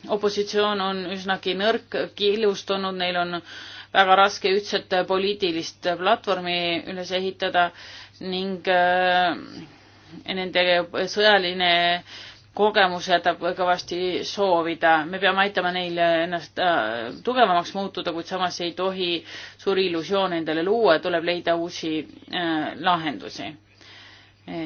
opositsioon on üsnagi nõrk, killustunud, neil on väga raske ühtset poliitilist platvormi üles ehitada ning äh, nende sõjaline kogemus jätab kõvasti soovida, me peame aitama neil ennast äh, tugevamaks muutuda, kuid samas ei tohi suuri illusioone endale luua, tuleb leida uusi äh, lahendusi e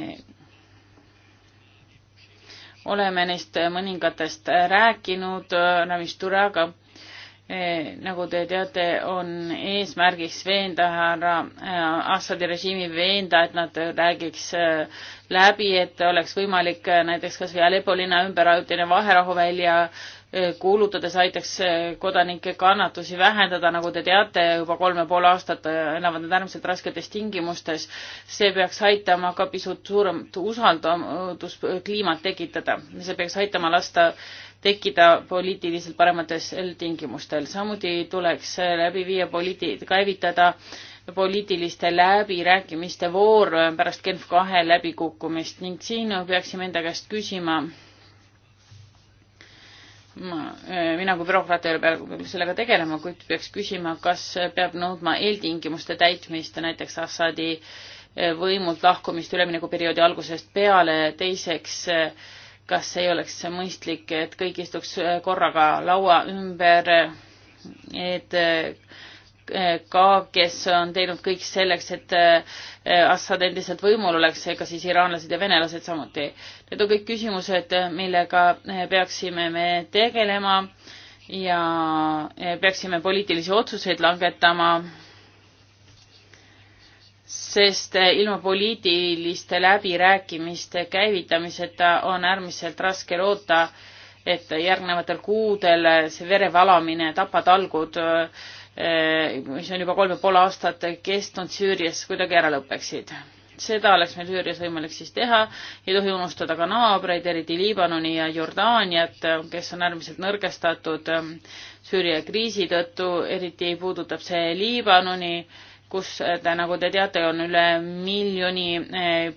oleme neist mõningatest rääkinud Ravisturaga äh,, Eh, nagu te teate, on eesmärgiks veenda härra eh, Assadi režiimi veenda, et nad räägiks eh, läbi, et oleks võimalik näiteks kas või Aleppo linna ümber ajutine vaherahu välja kuulutades aitaks kodanike kannatusi vähendada, nagu te teate, juba kolm ja pool aastat elavad nad äärmiselt rasketes tingimustes. see peaks aitama ka pisut suuremat usalduskliimat tekitada, see peaks aitama lasta tekkida poliitiliselt paremates tingimustel. samuti tuleks läbi viia poliiti-, käivitada poliitiliste läbirääkimiste voor pärast Genf kahe läbikukkumist ning siin peaksime enda käest küsima, ma, eh, mina kui bürokraat ei ole peaaegu sellega tegelema, kuid peaks küsima, kas peab nõudma eeltingimuste täitmist, näiteks Assadi eh, võimult lahkumist üleminekuperioodi algusest peale, teiseks eh, kas ei oleks mõistlik, et kõik istuks korraga laua ümber, et Eh, ka, kes on teinud kõik selleks, et eh, Assad endiselt võimul oleks, ega siis iraanlased ja venelased samuti. Need on kõik küsimused, millega eh, peaksime me tegelema ja peaksime poliitilisi otsuseid langetama sest ilma poliitiliste läbirääkimiste käivitamiseta on äärmiselt raske loota, et järgnevatel kuudel see verevalamine, tapatalgud Eh, mis on juba kolm ja pool aastat kestnud Süürias, kuidagi ära lõpeksid. seda oleks meil Süürias võimalik siis teha, ei tohi unustada ka naabreid, eriti Liibanoni ja Jordaaniat, kes on äärmiselt nõrgestatud eh, Süüria kriisi tõttu, eriti puudutab see Liibanoni, kus te, eh, nagu te teate, on üle miljoni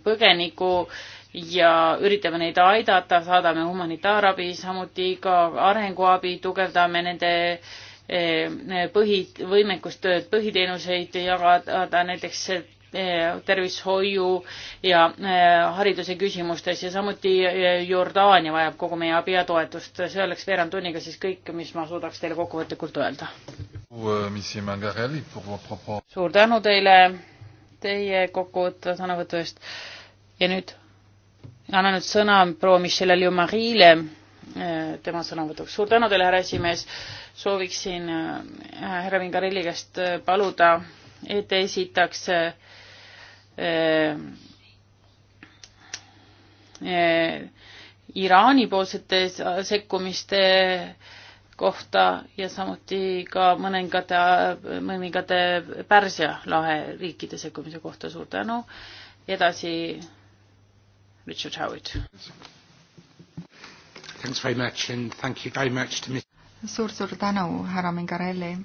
põgeniku ja üritame neid aidata, saadame humanitaarabi, samuti ka arenguabi, tugevdame nende äh, Eh, põhi, võimekustööd, põhiteenuseid jagada näiteks eh, tervishoiu ja eh, hariduse küsimustes ja samuti Jordaania vajab kogu meie abi ja toetust. see oleks veerand tunniga siis kõik, mis ma suudaks teile kokkuvõtlikult öelda. Euh, suur tänu teile teie kokkuvõtva sõnavõtu eest ja nüüd annan nüüd sõna proua Michelle Liumarile Eh, tema sõnavõtuks. suur tänu teile, härra esimees, sooviksin eh, härra Vingarelli käest eh, paluda, et te esitaks Iraani poolsete sekkumiste kohta ja samuti ka mõningate, mõningate Pärsia lahe riikide sekkumise kohta. suur tänu. edasi Richard Howard. Thanks very much and thank you very much to Ms. suur-suur tänu, härra Mingarelli,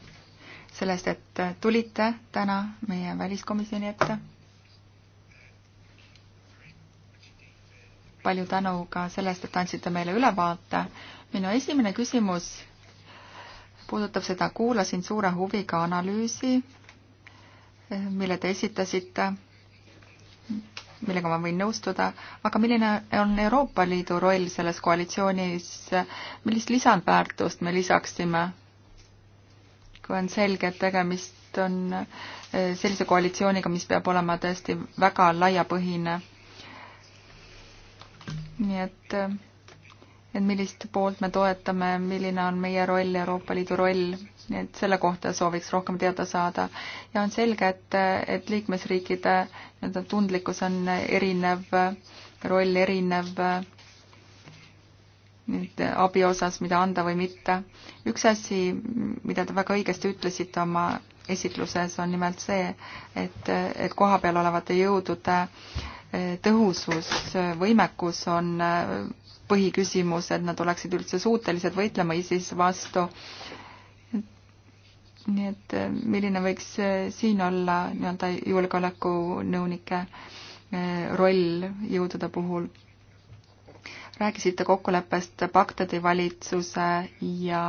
selle eest, et tulite täna meie väliskomisjoni ette. palju tänu ka selle eest, et andsite meile ülevaate. minu esimene küsimus puudutab seda, kuulasin suure huviga analüüsi, mille te esitasite millega ma võin nõustuda, aga milline on Euroopa Liidu roll selles koalitsioonis, millist lisandväärtust me lisaksime, kui on selge, et tegemist on eh, sellise koalitsiooniga, mis peab olema tõesti väga laiapõhine. nii et, eh, et millist poolt me toetame, milline on meie roll, Euroopa Liidu roll nii et selle kohta sooviks rohkem teada saada ja on selge, et, et liikmesriikide nii-öelda tundlikkus on erinev, roll erinev nüüd abi osas, mida anda või mitte. üks asi, mida te väga õigesti ütlesite oma esitluses, on nimelt see, et, et kohapeal olevate jõudude eh, tõhusus, võimekus on eh, põhiküsimus, et nad oleksid üldse suutelised võitlema ISIS vastu nii et äh, milline võiks äh, siin olla nii-öelda julgeolekunõunike äh, roll jõudude puhul? rääkisite kokkuleppest Bagdadi valitsuse ja,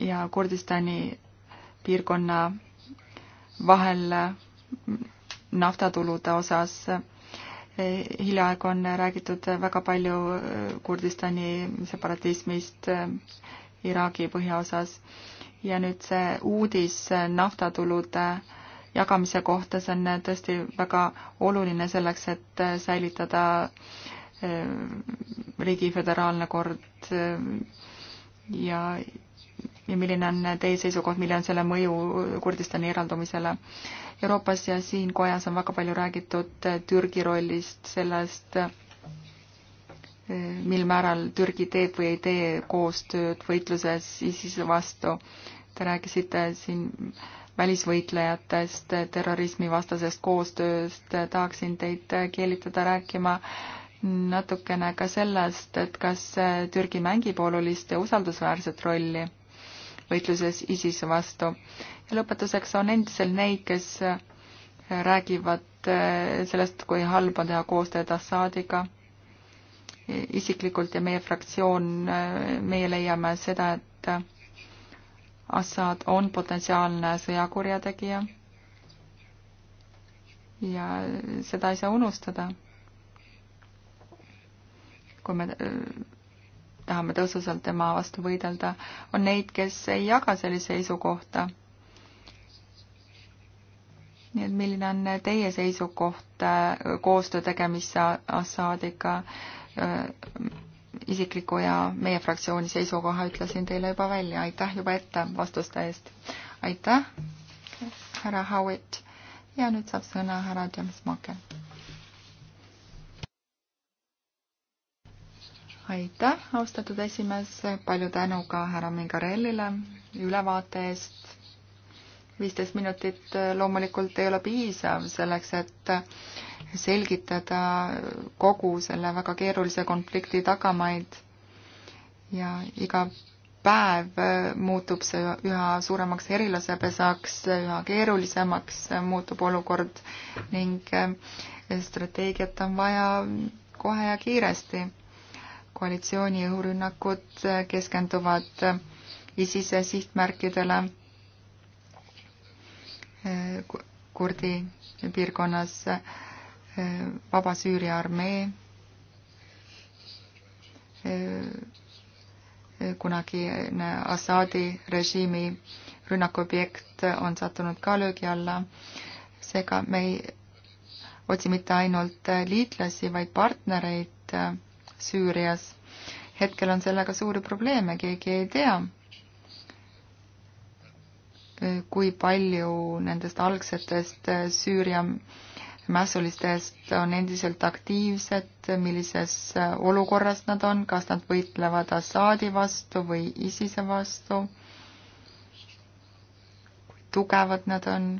ja Kurdistani piirkonna vahel naftatulude osas hiljaaegu on räägitud väga palju Kurdistani separatismist, Iraagi põhjaosas. ja nüüd see uudis naftatulude jagamise kohta, see on tõesti väga oluline selleks, et säilitada eh, riigi föderaalne kord eh, ja, ja milline on teie seisukoht, milline on selle mõju Kurdistani eraldumisele? Euroopas ja siin kojas on väga palju räägitud eh, Türgi rollist, sellest, mil määral Türgi teeb või ei tee koostööd võitluses ISISe vastu. Te rääkisite siin välisvõitlejatest, terrorismivastasest koostööst, tahaksin teid keelitada rääkima natukene ka sellest, et kas Türgi mängib olulist ja usaldusväärset rolli võitluses ISISe vastu. ja lõpetuseks on endiselt neid, kes räägivad sellest, kui halb on teha koostööd Assadiga isiklikult ja meie fraktsioon, meie leiame seda, et Assad on potentsiaalne sõjakurjategija ja seda ei saa unustada. kui me äh, tahame tõsuselt tema vastu võidelda, on neid, kes ei jaga sellise seisukohta. nii et milline on teie seisukoht äh, koostöö tegemisse Assadiga? Äh, isikliku ja meie fraktsiooni seisukoha ütlesin teile juba välja. aitäh juba ette vastuste eest. aitäh, härra Howitt ja nüüd saab sõna härra James Maker. aitäh, austatud esimees, palju tänu ka härra Mingarellile ülevaate eest. viisteist minutit loomulikult ei ole piisav selleks, et selgitada kogu selle väga keerulise konflikti tagamaid ja iga päev muutub see üha suuremaks erilasepesaks, üha keerulisemaks muutub olukord ning strateegiat on vaja kohe ja kiiresti. koalitsiooni õhurünnakud keskenduvad ISISe sihtmärkidele eh, kurdi piirkonnas Vaba Süüria armee e, e, kunagine Assaadi režiimi rünnakuobjekt on sattunud ka löögi alla. seega me ei otsi mitte ainult liitlasi, vaid partnereid Süürias. hetkel on sellega suuri probleeme, keegi ei tea, e, kui palju nendest algsetest Süüria mässulistest on endiselt aktiivsed, millises olukorras nad on, kas nad võitlevad Assaadi vastu või ISISe vastu, kui tugevad nad on,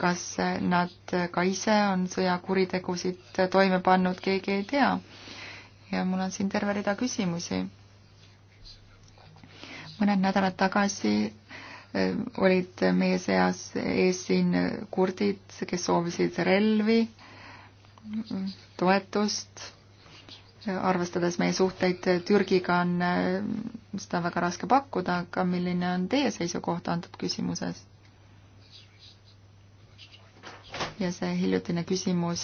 kas nad ka ise on sõjakuritegusid toime pannud, keegi ei tea. ja mul on siin terve rida küsimusi. mõned nädalad tagasi olid meie seas ees siin kurdid, kes soovisid relvi, toetust, arvestades meie suhteid Türgiga on seda väga raske pakkuda, aga milline on teie seisukoht antud küsimuses? ja see hiljutine küsimus,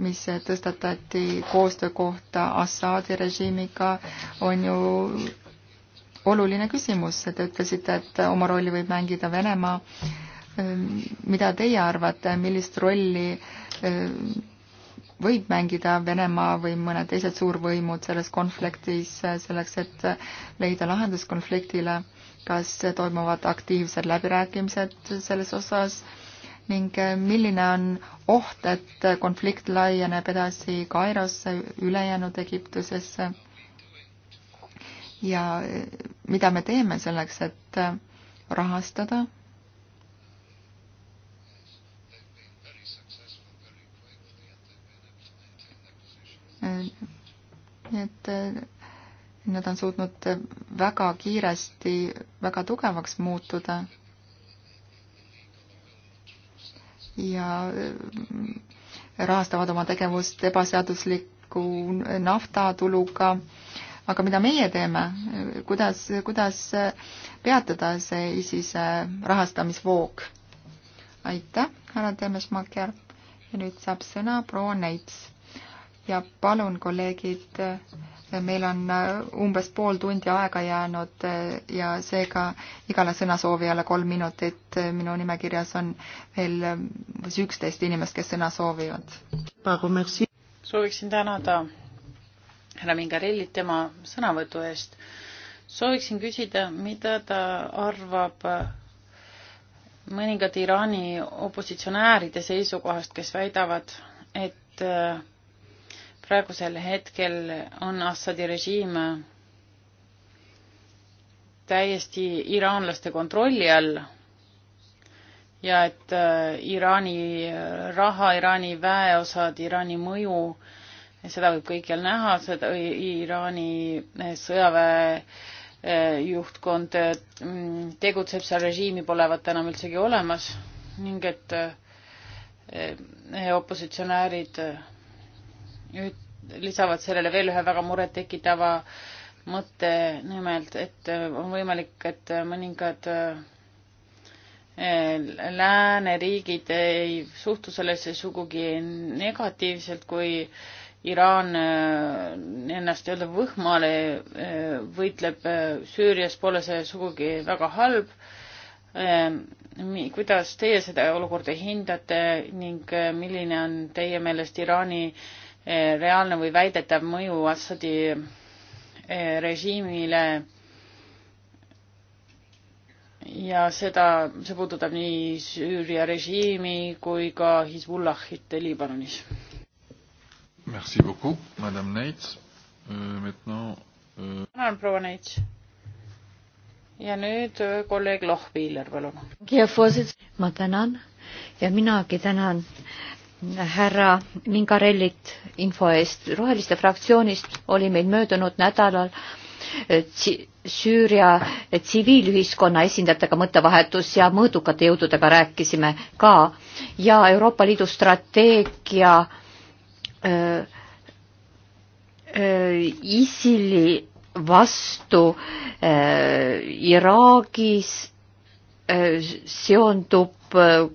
mis tõstatati koostöö kohta Assaadi režiimiga, on ju oluline küsimus. Te ütlesite, et oma rolli võib mängida Venemaa. Ehm, mida teie arvate, millist rolli ehm, võib mängida Venemaa või mõned teised suurvõimud selles konfliktis eh, selleks, et leida lahendus konfliktile? kas toimuvad aktiivsed läbirääkimised selles osas ning eh, milline on oht, et konflikt laieneb edasi Kairosse, ülejäänud Egiptusesse? ja eh, mida me teeme selleks, et eh, rahastada nii eh, et nad on suutnud väga kiiresti väga tugevaks muutuda ja rahastavad oma tegevust ebaseadusliku naftatuluga aga mida meie teeme, kuidas, kuidas peatada see ISISe rahastamisvoog? aitäh, härra Temesmaker ja nüüd saab sõna proua Neits. ja palun, kolleegid, meil on umbes pool tundi aega jäänud ja seega igale sõnasoovijale kolm minutit. minu nimekirjas on veel umbes üksteist inimest, kes sõna soovivad. sooviksin tänada härra Mingarellit tema sõnavõtu eest. sooviksin küsida, mida ta arvab mõningad Iraani opositsionääride seisukohast, kes väidavad, et äh, praegusel hetkel on Assadi režiim täiesti iraanlaste kontrolli all ja et äh, Iraani raha, Iraani väeosad, Iraani mõju äh, seda võib kõikjal näha, seda Iraani eh, sõjaväe eh, juhtkond mm, tegutseb seal, režiimi polevat enam üldsegi olemas ning et eh, opositsionäärid lisavad sellele veel ühe väga murettekitava mõtte, nimelt et on võimalik, et mõningad lääneriigid ei suhtu sellesse sugugi negatiivselt, kui äh, Iraan äh, ennast nii-öelda võhmale äh, võitleb äh, Süürias, pole see sugugi väga halb. Ähm, kuidas teie seda olukorda hindate ning milline on teie meelest Iraani reaalne või väidetav mõju Assadi režiimile? ja seda, see puudutab nii Süüria režiimi kui ka Hezbollahit Liibanonis Merci beaucoup, madame Neits euh,. Maintenant euh.... tänan, proua Neits. ja nüüd äh, kolleeg Lohviiler, palun. ma tänan ja minagi tänan äh, härra Mingarellit info eest. roheliste fraktsioonist oli meil möödunud nädalal äh, Süüria tsiviilühiskonna esindajatega mõttevahetus ja mõõdukate jõududega rääkisime ka ja Euroopa Liidu strateegia äh, Äh, äh, ISILi vastu äh, Iraagis seondub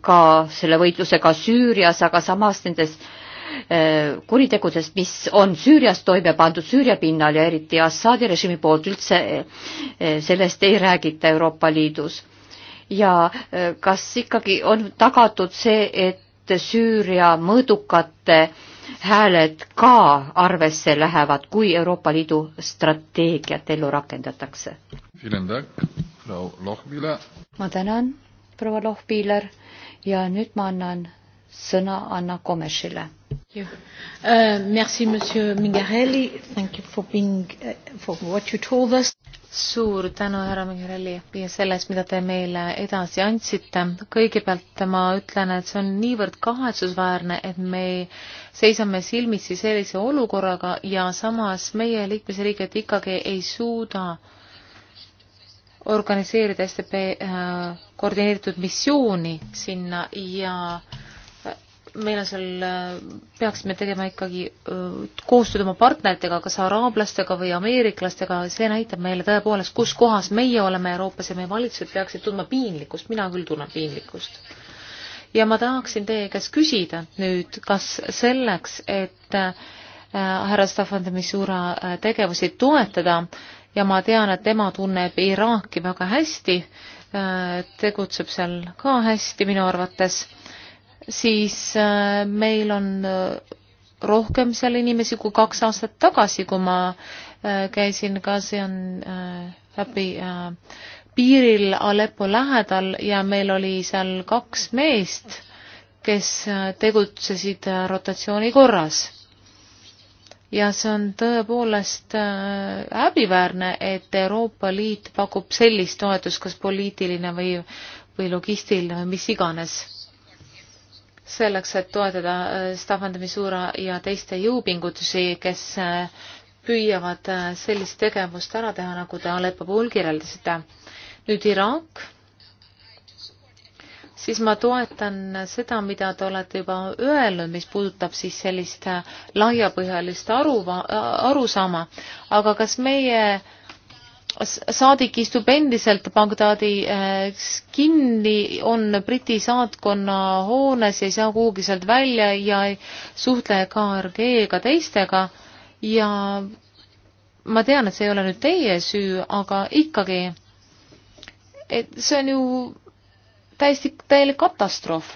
ka selle võitlusega Süürias, aga samas nendest kuritegudest, mis on Süürias toime pandud Süüria pinnal ja eriti Assaadi režiimi poolt üldse sellest ei räägita Euroopa Liidus. ja kas ikkagi on tagatud see, et Süüria mõõdukate äh, hääled ka arvesse lähevad, kui Euroopa Liidu strateegiat ellu rakendatakse. ma tänan, proua Lohpiiler ja nüüd ma annan sõna Anna Komešile. Uh, merci, monsieur Mingarelli. Thank you for being uh,, for what you told us suur tänu, härra Mingreli, selles, mida te meile edasi andsite. kõigepealt ma ütlen, et see on niivõrd kahetsusväärne, et me seisame silmitsi sellise olukorraga ja samas meie liikmesriigid ikkagi ei suuda organiseerida STP äh, koordineeritud missiooni sinna ja äh, meil on seal, peaksime tegema ikkagi äh, koostööd oma partneritega, kas araablastega või ameeriklastega, see näitab meile tõepoolest, kus kohas meie oleme Euroopas ja meie valitsused peaksid tundma piinlikkust, mina küll tunnen piinlikkust. ja ma tahaksin teie käest küsida nüüd, kas selleks, et äh, härra Staffan de Missoura äh, tegevusi toetada ja ma tean, et tema tunneb Iraaki väga hästi, tegutseb seal ka hästi minu arvates siis äh, meil on äh, rohkem seal inimesi kui kaks aastat tagasi, kui ma äh, käisin ka, see on läbi piiril Aleppo lähedal ja meil oli seal kaks meest, kes tegutsesid rotatsiooni korras. ja see on tõepoolest häbiväärne, et Euroopa Liit pakub sellist toetust, kas poliitiline või, või logistiline või mis iganes selleks, et toetada äh, Staffan de Missoura ja teiste jõupingutusi, kes äh, püüavad äh, sellist tegevust ära teha, nagu te Aleppo puhul kirjeldasite. nüüd Iraak, siis ma toetan seda, mida te olete juba öelnud, mis puudutab siis sellist laiapõhjalist aru, arusaama, aga kas meie äh, saadik istub endiselt Bagdadi äh, kinni, on Briti saatkonna hoones, ei saa kuhugi sealt välja ja ei suhtle KRG ega teistega ja ma tean, et see ei ole nüüd teie süü, aga ikkagi, et see on ju täiesti täielik katastroof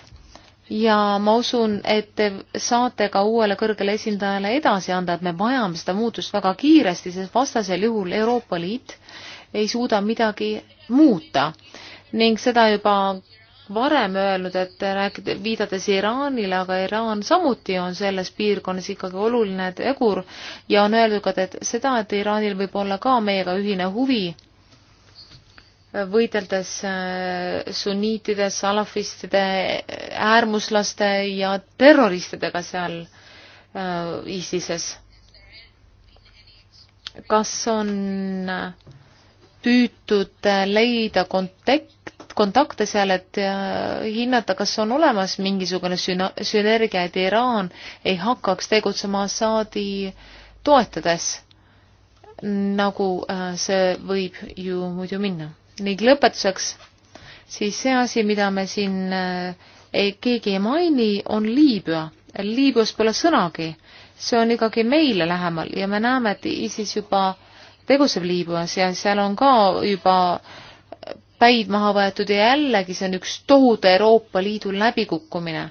ja ma usun, et te saate ka uuele kõrgele esindajale edasi anda, et me vajame seda muutust väga kiiresti, sest vastasel juhul Euroopa Liit ei suuda midagi muuta ning seda juba varem öelnud, et rääkida, viidates Iraanile, aga Iraan samuti on selles piirkonnas ikkagi oluline tegur ja on öeldud ka, et seda, et Iraanil võib olla ka meiega ühine huvi võideldes äh, sunniitide, salafistide, äärmuslaste ja terroristidega seal äh, ISISes. kas on äh, püütud leida kontekt, kontakte seal, et hinnata, kas on olemas mingisugune süna-, sünergia, et Iraan ei hakkaks tegutsema Assaadi toetades, nagu see võib ju muidu minna ning lõpetuseks siis see asi, mida me siin äh, ei, keegi ei maini, on Liibüa. Liibüas pole sõnagi, see on ikkagi meile lähemal ja me näeme, et ISIS juba tegutseb Liibüas ja seal on ka juba päid maha võetud ja jällegi see on üks tohutu Euroopa Liidu läbikukkumine.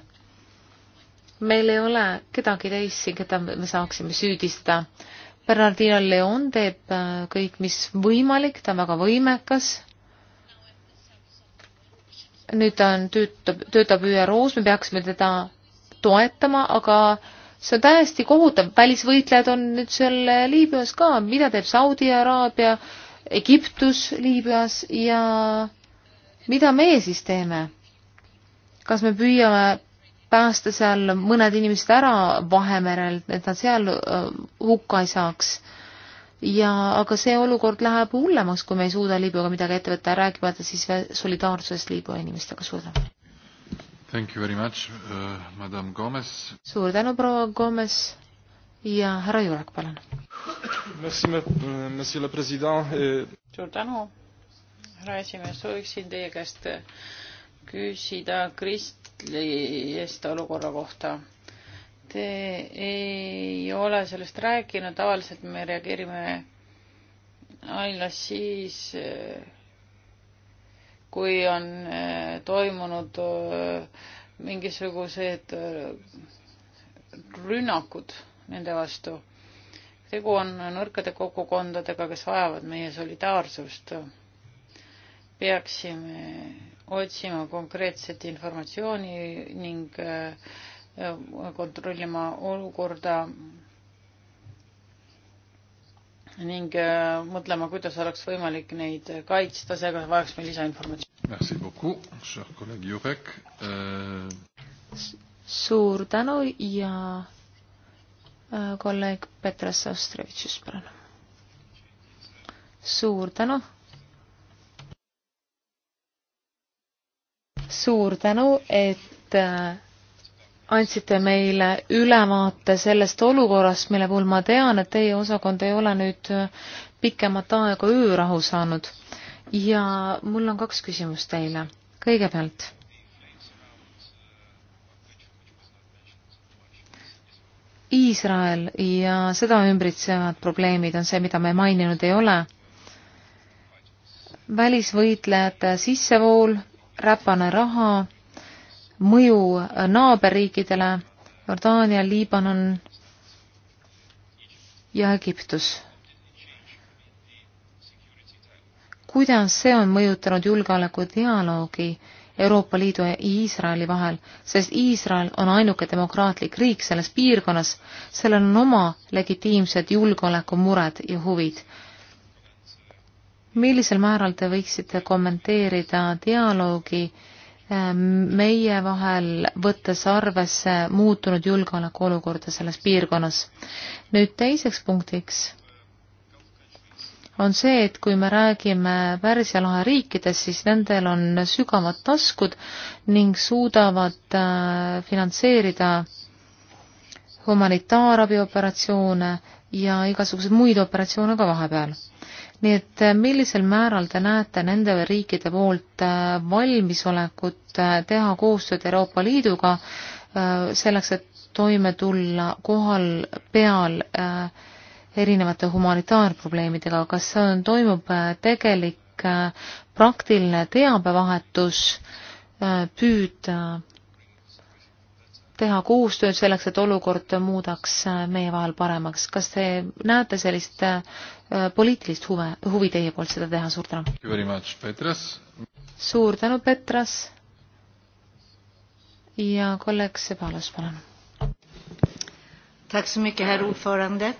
meil ei ole kedagi teist siin, keda me saaksime süüdistada. Bernardino Leon teeb äh, kõik, mis võimalik, ta on väga võimekas nüüd ta on, töötab, töötab ÜRO-s, me peaksime teda toetama, aga see on täiesti kohutav, välisvõitlejad on nüüd seal Liibüas ka, mida teeb Saudi Araabia, Egiptus Liibüas ja mida meie siis teeme? kas me püüame päästa seal mõned inimesed ära Vahemerel, et nad seal äh, hukka ei saaks äh, ja aga see olukord läheb hullemaks, kui me ei suuda Liibüaga midagi ette võtta, rääkimata siis solidaarsusest Liibüa inimestega, suur tänu. Thank you very much uh,, madam Gomes. suur tänu, proua Gomes ja härra Jurek, palun. suur tänu, härra esimees, sooviksin teie käest küsida kristlaste olukorra kohta Te ei ole sellest rääkinud, tavaliselt me reageerime aina siis, kui on eh, toimunud eh, mingisugused eh, rünnakud nende vastu. tegu on nõrkade kogukondadega, kes vajavad meie solidaarsust. peaksime otsima konkreetset informatsiooni ning äh, Äh, kontrollima olukorda ning äh, mõtlema, kuidas oleks võimalik neid kaitsta, seega vajaks meil lisainformatsiooni. Euh, suur tänu ja äh, kolleeg Petras Austrevitšus, palun. suur tänu. suur tänu, et andsite meile ülevaate sellest olukorrast, mille puhul ma tean, et teie osakond ei ole nüüd pikemat aega öörahu saanud. ja mul on kaks küsimust teile. kõigepealt. Iisrael ja seda ümbritsevad probleemid on see, mida me maininud ei ole. välisvõitlejate sissevool, räpane raha mõju naaberriikidele Jordaania, Liibanon ja Egiptus. kuidas see on mõjutanud julgeolekudialoogi Euroopa Liidu ja Iisraeli vahel, sest Iisrael on ainuke demokraatlik riik selles piirkonnas, sellel on oma legitiimsed julgeolekumured ja huvid millisel määral te võiksite kommenteerida dialoogi Ähm, meie vahel, võttes arvesse muutunud julgeolekuolukorda selles piirkonnas. nüüd teiseks punktiks on see, et kui me räägime Pärsia lahe riikidest, siis nendel on sügavad taskud ning suudavad äh, finantseerida humanitaarabioperatsioone ja igasuguseid muid operatsioone ka vahepeal nii et äh, millisel määral te näete nende riikide poolt äh, valmisolekut äh, teha koostööd Euroopa Liiduga selleks, et toime tulla kohal peal erinevate humanitaarprobleemidega, kas toimub tegelik praktiline teabevahetus, püüd teha koostööd selleks, et olukord muudaks meie vahel paremaks. kas te näete sellist äh, poliitilist huve, huvi teie poolt seda teha, suur tänu! suur tänu, Petras! ja kolleeg Sebalos, palun! Tack så mycket, herr ordförande.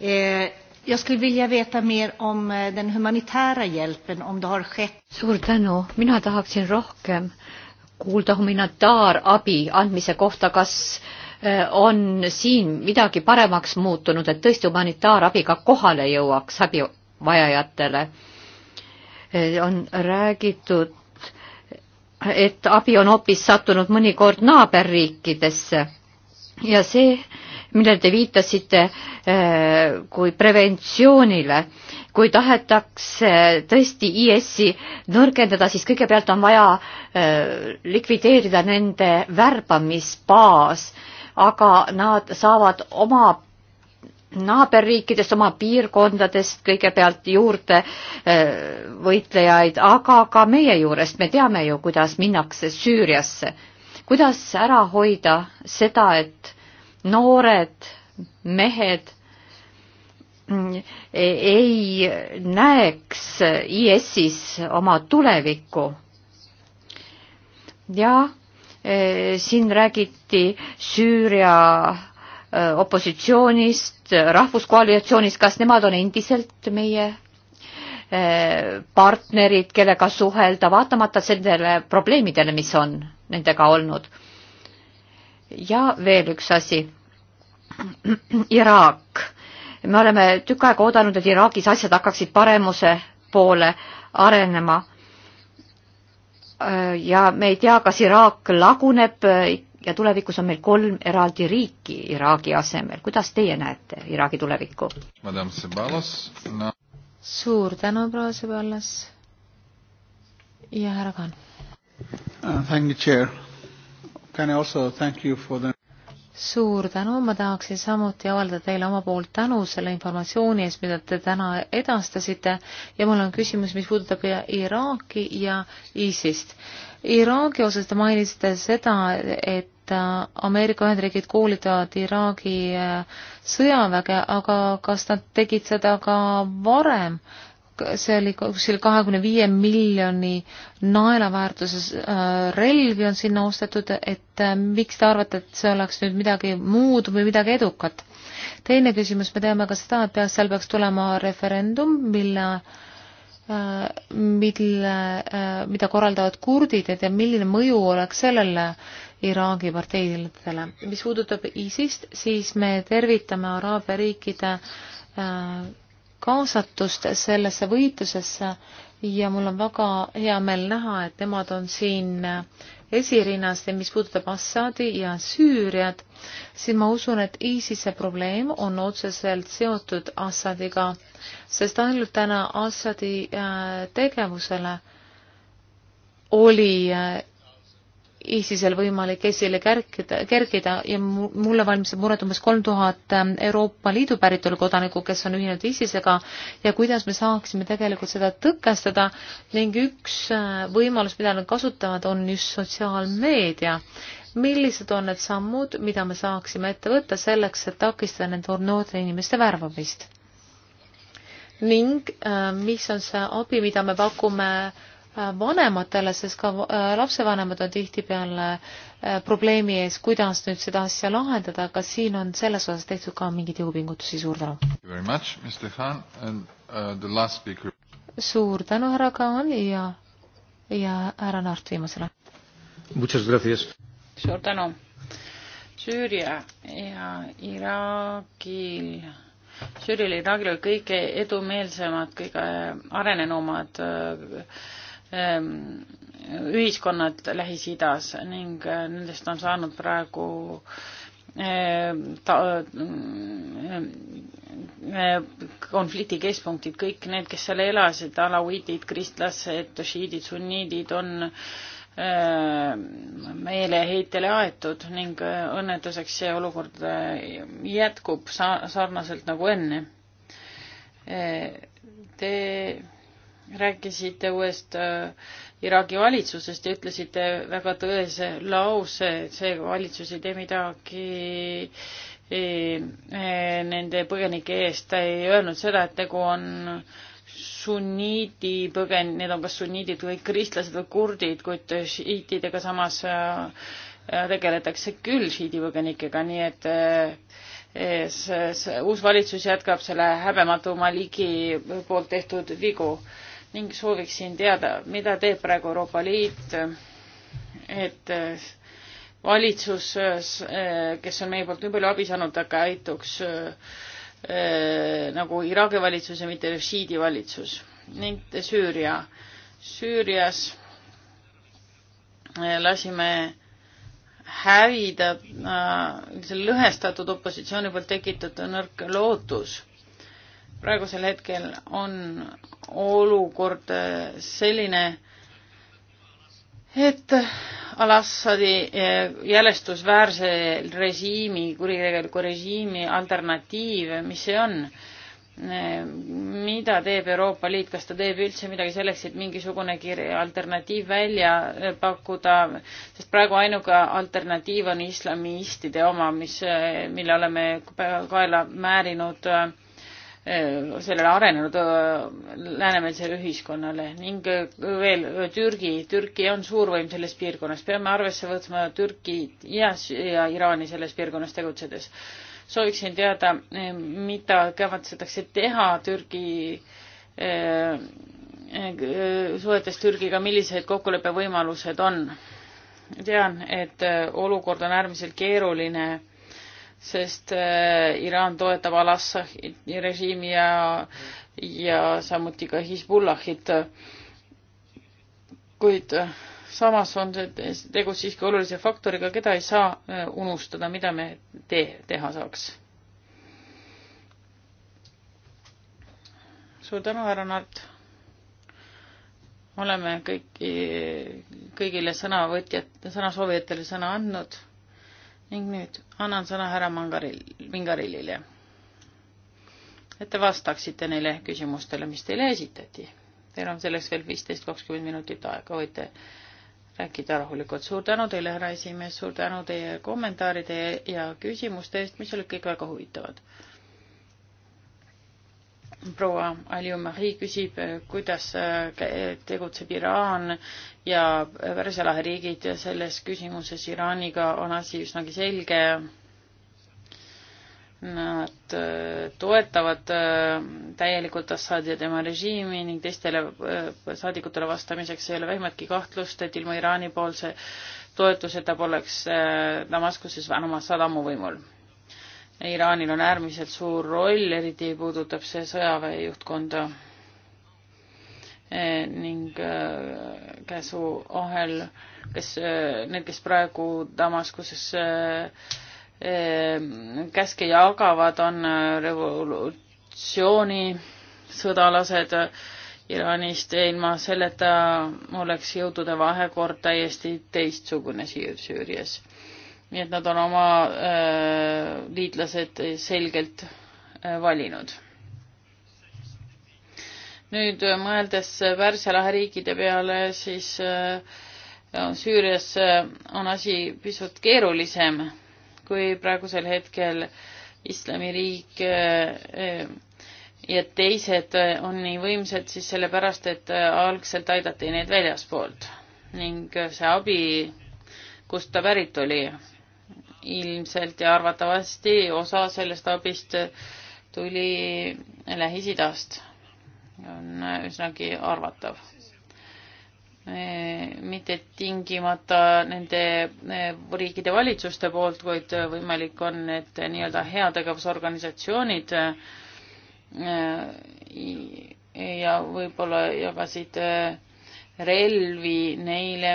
Eh, jag skulle vilja veta mer om eh, den humanitära hjälpen, om det har skett. Suur tänu. Mina tahaksin rohkem kuulda humanitaarabi andmise kohta, kas äh, on siin midagi paremaks muutunud, et tõesti humanitaarabi ka kohale jõuaks abivajajatele? Äh, on räägitud, et abi on hoopis sattunud mõnikord naaberriikidesse ja see, millele te viitasite äh, kui preventsioonile kui tahetakse tõesti IS-i nõrgendada, siis kõigepealt on vaja äh, likvideerida nende värbamisbaas, aga nad saavad oma naaberriikidest, oma piirkondadest kõigepealt juurde äh, võitlejaid, aga ka meie juurest, me teame ju, kuidas minnakse Süüriasse. kuidas ära hoida seda, et noored mehed ei näeks IS-is oma tulevikku. ja e, siin räägiti Süüria e, opositsioonist, rahvuskoalitsioonist, kas nemad on endiselt meie e, partnerid, kellega suhelda, vaatamata sellele probleemidele, mis on nendega olnud. ja veel üks asi. Iraak me oleme tükk aega oodanud, et Iraagis asjad hakkaksid paremuse poole arenema. Äh, ja me ei tea, kas Iraak laguneb äh, ja tulevikus on meil kolm eraldi riiki Iraagi asemel. kuidas teie näete Iraagi tulevikku? No. suur tänu, proua Sebalas ja härra Kaan. Uh, thank you, chair. Can I also thank you for the suur tänu, ma tahaksin samuti avaldada teile oma poolt tänu selle informatsiooni eest, mida te täna edastasite ja mul on küsimus, mis puudutab Iraaki ja ISIS-t. Iraagi osas te mainisite seda, et Ameerika Ühendriigid koolitavad Iraagi äh, sõjaväge, aga kas nad tegid seda ka varem äh, see oli kuskil kahekümne viie miljoni naela väärtuses äh, relvi on sinna ostetud, et äh, miks te arvate, et see oleks nüüd midagi muud või midagi edukat? teine küsimus, me teame ka seda, et peaks, seal peaks tulema referendum, mille äh, mille, mida korraldavad kurdid, et ja milline mõju oleks sellele Iraagi parteidele. mis puudutab ISIS-t, siis me tervitame Araabia riikide äh, kaasatust sellesse võitlusesse ja mul on väga hea meel näha, et nemad on siin esirinnas ja mis puudutab Assadi ja Süüriat, siis ma usun, et ISISe probleem on otseselt seotud Assadiga, sest ainult täna Assadi äh, tegevusele oli äh, ISISel võimalik esile kärkida, kergida ja mulle valmistab muret umbes kolm tuhat ähm, Euroopa Liidu päritolu kodanikku, kes on ühinenud ISISega ja kuidas me saaksime tegelikult seda tõkestada ning üks äh, võimalus, mida nad kasutavad, on just sotsiaalmeedia. millised on need sammud, mida me saaksime ette võtta selleks, et takistada nende noorte inimeste värvamist? ning äh, mis on see abi, mida me pakume äh, Äh, vanematele, sest ka äh, lapsevanemad on tihtipeale äh, probleemi ees, kuidas nüüd seda asja lahendada, kas siin on selles osas tehtud ka mingeid jõupingutusi, suur tänu! Uh, suur tänu, härra Kaan ja, ja härra Naart viimasele! suur tänu! Süüria ja Iraagil Süürial ja Iraagil olid kõige edumeelsemad, kõige arenenumad Ähm, ühiskonnad Lähis-Idas ning äh, nendest on saanud praegu ähm, ta, ähm, äh, konflikti keskpunktid, kõik need, kes seal elasid, alauiidid, kristlased, šiidid, sunniidid on meeleheitele aetud ning äh, õnnetuseks see olukord jätkub sa-, sarnaselt nagu enne. Te rääkisite uuest äh, Iraagi valitsusest ja ütlesite väga tõese lause, et see valitsus ei tee midagi nende põgenike eest, ta ei öelnud seda, et tegu on sunniidi põgen-, need on kas sunniidid või kristlased või kurdid, kuid šiitidega samas äh, tegeletakse küll šiidi põgenikega, nii et äh, ees, uus valitsus jätkab selle häbematu Maliki poolt tehtud vigu ning sooviksin teada, mida teeb praegu Euroopa Liit, et valitsus, kes on meie poolt nii palju abi saanud, käituks nagu Iraagi valitsus ja mitte režiidi valitsus ning Süüria. Süürias lasime hävida äh, lõhestatud opositsiooni poolt tekitatud nõrk lootus praegusel hetkel on olukord selline, et Al-Assadi jälestusväärse režiimi, kuritegeliku režiimi alternatiiv, mis see on? mida teeb Euroopa Liit, kas ta teeb üldse midagi selleks, et mingisugunegi alternatiiv välja pakkuda, sest praegu ainuke alternatiiv on islamistide oma, mis, mille oleme kaela määrinud äh, Eh, sellele arenenud eh, läänemeelsele ühiskonnale ning eh, veel Türgi, Türgi on suurvõim selles piirkonnas, peame arvesse võtma Türgit ja, ja Iraani selles piirkonnas tegutsedes. sooviksin teada, mida kavatsetakse teha Türgi suhetes Türgiga, millised kokkuleppevõimalused on? tean, et olukord on äärmiselt keeruline sest äh, Iraan toetab Al-Assadi režiimi ja, ja samuti ka Hezbollahit. kuid äh, samas on see tegu siiski olulise faktoriga, keda ei saa äh, unustada, mida me tee, teha saaks. suur tänu, härra Nart. oleme kõiki, kõigile sõnavõtjat, sõnasoovijatele sõna andnud ning nüüd annan sõna härra Mangaril, Mingarilile, et te vastaksite neile küsimustele, mis teile esitati. Teil on selleks veel viisteist, kakskümmend minutit aega, võite rääkida rahulikult. suur tänu teile, härra esimees, suur tänu teie kommentaaride ja küsimuste eest, mis olid kõik väga huvitavad proua Alju-Marie küsib, äh, kuidas äh, tegutseb Iraan ja Pärsia lahe riigid selles küsimuses Iraaniga on asi üsnagi selge. Nad äh, toetavad täielikult Assadi ja tema režiimi ning teistele saadikutele vastamiseks ei ole vähimatki kahtlust, et ilma Iraani poolse toetuseta poleks Damaskuses enam Assad ammu võimul Iraanil on äärmiselt suur roll, eriti puudutab see sõjaväejuhtkonda e, ning äh, eh, käsuahel, kes äh,, need, kes praegu Damaskuses äh, käske jagavad, on revolutsioonisõdalased Iraanist ja ilma selleta oleks jõudude vahekord täiesti teistsugune Süürias nii et nad on oma äh, liitlased selgelt äh, valinud. nüüd äh, mõeldes Pärsia lahe riikide peale, siis Süürias on asi pisut keerulisem kui praegusel hetkel islamiriik ja teised on nii võimsad siis sellepärast, et algselt aidati neid väljaspoolt ning see abi, kust ta pärit oli, ilmselt ja arvatavasti osa sellest abist tuli Lähis-Idast. on üsnagi arvatav. mitte tingimata nende eh, riikide valitsuste poolt, kuid võimalik on, et nii-öelda heategevusorganisatsioonid eh, ja võib-olla jagasid eh, relvi neile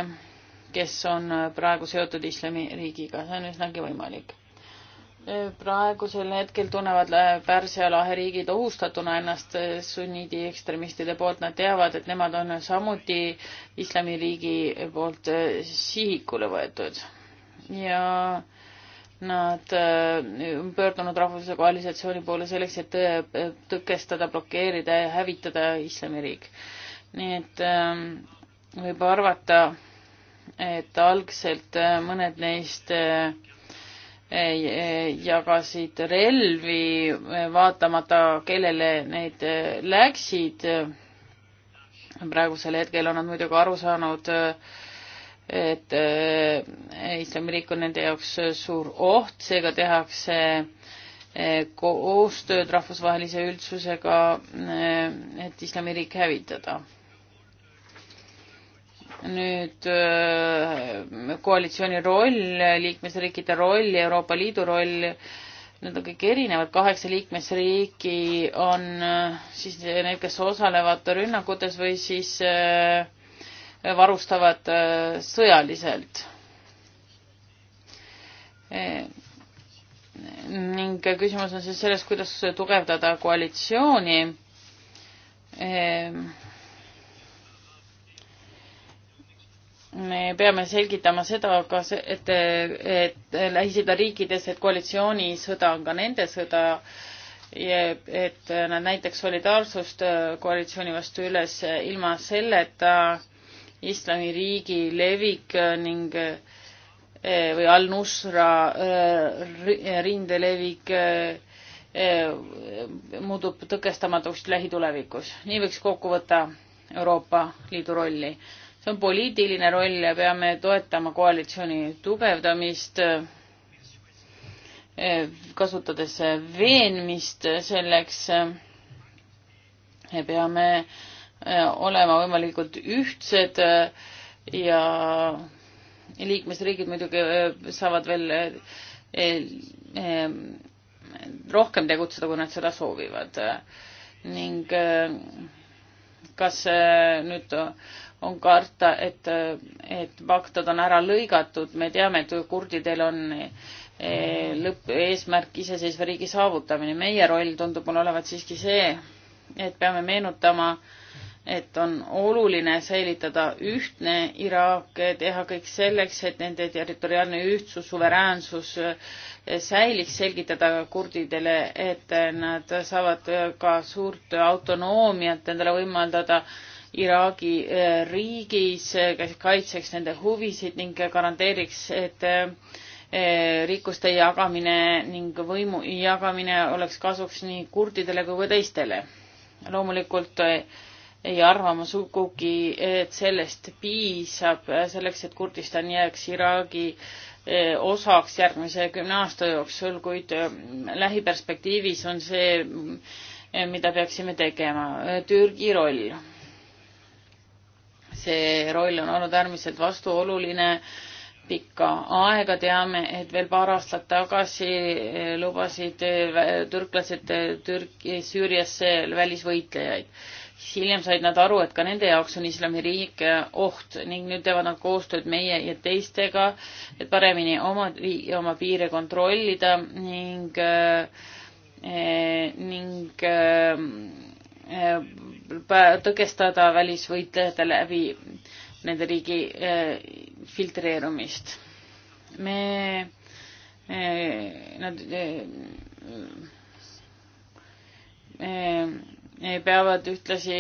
kes on äh, praegu seotud islamiriigiga, see on üsnagi võimalik. Äh, praegusel hetkel tunnevad äh, Pärsia lahe riigid ohustatuna ennast sunniidi ekstremistide poolt, nad teavad, et nemad on samuti islamiriigi poolt sihikule võetud ja nad on pöördunud rahvusvahelise koalisatsiooni poole selleks, et tõkestada, blokeerida ja hävitada islamiriik. nii et ähm, võib arvata, et algselt äh, mõned neist äh, äh, jagasid relvi, vaatamata kellele need läksid. praegusel hetkel on nad muidugi aru saanud, et islamiriik on nende jaoks suur oht, seega tehakse koostööd rahvusvahelise üldsusega, et islamiriik hävitada nüüd äh, koalitsiooni roll, liikmesriikide roll, Euroopa Liidu roll, need on kõik erinevad, kaheksa liikmesriiki on äh, siis need, kes osalevad rünnakutes või siis äh, varustavad sõjaliselt. ning küsimus on siis selles, kuidas tugevdada koalitsiooni ehm, me peame selgitama seda ka, et, et Lähis-Ida riikides, et koalitsioonisõda on ka nende sõda, et nad näitaks solidaarsust äh, koalitsiooni vastu üles ilma selleta islamiriigi levik ning äh, või al-Nusra äh, rindelevik muutub tõkestamatuks lähitulevikus. nii võiks kokku võtta Euroopa Liidu rolli see on poliitiline roll ja peame toetama koalitsiooni tugevdamist, kasutades veenmist selleks. peame eh, olema võimalikult ühtsed eh, ja liikmesriigid muidugi eh, saavad veel rohkem tegutseda, kui nad seda soovivad. ning kas nüüd on karta, et, et Bagdad on ära lõigatud, me teame, et kurdidel on eh, lõpp, eesmärk iseseisva riigi saavutamine. meie roll tundub mulle olevat siiski see, et peame meenutama, et on oluline säilitada ühtne Iraak, teha kõik selleks, et nende territoriaalne ühtsus, suveräänsus eh, säiliks, selgitada kurdidele, et nad saavad ka suurt autonoomiat endale võimaldada äh, Iraagi eh, riigis, eh, kes kaitseks nende huvisid ning garanteeriks, et eh, rikkuste jagamine ning võimu jagamine oleks kasuks nii kurdidele kui ka teistele. loomulikult ei arva ma sugugi, et sellest piisab selleks, et Kurdistan jääks Iraagi osaks järgmise kümne aasta jooksul, kuid lähiperspektiivis on see, mm, mida peaksime tegema. Türgi roll see roll on olnud äärmiselt vastuoluline pikka aega. teame, et veel paar aastat tagasi eh, lubasid eh, türklased eh, Türki, Süüriasse välisvõitlejaid. hiljem said nad aru, et ka nende jaoks on islamiriik oht ning nüüd teevad nad koostööd meie ja teistega, et paremini oma, oma piire kontrollida ning ning tõkestada välisvõitlejate läbi nende riigi eh, filtreerumist. me, eh, nad eh, peavad ühtlasi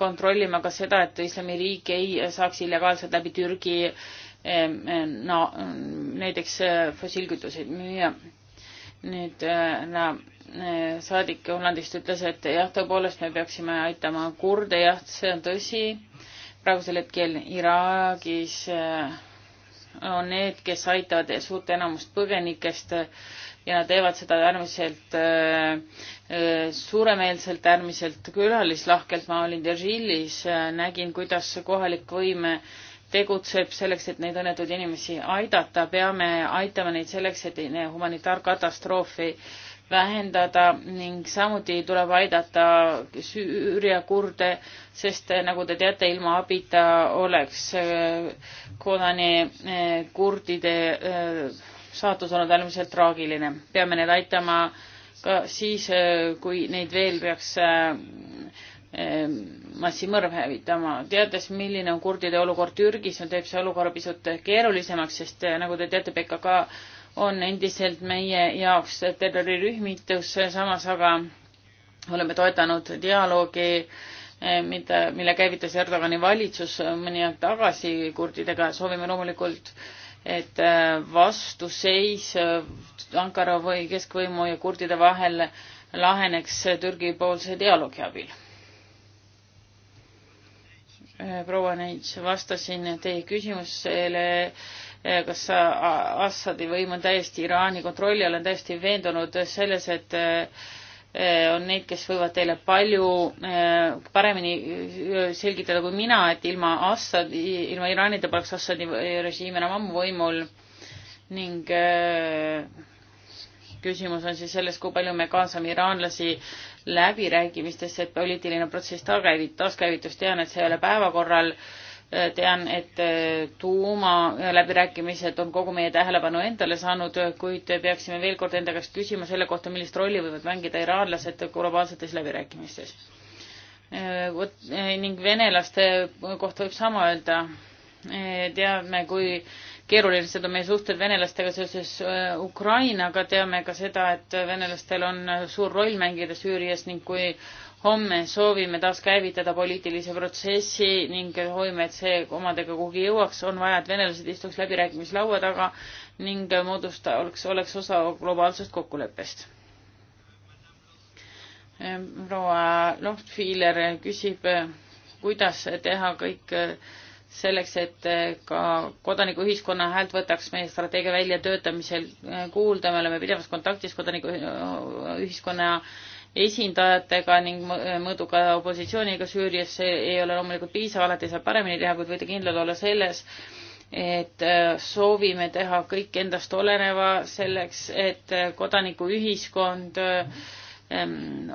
kontrollima ka seda, et islamiriik ei saaks illegaalselt läbi Türgi no näiteks fossiilkütuseid müüa no, nüüd äh, na, äh, saadik Hollandist ütles, et jah, tõepoolest me peaksime aitama kurde, jah, see on tõsi. praegusel hetkel Iraagis äh, on need, kes aitavad suurt enamust põgenikest ja nad teevad seda äärmiselt suuremeelselt, äärmiselt külalislahkelt. ma olin Deržilis, nägin, kuidas kohalik võim tegutseb selleks, et neid õnnetuid inimesi aidata, peame aitama neid selleks, et humanitaarkatastroofi vähendada ning samuti tuleb aidata Süüria kurde, sest eh, nagu te teate, ilma abita oleks eh, kodani eh, kurdide saatus olnud äärmiselt traagiline. peame neid aitama ka siis, kui neid veel peaks massimõrv hävitama. teades, milline on kurdide olukord Türgis, teeb see olukorra pisut keerulisemaks, sest eh, nagu te teate, PKK on endiselt meie jaoks terrorirühmitus, samas aga oleme toetanud dialoogi, eh, mida, mille käivitas Erdogani valitsus mõni aeg tagasi kurdidega. soovime loomulikult, et eh, vastuseis Ankara või keskvõimu ja kurdide vahel laheneks Türgi poolse dialoogi abil Äh, proua Neits, vastasin teie küsimusele, äh, kas Assadi võim on täiesti Iraani kontrolli all, olen täiesti veendunud selles, et äh, on neid, kes võivad teile palju paremini selgitada kui mina, et ilma Assadi, ilma Iraanita poleks Assadi režiim enam ammu võimul ning küsimus on siis selles, kui palju me kaasame iraanlasi läbirääkimistesse, et poliitiline protsess taaskäivitus, tean, et see ei ole päevakorral, tean, et äh, tuumaläbirääkimised on kogu meie tähelepanu endale saanud, kuid peaksime veel kord enda käest küsima selle kohta, millist rolli võivad mängida iraanlased globaalsetes läbirääkimistes. Äh, äh, ning venelaste kohta võib sama öelda. teame, kui keerulised on meie suhted venelastega seoses äh, Ukrainaga, teame ka seda, et venelastel on äh, suur roll mängida Süürias ning kui homme soovime taaskäivitada poliitilise protsessi ning hoime, et see omadega kuhugi jõuaks, on vaja, et venelased istuks läbirääkimislaua taga ning moodusta-, oleks, oleks osa globaalsest kokkuleppest. Äh, proua Lohtfiiler küsib, kuidas teha kõik selleks, et äh, ka kodanikuühiskonna häält võtaks meie strateegia väljatöötamisel äh, kuulda, me oleme pidevas kontaktis kodanikuühiskonna esindajatega ning äh, mõõduka opositsiooniga Süürias, see ei ole loomulikult piisav, alati saab paremini teha, kuid võite kindlad olla selles, et soovime teha kõik endast oleneva selleks, et kodanikuühiskond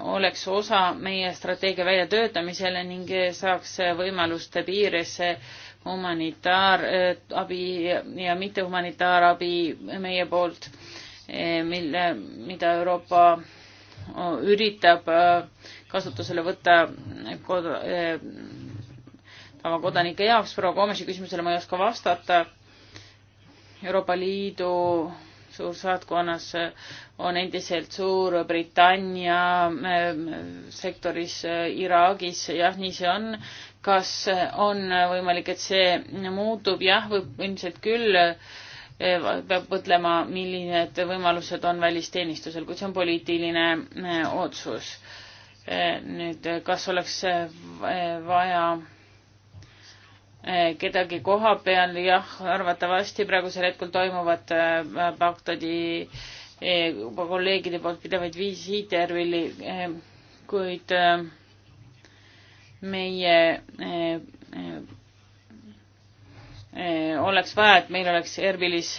oleks osa meie strateegia väljatöötamisele ning saaks võimaluste piiresse humanitaarabi ja mittehumanitaarabi meie poolt, eh, mille, mida Euroopa üritab äh, kasutusele võtta eh, kod, eh, tavakodanike jaoks. proua Koomesi küsimusele ma ei oska vastata. Euroopa Liidu suursaatkonnas äh, on endiselt Suurbritannia äh, sektoris äh, Iraagis, jah, nii see on. kas on võimalik, et see muutub, jah, võib ilmselt küll, peab mõtlema, millised võimalused on välisteenistusel, kuid see on poliitiline otsus. nüüd, kas oleks vaja Eh, kedagi koha peal, jah, arvatavasti praegusel hetkel toimuvad eh, Bagdadi eh, kolleegide poolt pidevaid visiite Ervili, kuid meie oleks vaja, et meil oleks Erbilis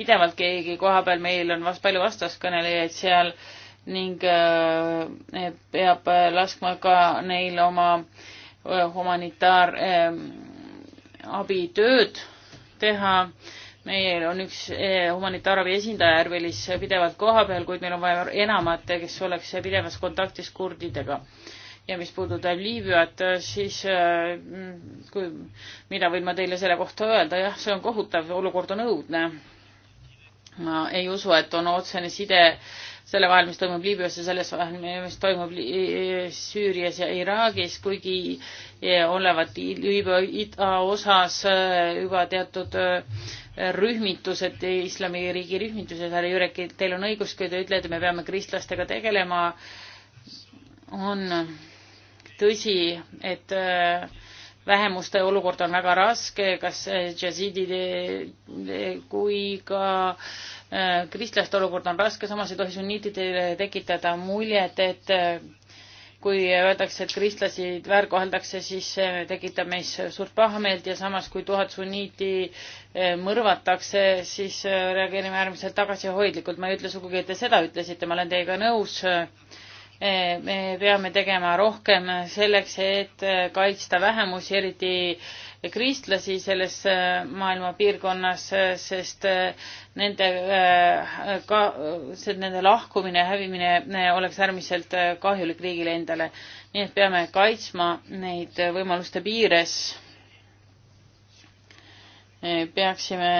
pidevalt keegi koha peal, meil on vast palju vastaskõnelejaid seal ning peab laskma ka neil oma äh, humanitaarabitööd ehm, teha. meil on üks eh, humanitaarabi esindaja Järvelis pidevalt kohapeal, kuid meil on vaja enamat, kes oleks pidevas kontaktis kurdidega ja mis puudutab Liibüat, siis eh, kui, mida võin ma teile selle kohta öelda, jah, see on kohutav, olukord on õudne. ma ei usu, et on otsene side selle vahel, mis toimub Liibüas ja selles vahel, mis toimub Süürias ja Iraagis, kuigi eh, olevat Liibüa idaosas eh, juba teatud eh, rühmitused, islamiriigi rühmitused, härra Jürek, teil on õigus, kui te ütlete, me peame kristlastega tegelema, on tõsi, et vähemuste olukord on väga raske, kas džasiidide kui ka äh, Äh, kristlaste olukord on raske, samas ei tohi sunniitidele tekitada muljet, et äh, kui öeldakse, et kristlasi väärkoheldakse, siis see äh, tekitab meis suurt pahameelt ja samas, kui tuhat sunniiti mõrvatakse, siis reageerime äärmiselt tagasihoidlikult. ma ei ütle sugugi, et te seda ütlesite, ma olen teiega nõus äh, me peame tegema rohkem selleks, et kaitsta vähemusi, eriti kristlasi selles äh, maailma piirkonnas, äh, sest äh, nende ka, see nende lahkumine, hävimine oleks äärmiselt kahjulik riigile endale. nii et peame kaitsma neid võimaluste piires. peaksime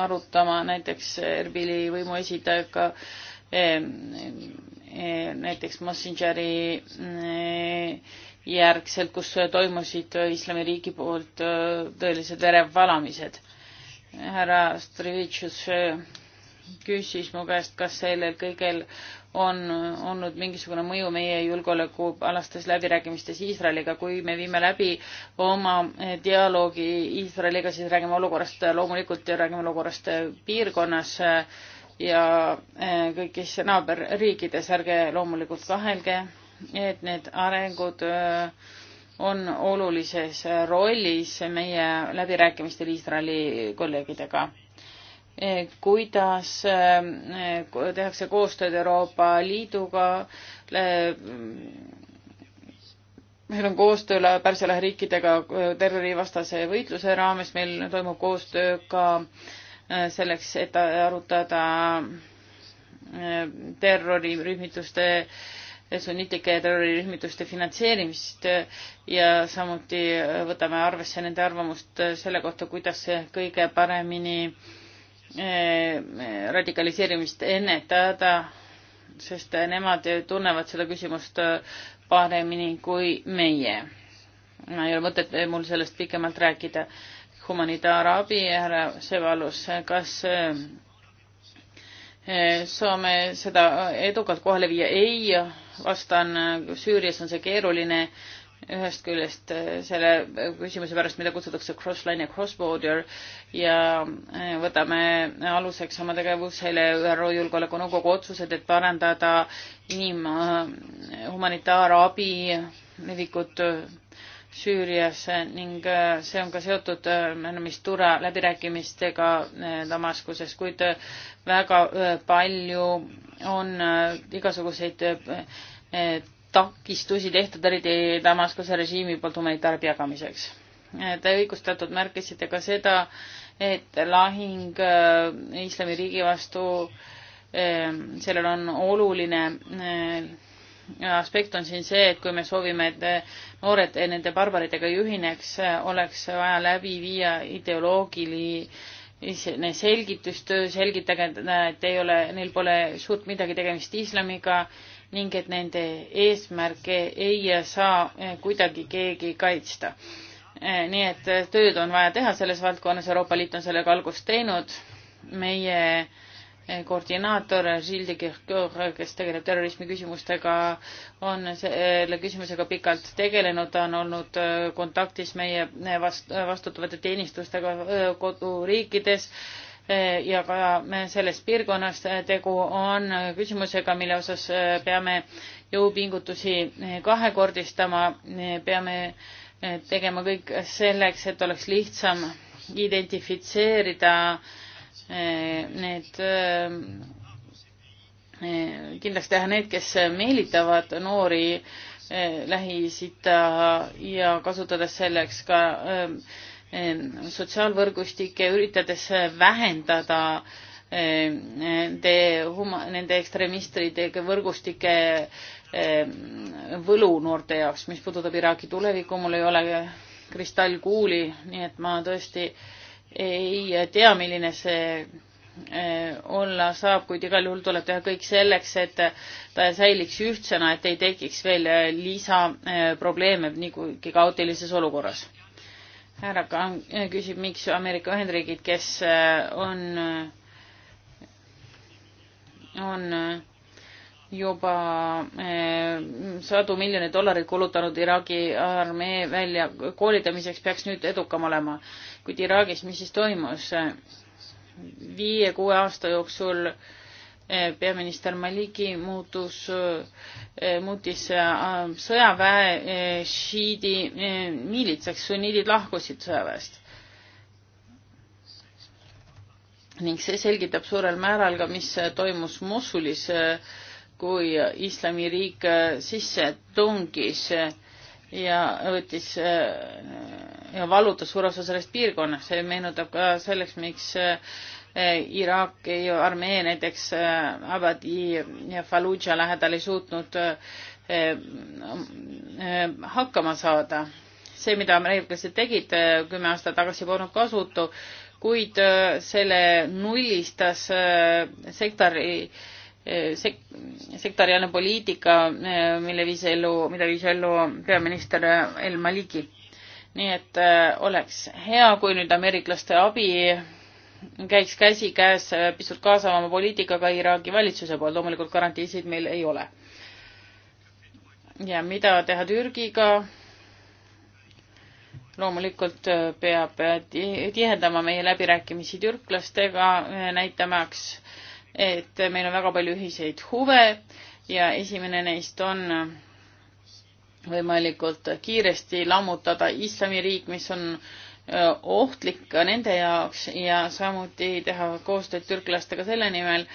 arutama näiteks Erbili võimuesindajaga Eh, näiteks Messengeri eh, järgselt, kus toimusid Islamiriigi poolt eh, tõelised verevalamised. härra Strivitšus küsis mu käest, kas sellel kõigel on olnud mingisugune mõju meie julgeolekualastes läbirääkimistes Iisraeliga. kui me viime läbi oma dialoogi Iisraeliga, siis räägime olukorrast loomulikult ja räägime olukorrast piirkonnas ja eh, kõigis naaberriikides, ärge loomulikult kahelge, et need arengud eh, on olulises rollis meie läbirääkimistel Iisraeli kolleegidega. Eh, kuidas tehakse koostööd Euroopa Liiduga? meil on koostöö Pärsia lahe riikidega terrorivastase võitluse raames, meil toimub koostöö ka äh, Äh, selleks, et arutada äh, terrorirühmituste, sunnitlike terrorirühmituste finantseerimist äh, ja samuti võtame arvesse nende arvamust selle kohta, kuidas kõige paremini radikaliseerimist ennetada, sest nemad tunnevad seda küsimust paremini kui meie. ei ole mõtet mul sellest pikemalt rääkida humanitaarabi härra Sevalus, kas eh, saame seda edukalt kohale viia? ei, vastan, Süürias on see keeruline ühest küljest eh, selle küsimuse pärast, mida kutsutakse cross-line ja cross-border ja eh, võtame aluseks oma tegevusele ÜRO Julgeolekunõukogu otsused, et parandada inim-, humanitaarabi levikut Süürias ning äh, see on ka seotud äh, enemistura läbirääkimistega äh, Damaskuses, kuid väga palju on igasuguseid takistusi tehtud eriti Damaskuse režiimi poolt humanitaarabi jagamiseks. Te õigustatult märkisite ka seda, et lahing islamiriigi vastu, sellel on oluline aspekt on siin see, et kui me soovime, et noored nende barbaritega ei ühineks, oleks vaja läbi viia ideoloogiline selgitustöö, selgitage, et ei ole, neil pole suurt midagi tegemist islamiga ning et nende eesmärke ei saa kuidagi keegi kaitsta. nii et tööd on vaja teha selles valdkonnas, Euroopa Liit on sellega algust teinud, meie äh, koordinaator Gilles de Kerkor, kes tegeleb terrorismi küsimustega, on selle küsimusega pikalt tegelenud, ta on olnud äh, kontaktis meie äh, vast-, äh, vastutavate teenistustega koduriikides ja ka selles piirkonnas tegu on küsimusega, mille osas peame jõupingutusi kahekordistama, peame tegema kõik selleks, et oleks lihtsam identifitseerida äh, need eh, eh, kindlaks teha need, kes meelitavad noori eh, Lähis-Ida ja kasutades selleks ka sotsiaalvõrgustikke, üritades vähendada nende huma-, nende ekstremistide võrgustike võlu noorte jaoks. mis puudutab Iraagi tulevikku, mul ei ole kristallkuuli, nii et ma tõesti äh, ei tea, milline see eh, olla saab, kuid igal juhul tuleb teha kõik selleks, et ta säiliks ühtsena, et ei tekiks veel eh, lisaprobleeme eh, niigi kaootilises olukorras. härra Kang küsib, miks Ameerika Ühendriigid, kes on, on juba eh, sadu miljoneid dollareid kulutanud Iraagi armee välja koolitamiseks peaks nüüd edukam olema. kuid Iraagis, mis siis toimus? viie-kuue aasta jooksul eh, peaminister Maliki muutus, eh, muutis sõjaväe šiidi miilitsaks, sunniidid lahkusid sõjaväest. ning see selgitab suurel määral ka, mis toimus Mosulis äh, kui islamiriik sisse tungis ja võttis ja vallutas suures osas sellest piirkonnast. see meenutab ka selleks, miks eh, Iraak ja armee näiteks eh, Abadi ja Fallujah lähedal ei suutnud eh, hakkama saada. see, mida ameeriklased tegid kümme aastat tagasi, polnud kasutu, kuid selle nullistas sektori Eh, sek-, sektoriaalne poliitika, eh, mille viis ellu, mida viis ellu peaminister eh, El Maliki. nii et oleks hea, kui nüüd ameeriklaste abi käiks käsikäes pisut kaasavama poliitikaga Iraagi valitsuse poolt, loomulikult garantiisid meil ei ole. ja mida teha Türgiga? loomulikult peab tihendama meie läbirääkimisi türklastega, näitamaks et meil on väga palju ühiseid huve ja esimene neist on võimalikult kiiresti lammutada islamiriik, mis on ohtlik ka nende jaoks ja samuti teha koostööd türklastega selle nimel,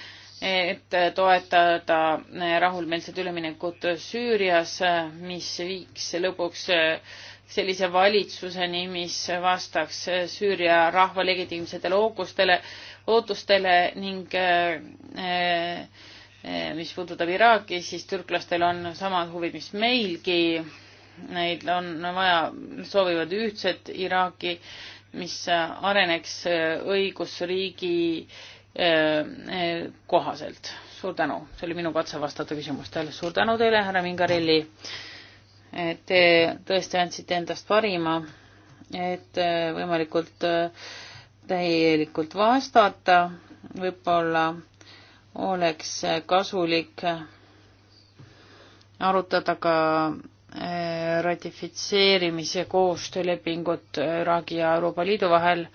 et toetada rahumeelset üleminekut Süürias, mis viiks lõpuks sellise valitsuseni, mis vastaks Süüria rahva legitiimsetele ootustele, ootustele ning eh, eh, mis puudutab Iraaki, siis türklastel on samad huvid, mis meilgi. Neil on vaja, soovivad ühtset Iraaki, mis areneks õigusriigi eh, kohaselt. suur tänu, see oli minu katse vastata küsimustele. suur tänu teile, härra Mingarelli te tõesti andsite endast parima, et äh, võimalikult äh, täielikult vastata, võib-olla oleks äh, kasulik arutada ka ratifitseerimise koostöölepingut Iraagi ja Euroopa Liidu vahel,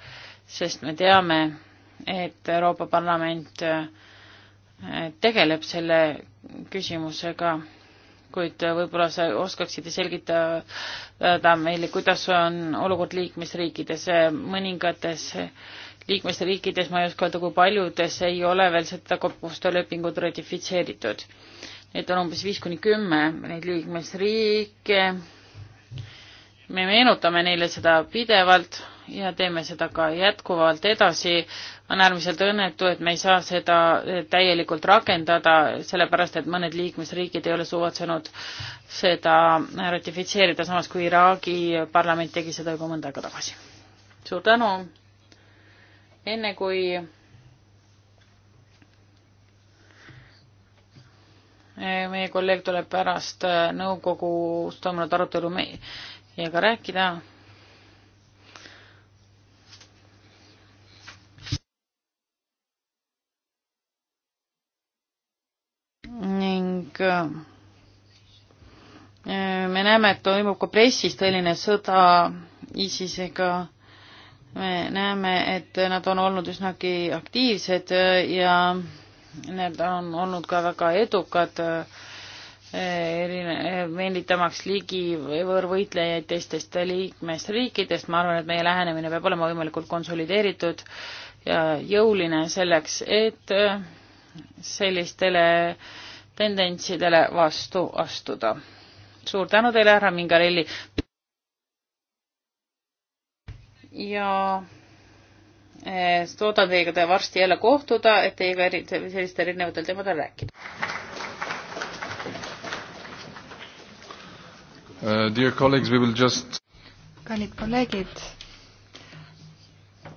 sest me teame, et Euroopa Parlament tegeleb selle küsimusega kuid võib-olla sa oskaksid selgitada meile, kuidas on olukord liikmesriikides, mõningates liikmesriikides, ma ei oska öelda, kui paljudes ei ole veel seda koostöölepingut ratifitseeritud. Neid on umbes viis kuni kümme, neid liikmesriike. me meenutame neile seda pidevalt ja teeme seda ka jätkuvalt edasi. on äärmiselt õnnetu, et me ei saa seda täielikult rakendada, sellepärast et mõned liikmesriigid ei ole suvatsenud seda ratifitseerida, samas kui Iraagi parlament tegi seda juba mõnda aega tagasi. suur tänu. enne kui meie kolleeg tuleb pärast nõukogus toimunud arutelu meiega rääkida Äh, me näeme, et toimub ka pressis tõeline sõda ISISega. me näeme, et nad on olnud üsnagi aktiivsed ja need on olnud ka väga edukad äh, erine-, meelitamaks ligi võõrvõitlejaid teistest liikmesriikidest, ma arvan, et meie lähenemine peab olema võimalikult konsolideeritud ja jõuline selleks, et sellistele äh, tendentsidele vastu astuda. suur tänu teile, härra Mingarelli. ja loodan eh, teiega te varsti jälle kohtuda, et teiega eri, sellistel erinevatel teemadel rääkida. Uh, dear colleagues, we will just kallid kolleegid,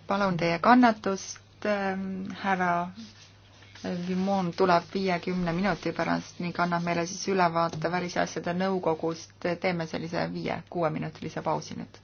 palun teie kannatust, ähm, härra Vimon tuleb viiekümne minuti pärast ning annab meile siis ülevaate välisasjade nõukogust. teeme sellise viie-kuueminutilise pausi nüüd.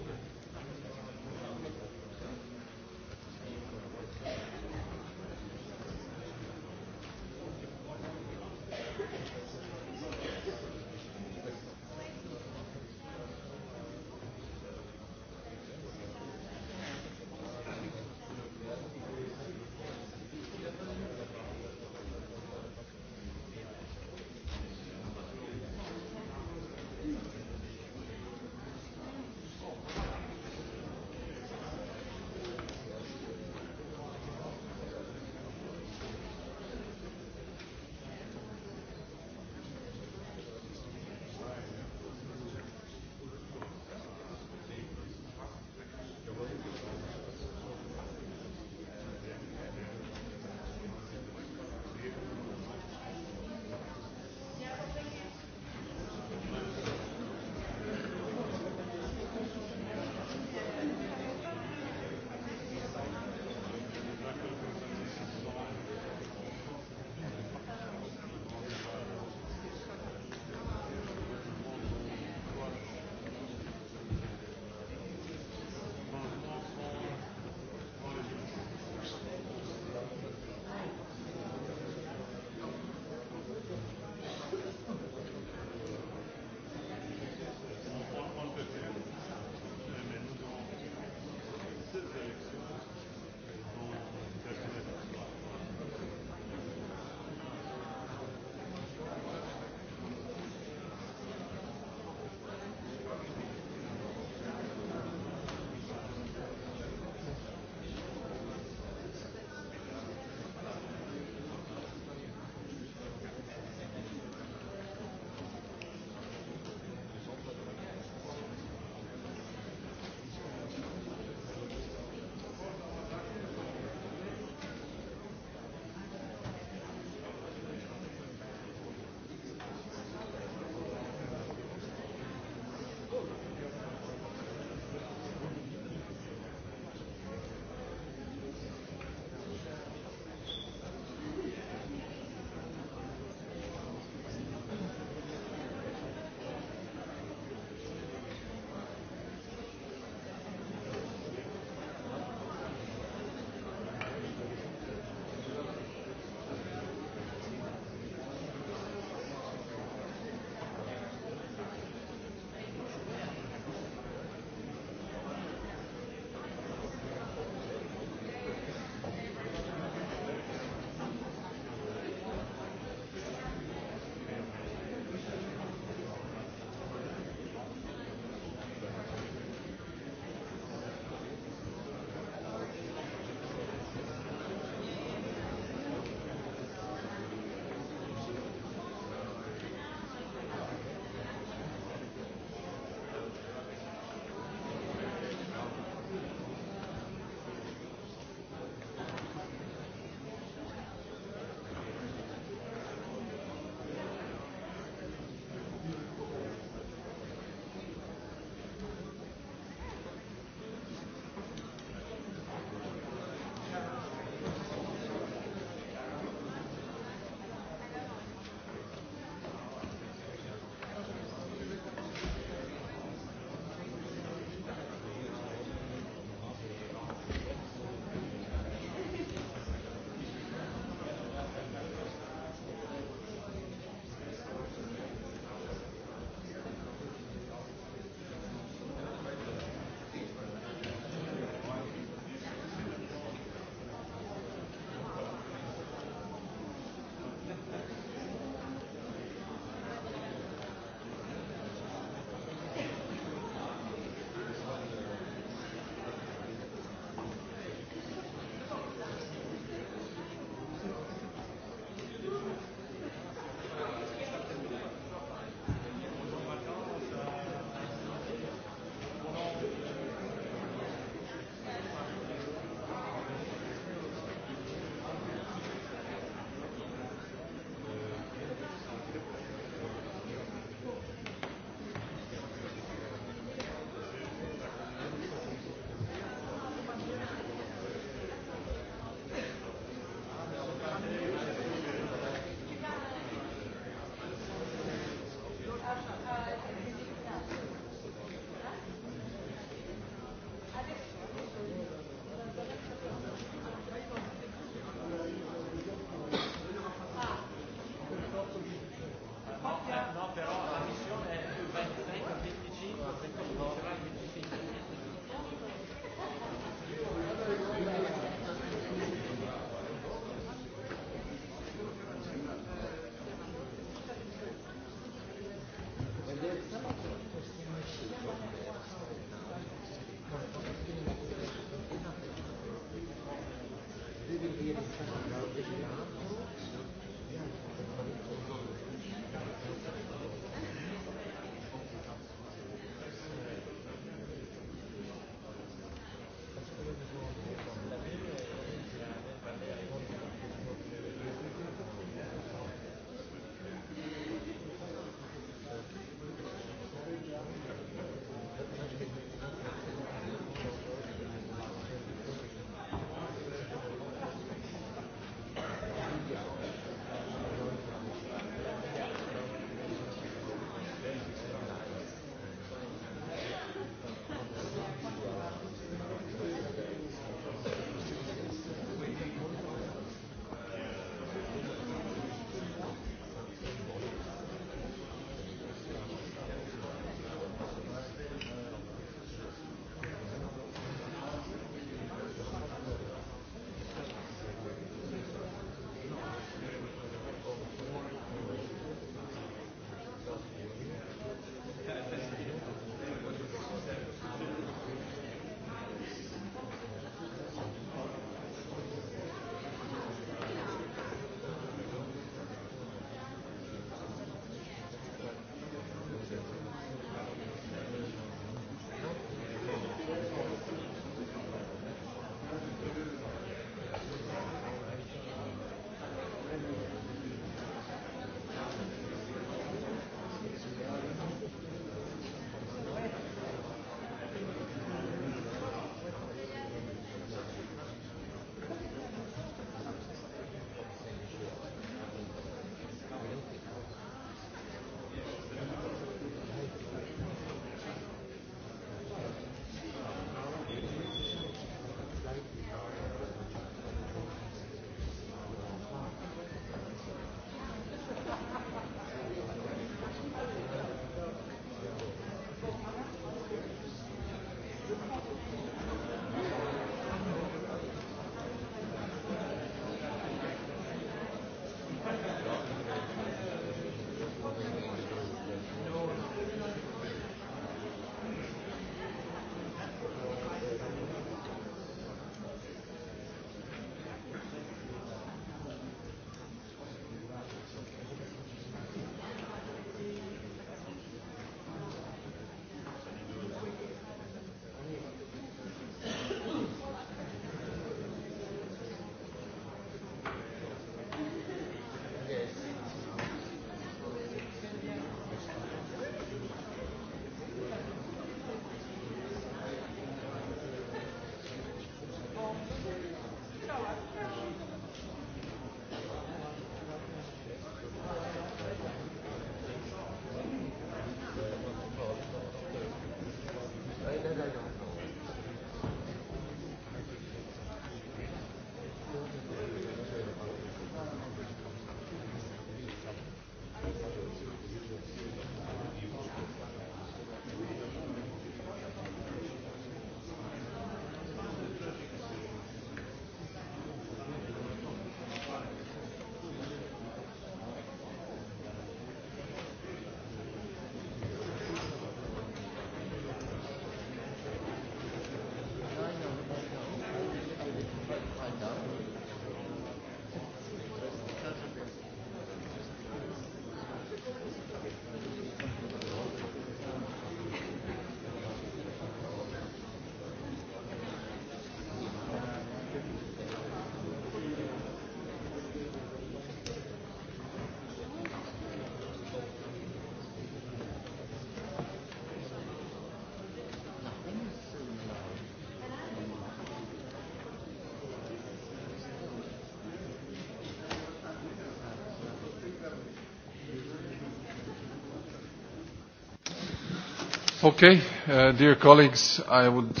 okei okay, uh,, dear colleagues, I would.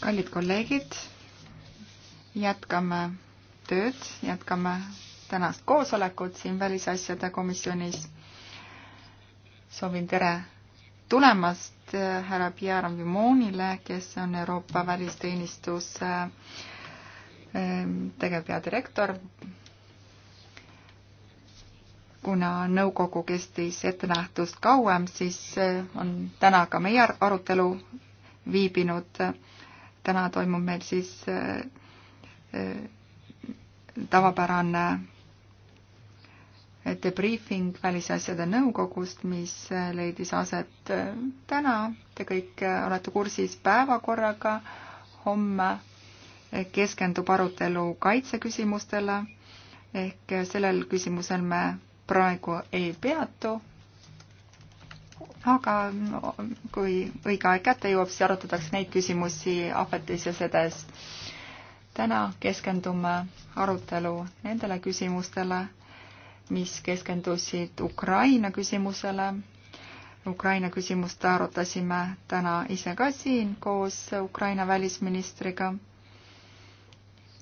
kallid kolleegid, jätkame tööd, jätkame tänast koosolekut siin välisasjade komisjonis. soovin tere tulemast äh, härra Pierre Vimonile, kes on Euroopa Välisteenistuse äh, tegevpeadirektor kuna nõukogu kestis ettenähtust kauem, siis eh, on täna ka meie arutelu viibinud. täna toimub meil siis eh, eh, tavapärane debriefing Välisasjade Nõukogust, mis leidis aset täna. Te kõik olete kursis päevakorraga. homme keskendub arutelu kaitseküsimustele ehk sellel küsimusel me praegu ei peatu, aga kui õige aeg kätte jõuab, siis arutatakse neid küsimusi ahvetis ja sedes. täna keskendume arutelu nendele küsimustele, mis keskendusid Ukraina küsimusele. Ukraina küsimust arutasime täna ise ka siin koos Ukraina välisministriga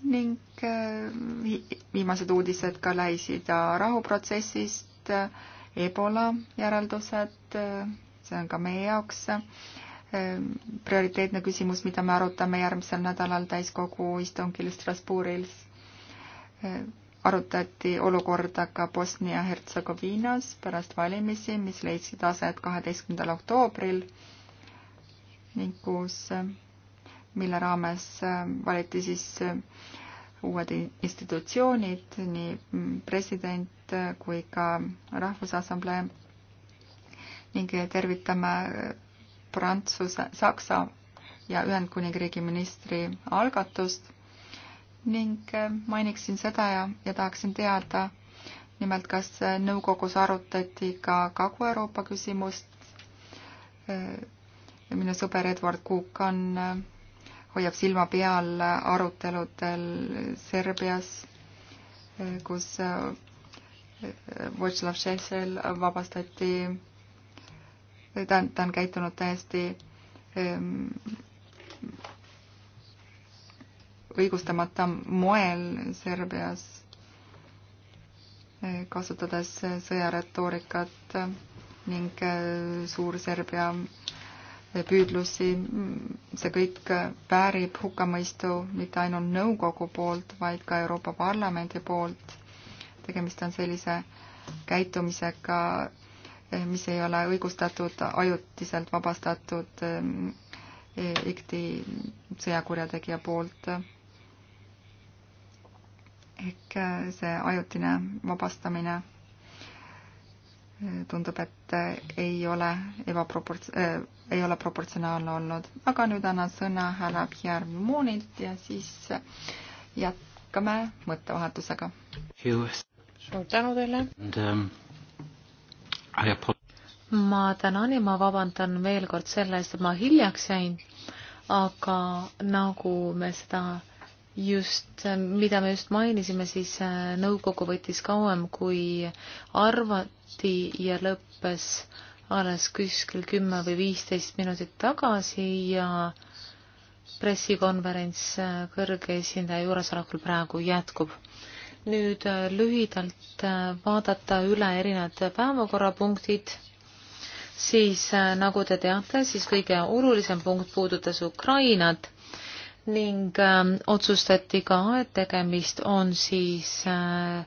ning äh, viimased uudised ka Lähis-Ida rahuprotsessist, äh, Ebola järeldused, äh, see on ka meie jaoks prioriteetne küsimus, mida me arutame järgmisel nädalal täiskogu istungil Strasbourgis. arutati olukorda ka Bosnia-Hertsegoviinas pärast valimisi, mis leidsid aset kaheteistkümnendal oktoobril ning kus mille raames äh, valiti siis äh, uued institutsioonid, nii mm, president äh, kui ka Rahvusassamblee ning tervitame Prantsuse, Saksa ja Ühendkuningriigi ministri algatust ning mainiksin seda ja, ja tahaksin teada nimelt, kas nõukogus arutati ka Kagu-Euroopa küsimust. minu sõber Edward Cook on hoiab silma peal aruteludel Serbias, kus Vojtšlav äh, Šešel vabastati, ta on, ta on käitunud täiesti ähm, õigustamata moel Serbias, äh, kasutades sõjaretoorikat ning äh, Suur-Serbia püüdlusi, see kõik väärib hukkamõistu mitte ainult nõukogu poolt, vaid ka Euroopa Parlamendi poolt. tegemist on sellise käitumisega, mis ei ole õigustatud ajutiselt vabastatud IKT sõjakurjategija poolt. ehk see ajutine vabastamine tundub, et äh, ei ole ebaproports-, äh, ei ole proportsionaalne olnud, aga nüüd annan sõna härra Pierre Moonilt ja siis äh, jätkame mõttevahetusega. suur tänu teile! Um, ma tänan ja ma vabandan veel kord selle eest, et ma hiljaks jäin, aga nagu me seda just, mida me just mainisime, siis äh, nõukogu võttis kauem kui arvati ja lõppes alles kuskil kümme või viisteist minutit tagasi ja pressikonverents äh, kõrge esindaja juuresolekul praegu jätkub. nüüd äh, lühidalt vaadata üle erinevad päevakorrapunktid, siis nagu te teate, siis kõige olulisem punkt puudutas Ukrainat ning äh, otsustati ka, et tegemist on siis äh,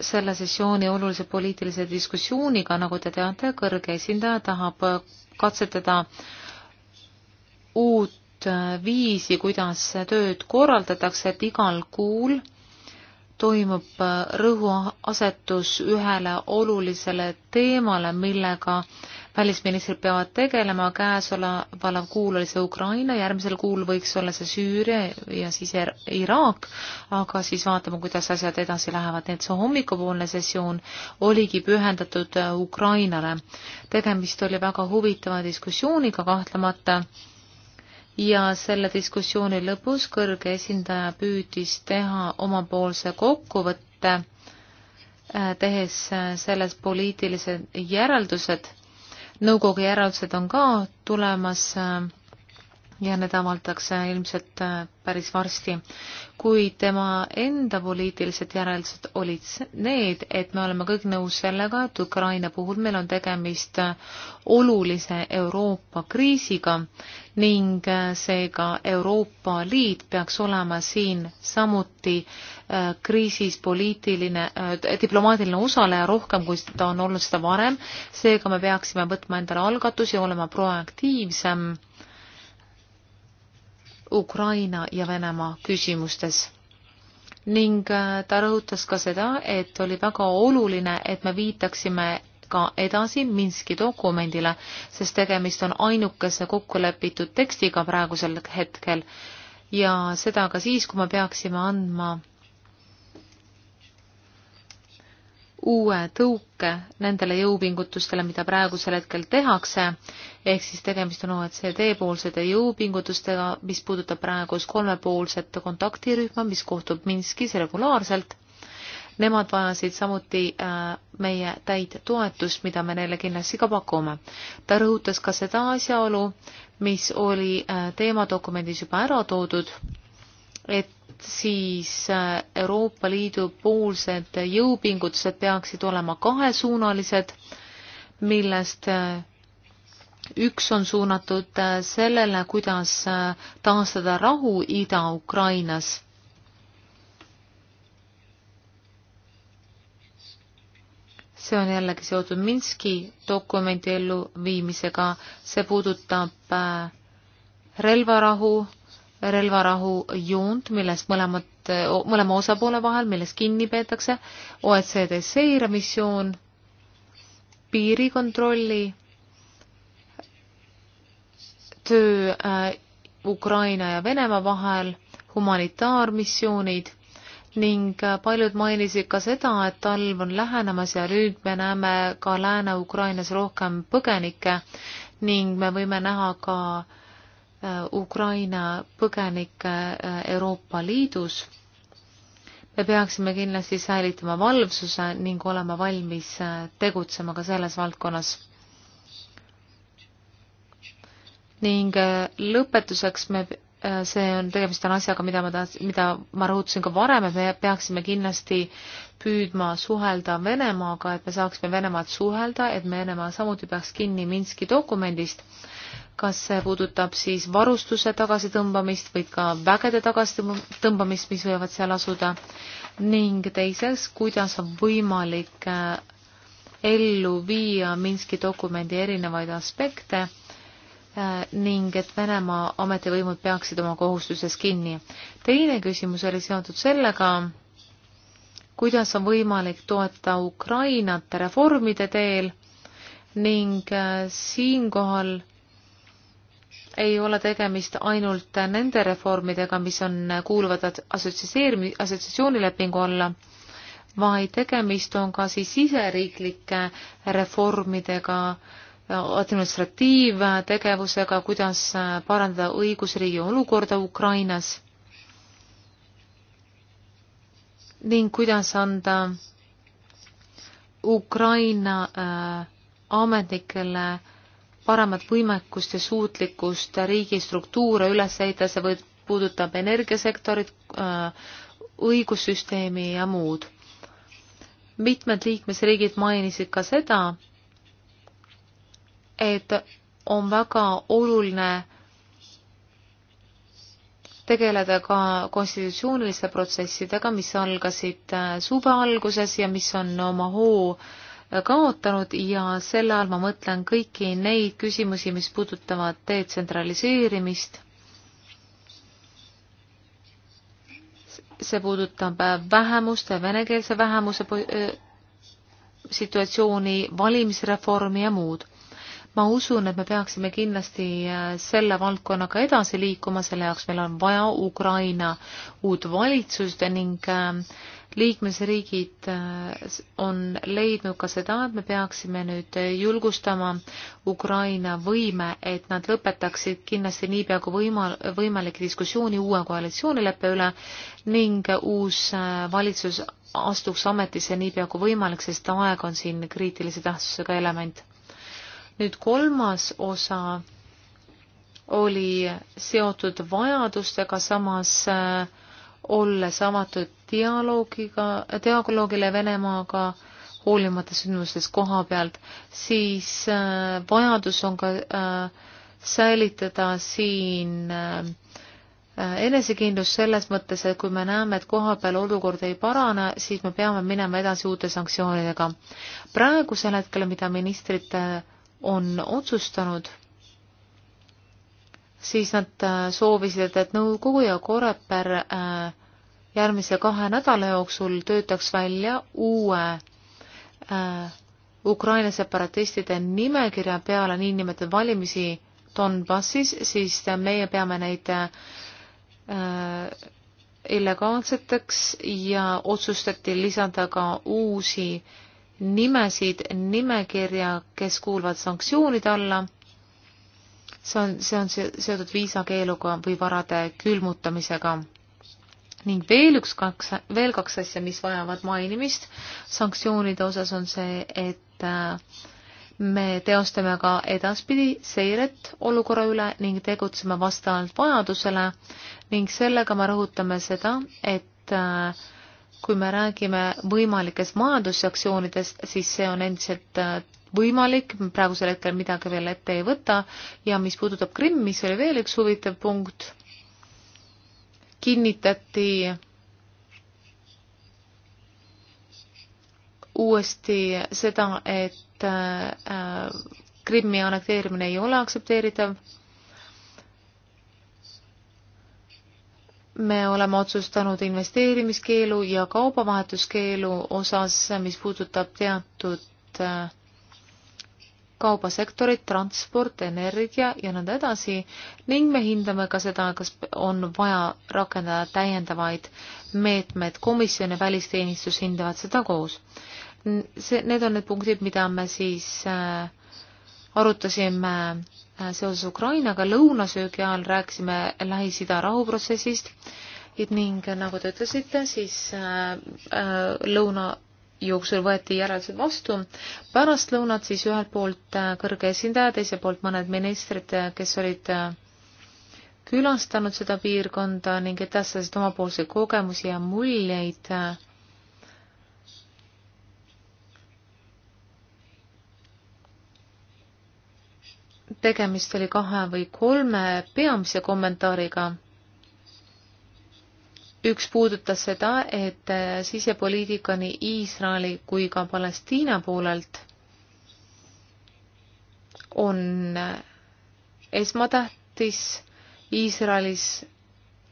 selle sessiooni olulise poliitilise diskussiooniga, nagu te teate, kõrge esindaja tahab äh, katsetada uut äh, viisi, kuidas tööd korraldatakse, et igal kuul toimub äh, rõhuasetus ühele olulisele teemale, millega äh, välisministrid peavad tegelema, käesoleval kuul oli see Ukraina, järgmisel kuul võiks olla see Süüria ja siis Iraak, aga siis vaatame, kuidas asjad edasi lähevad, nii et see hommikupoolne sessioon oligi pühendatud äh, Ukrainale. tegemist oli väga huvitava diskussiooniga kahtlemata ja selle diskussiooni lõpus kõrge esindaja püüdis teha omapoolse kokkuvõtte, äh, tehes äh, selles poliitilised järeldused nõukogu järeldused on ka tulemas äh, ja need avaldatakse ilmselt äh, päris varsti. kuid tema enda poliitilised järeldused olid need, et me oleme kõik nõus sellega, et Ukraina puhul meil on tegemist äh, olulise Euroopa kriisiga ning äh, seega Euroopa Liit peaks olema siin samuti kriisis poliitiline, diplomaatiline osaleja rohkem, kui ta on olnud seda varem, seega me peaksime võtma endale algatusi, olema proaktiivsem Ukraina ja Venemaa küsimustes ning äh, ta rõhutas ka seda, et oli väga oluline, et me viitaksime ka edasi Minski dokumendile, sest tegemist on ainukese kokkulepitud tekstiga praegusel hetkel ja seda ka siis, kui me peaksime andma uue tõuke nendele jõupingutustele, mida praegusel hetkel tehakse, ehk siis tegemist on OECD poolsete jõupingutustega, mis puudutab praegust kolmepoolset kontaktirühma, mis kohtub Minskis regulaarselt. Nemad vajasid samuti äh, meie täit toetust, mida me neile kindlasti ka pakume. ta rõhutas ka seda asjaolu, mis oli äh, teemadokumendis juba ära toodud, et siis äh, Euroopa Liidu poolsed jõupingutused peaksid olema kahesuunalised, millest äh, üks on suunatud äh, sellele, kuidas taastada rahu Ida-Ukrainas. see on jällegi seotud Minski dokumendi elluviimisega, see puudutab relvarahu relvarahu joont, millest mõlemad, mõlema osapoole vahel, millest kinni peetakse, OECD seiramissioon, piirikontrolli, töö äh, Ukraina ja Venemaa vahel, humanitaarmissioonid ning äh, paljud mainisid ka seda, et talv on lähenemas ja nüüd me näeme ka Lääne-Ukrainas rohkem põgenikke ning me võime näha ka äh, Äh, Ukraina põgenikke äh, Euroopa Liidus, me peaksime kindlasti säilitama valvsuse ning olema valmis äh, tegutsema ka selles valdkonnas. ning lõpetuseks me, see on, tegemist on asjaga, mida ma tahaks, mida ma rõhutasin ka varem, et me peaksime kindlasti püüdma suhelda Venemaaga, et me saaksime Venemaad suhelda, et Venemaa samuti peaks kinni Minski dokumendist kas see puudutab siis varustuse tagasitõmbamist või ka vägede tagasitõmbamist, mis võivad seal asuda ning teiseks, kuidas on võimalik äh, ellu viia Minski dokumendi erinevaid aspekte äh, ning et Venemaa ametivõimud peaksid oma kohustuses kinni. teine küsimus oli seotud sellega, kuidas on võimalik toeta Ukrainat reformide teel ning äh, siinkohal ei ole tegemist ainult nende reformidega, mis on, kuuluvad assotsieerimi-, assotsiatsioonilepingu alla, vaid tegemist on ka siis siseriiklike reformidega, administratiivtegevusega, kuidas parandada õigusriigi olukorda Ukrainas ning kuidas anda Ukraina äh, ametnikele äh, paremat võimekust ja suutlikkust riigistruktuure üles ehitada, see võib, puudutab energiasektorit, äh, õigussüsteemi ja muud. mitmed liikmesriigid mainisid ka seda, et on väga oluline tegeleda ka konstitutsiooniliste protsessidega, mis algasid äh, suve alguses ja mis on oma hoo kaotanud ja selle all ma mõtlen kõiki neid küsimusi, mis puudutavad detsentraliseerimist. see puudutab vähemuste, venekeelse vähemuse äh, situatsiooni, valimisreformi ja muud ma usun, et me peaksime kindlasti äh, selle valdkonnaga edasi liikuma, selle jaoks meil on vaja Ukraina uut valitsust ning äh, liikmesriigid äh, on leidnud ka seda, et me peaksime nüüd julgustama Ukraina võime, et nad lõpetaksid kindlasti niipea kui võimal-, võimalik diskussiooni uue koalitsioonileppe üle ning uus valitsus astuks ametisse niipea kui võimalik, sest aeg on siin kriitilise tähtsusega element nüüd kolmas osa oli seotud vajadustega, samas äh, olles avatud dialoogiga, dialoogile Venemaaga hoolimata sündmustest koha pealt, siis äh, vajadus on ka äh, säilitada siin enesekindlus selles mõttes, et kui me näeme, et kohapeal olukord ei parane, siis me peame minema edasi uute sanktsioonidega. praegusel hetkel, mida ministrite on otsustanud, siis nad äh, soovisid, et nõukogu ja Koreper äh, järgmise kahe nädala jooksul töötaks välja uue äh, Ukraina separatistide nimekirja peale niinimetatud valimisi Donbassis, siis meie peame neid illegaalseteks ja otsustati lisada ka uusi äh, nimesid nimekirja, kes kuuluvad sanktsioonide alla. see on, see on seotud viisakeeluga või varade külmutamisega. ning veel üks, kaks, veel kaks asja, mis vajavad mainimist sanktsioonide osas, on see, et äh, me teostame ka edaspidi seiret olukorra üle ning tegutseme vastavalt vajadusele ning sellega me rõhutame seda, et äh, kui me räägime võimalikest majandussanktsioonidest, siis see on endiselt äh, võimalik, praegusel hetkel midagi veel ette ei võta ja mis puudutab Krimmi, see oli veel üks huvitav punkt, kinnitati uuesti seda, et äh, äh, Krimmi annekteerimine ei ole aktsepteeritav me oleme otsustanud investeerimiskeelu ja kaubavahetuskeelu osas, mis puudutab teatud äh, kaubasektorit, transport, energia ja nõnda edasi ning me hindame ka seda, kas on vaja rakendada täiendavaid meetmeid. komisjon ja välisteenistus hindavad seda koos. see, need on need punktid, mida me siis äh, arutasime Äh, seoses Ukrainaga lõunasöögi ajal rääkisime Lähis-Ida rahuprotsessist ning äh, nagu te ütlesite, siis äh, lõuna jooksul võeti järeldused vastu. pärast lõunat siis ühelt poolt kõrge esindaja, teiselt poolt mõned ministrid, kes olid külastanud seda piirkonda ning edastasid omapoolseid kogemusi ja muljeid äh, tegemist oli kahe või kolme peamise kommentaariga. üks puudutas seda, et sisepoliitika nii Iisraeli kui ka Palestiina poolelt on esmatähtis. Iisraelis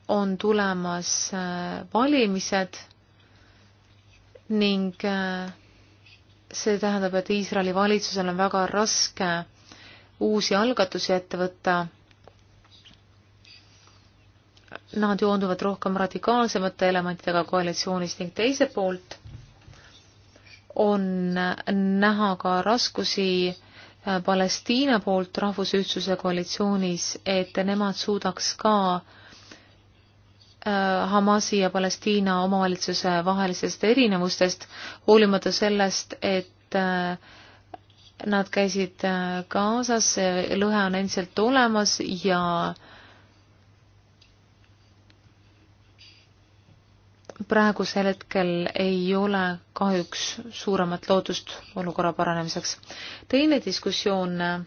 on tulemas äh, valimised ning äh, see tähendab, et Iisraeli valitsusel on väga raske uusi algatusi ette võtta. Nad joonduvad rohkem radikaalsemate elementidega koalitsioonis ning teiselt poolt on näha ka raskusi äh, Palestiina poolt rahvusühtsuse koalitsioonis, et nemad suudaks ka äh, Hamasi ja Palestiina omavalitsuse vahelistest erinevustest, hoolimata sellest, et äh, Nad käisid äh, kaasas, lõhe on endiselt olemas ja praegusel hetkel ei ole kahjuks suuremat lootust olukorra paranemiseks. teine diskussioon äh,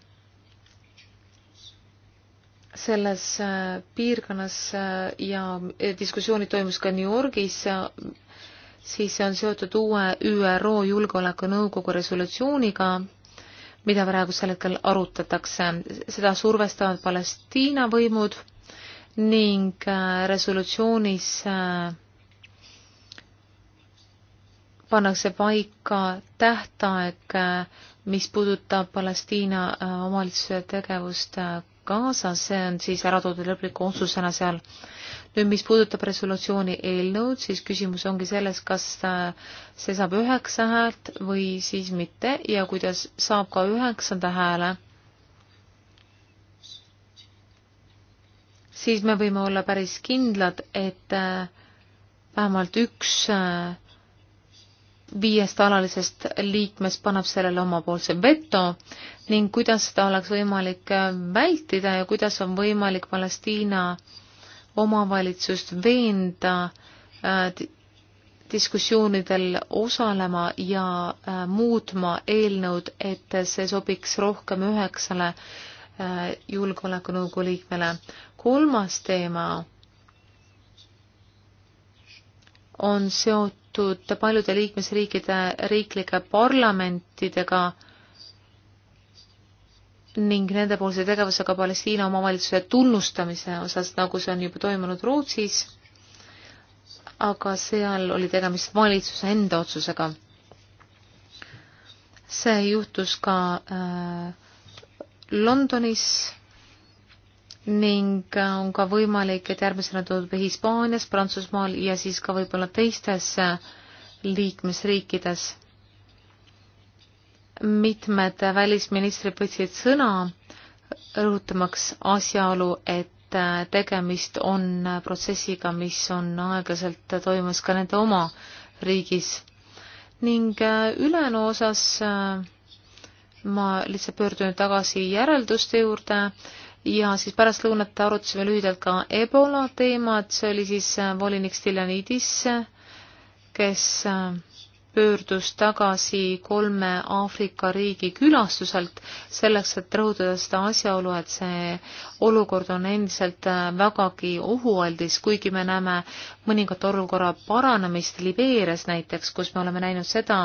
selles äh, piirkonnas ja diskussioonid toimus ka New Yorgis, siis see on seotud uue ÜRO Julgeolekunõukogu resolutsiooniga mida praegusel hetkel arutatakse. seda survestavad Palestiina võimud ning äh, resolutsioonis äh, pannakse paika tähtaeg, äh, mis puudutab Palestiina omavalitsuse tegevust Gazas, see on siis ära toodud lõpliku otsusena seal. nüüd, mis puudutab resolutsiooni eelnõud, siis küsimus ongi selles, kas äh, see saab üheksa häält või siis mitte ja kuidas saab ka üheksanda hääle. siis me võime olla päris kindlad, et äh, vähemalt üks äh, viiest alalisest liikmest paneb sellele omapoolse veto ning kuidas seda oleks võimalik äh, vältida ja kuidas on võimalik Palestiina omavalitsust veenda äh, diskussioonidel osalema ja äh, muutma eelnõud, et see sobiks rohkem üheksale julgeolekunõukogu liikmele. kolmas teema on seotud seotud paljude liikmesriikide riiklike parlamentidega ning nendepoolse tegevusega Palestiina omavalitsuse tunnustamise osas, nagu see on juba toimunud Rootsis, aga seal oli tegemist valitsuse enda otsusega. see juhtus ka äh, Londonis ning äh, on ka võimalik, et järgmisena tuleb Hispaanias, Prantsusmaal ja siis ka võib-olla teistes äh, liikmesriikides. mitmed välisministrid võtsid sõna, rõhutamaks asjaolu, et äh, tegemist on protsessiga, mis on aeglaselt toimus ka nende oma riigis. ning ülejäänu osas ma lihtsalt pöördun tagasi järelduste juurde ja siis pärastlõunat arutasime lühidalt ka Ebola teemat, see oli siis äh, volinik Stiljanidis, kes äh, pöördus tagasi kolme Aafrika riigi külastuselt selleks, et rõhutada seda asjaolu, et see olukord on endiselt äh, vägagi ohualdis, kuigi me näeme mõningat olukorra paranemist Libeerias näiteks, kus me oleme näinud seda,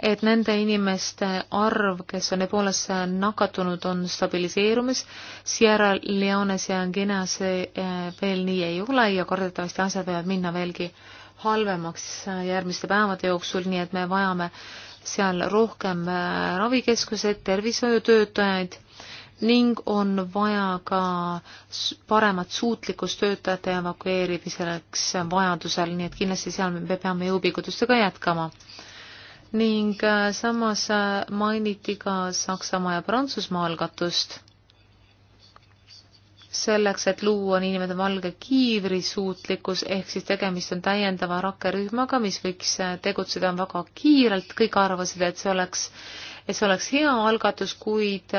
et nende inimeste arv, kes on Ebolasse nakatunud, on stabiliseerumas. Sierra Leones ja Guineas eh, veel nii ei ole ja kardetavasti asjad võivad minna veelgi halvemaks järgmiste päevade jooksul, nii et me vajame seal rohkem eh, ravikeskuseid, tervishoiutöötajaid ning on vaja ka paremat suutlikkust töötajate evakueerimiseks vajadusel, nii et kindlasti seal me peame jõupingutustega jätkama ning äh, samas äh, mainiti ka Saksamaa ja Prantsusmaa algatust selleks, et luua niinimetatud valge kiivrisuutlikkus, ehk siis tegemist on täiendava rakkerühmaga, mis võiks äh, tegutseda väga kiirelt, kõik arvasid, et see oleks, et see oleks hea algatus, kuid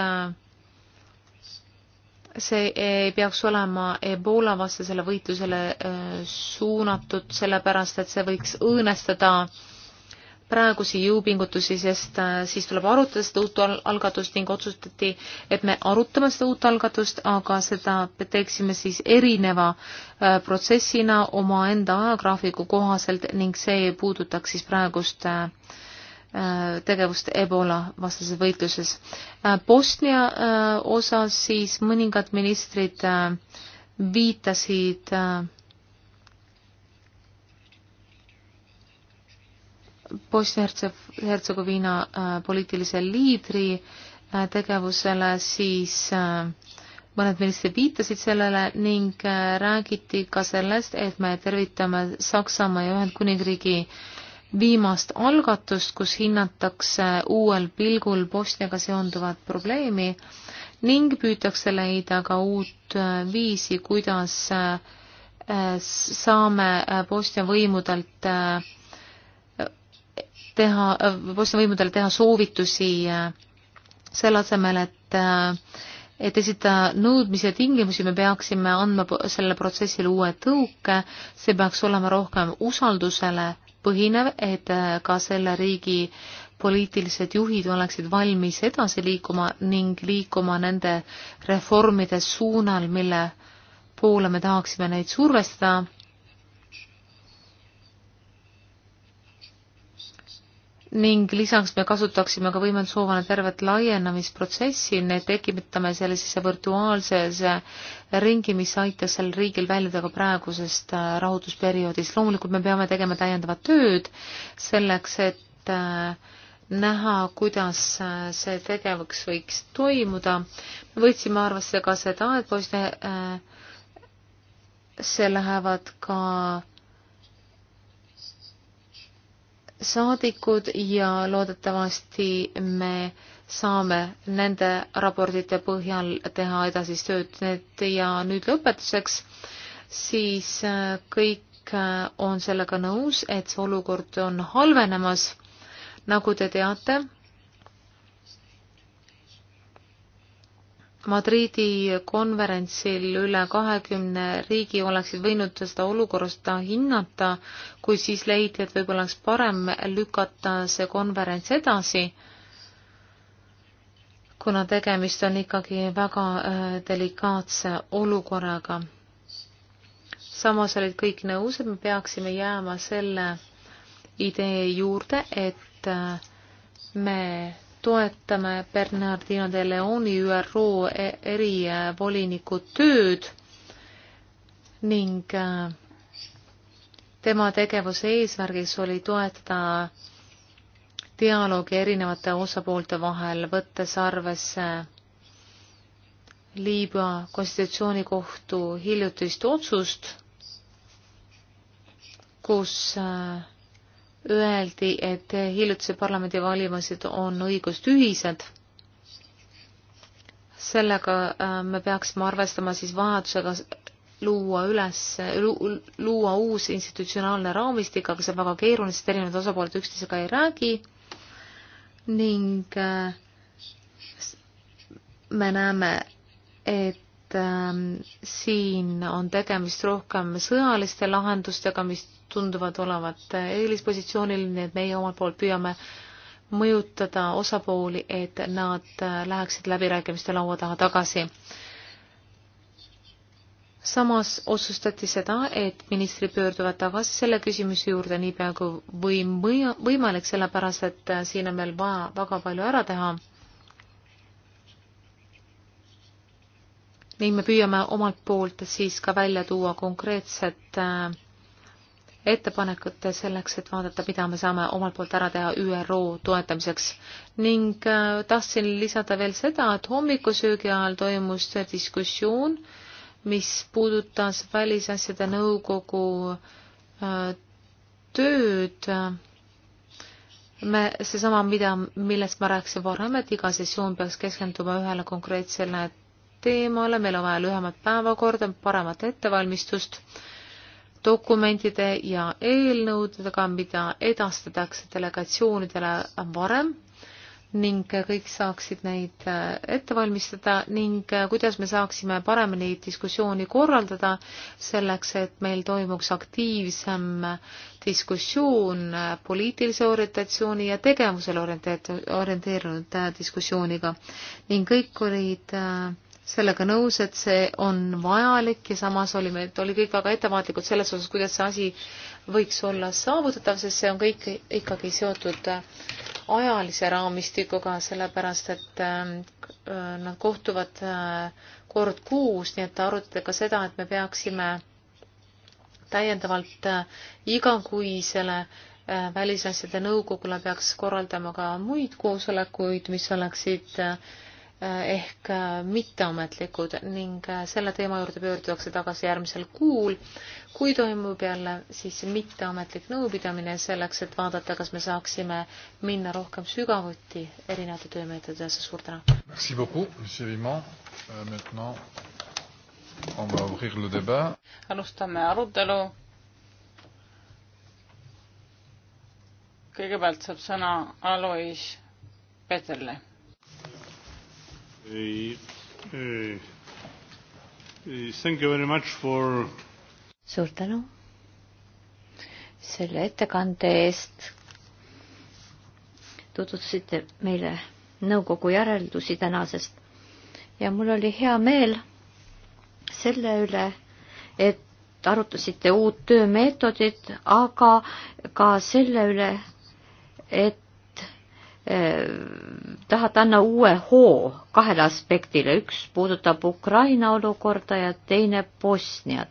see ei peaks olema Ebola vastasele võitlusele suunatud, sellepärast et see võiks õõnestada äh, praegusi jõupingutusi, sest äh, siis tuleb arutada seda uut algatust ning otsustati, et me arutame seda uut algatust, aga seda teeksime siis erineva äh, protsessina omaenda ajagraafiku kohaselt ning see puudutaks siis praegust äh, tegevust Ebola vastases võitluses. Bosnia osas siis mõningad ministrid viitasid äh, Bosnia-Hertsegoviina äh, poliitilise liidri äh, tegevusele, siis äh, mõned ministrid viitasid sellele ning räägiti ka sellest, et me tervitame Saksamaa ja Ühendkuningriigi viimast algatust, kus hinnatakse uuel pilgul Bosniaga seonduvat probleemi ning püütakse leida ka uut viisi, kuidas saame Bosnia võimudelt äh, teha, Bosnia võimudele teha soovitusi äh, selle asemel, et äh, et esitada nõudmisi ja tingimusi, me peaksime andma sellele protsessile uue tõuke, see peaks olema rohkem usaldusele põhinev, et äh, ka selle riigi poliitilised juhid oleksid valmis edasi liikuma ning liikuma nende reformide suunal, mille poole me tahaksime neid survestada ning lisaks me kasutaksime ka võimendushoovana tervet laienemisprotsessi, tekitame sellisesse virtuaalsesse ringi, mis aitas sel riigil väljuda ka praegusest äh, rahutusperioodist. loomulikult me peame tegema täiendavat tööd selleks, et äh, näha, kuidas äh, see tegevus võiks toimuda. me võtsime arvesse ka seda, et poiste, see lähevad ka äh, saadikud ja loodetavasti me saame nende raportite põhjal teha edasist tööd. Need ja nüüd lõpetuseks siis äh, kõik äh, on sellega nõus, et see olukord on halvenemas. nagu te teate, Madridi konverentsil üle kahekümne riigi oleksid võinud seda olukorda hinnata, kui siis leiti, et võib-olla oleks parem lükata see konverents edasi, kuna tegemist on ikkagi väga äh, delikaatse olukorraga. samas olid kõik nõus, et me peaksime jääma selle idee juurde, et äh, me toetame Bernardino de Leoni ÜRO e-, erivoliniku tööd ning äh, tema tegevuse eesmärgiks oli toetada dialoogi erinevate osapoolte vahel, võttes arvesse Liibüa konstitutsioonikohtu hiljutist otsust, kus äh, öeldi, et hiljutise parlamendivalimised on õigustühised. sellega äh, me peaksime arvestama siis vajadusega luua üles, luua uus institutsionaalne raamistik, aga see on väga keeruline, sest erinevad osapooled üksteisega ei räägi ning äh, me näeme, et ähm, siin on tegemist rohkem sõjaliste lahendustega, mis tunduvad olevat eelispositsioonil, nii et meie omalt poolt püüame mõjutada osapooli, et nad läheksid läbirääkimiste laua taha tagasi. samas otsustati seda, et ministrid pöörduvad tagasi selle küsimuse juurde niipea kui võim-, võimalik, sellepärast et siin on meil vaja väga palju ära teha ning me püüame omalt poolt siis ka välja tuua konkreetsed äh, ettepanekut selleks, et vaadata, mida me saame omalt poolt ära teha ÜRO toetamiseks. ning äh, tahtsin lisada veel seda, et hommikusöögi ajal toimus diskussioon, mis puudutas Välisasjade Nõukogu äh, tööd me, seesama, mida, millest ma rääkisin varem, et iga sessioon peaks keskenduma ühele konkreetsele teemale, meil on vaja lühemat päevakorda, paremat ettevalmistust dokumentide ja eelnõudega, mida edastatakse delegatsioonidele varem ning kõik saaksid neid äh, ette valmistada ning äh, kuidas me saaksime paremini diskussiooni korraldada selleks, et meil toimuks aktiivsem äh, diskussioon poliitilise orientatsiooni ja tegevusele orienteerunud diskussiooniga ning kõik olid äh, sellega nõus, et see on vajalik ja samas olime, et oli kõik väga ettevaatlikud selles osas, kuidas see asi võiks olla saavutatav, sest see on kõik ikkagi seotud ajalise raamistikuga, sellepärast et ähm, äh, nad kohtuvad äh, kord kuus, nii et arutada ka seda, et me peaksime täiendavalt äh, igakuisele välisasjade nõukogule peaks korraldama ka muid koosolekuid, mis oleksid äh, ehk mitteametlikud ning selle teema juurde pöördutakse tagasi järgmisel kuul, kui toimub jälle siis mitteametlik nõupidamine selleks, et vaadata, kas me saaksime minna rohkem sügavuti erinevate töömeetodite osas. suur tänu! alustame arutelu. kõigepealt saab sõna Alois Peterle For... suur tänu selle ettekande eest. tutvustasite meile nõukogu järeldusi tänasest ja mul oli hea meel selle üle, et arutasite uut töömeetodit, aga ka selle üle, et eh, tahate anna uue hoo kahele aspektile, üks puudutab Ukraina olukorda ja teine Bosniat.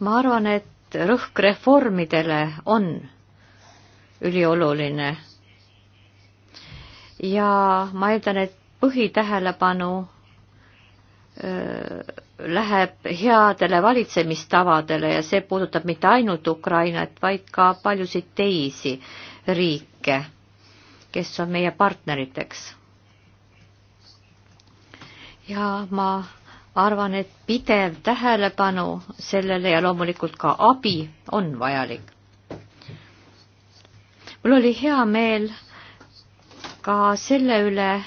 ma arvan, et rõhk reformidele on ülioluline. ja ma eeldan, et põhitähelepanu öö, läheb headele valitsemistavadele ja see puudutab mitte ainult Ukrainat, vaid ka paljusid teisi riike, kes on meie partneriteks. ja ma arvan, et pidev tähelepanu sellele ja loomulikult ka abi on vajalik. mul oli hea meel ka selle üle,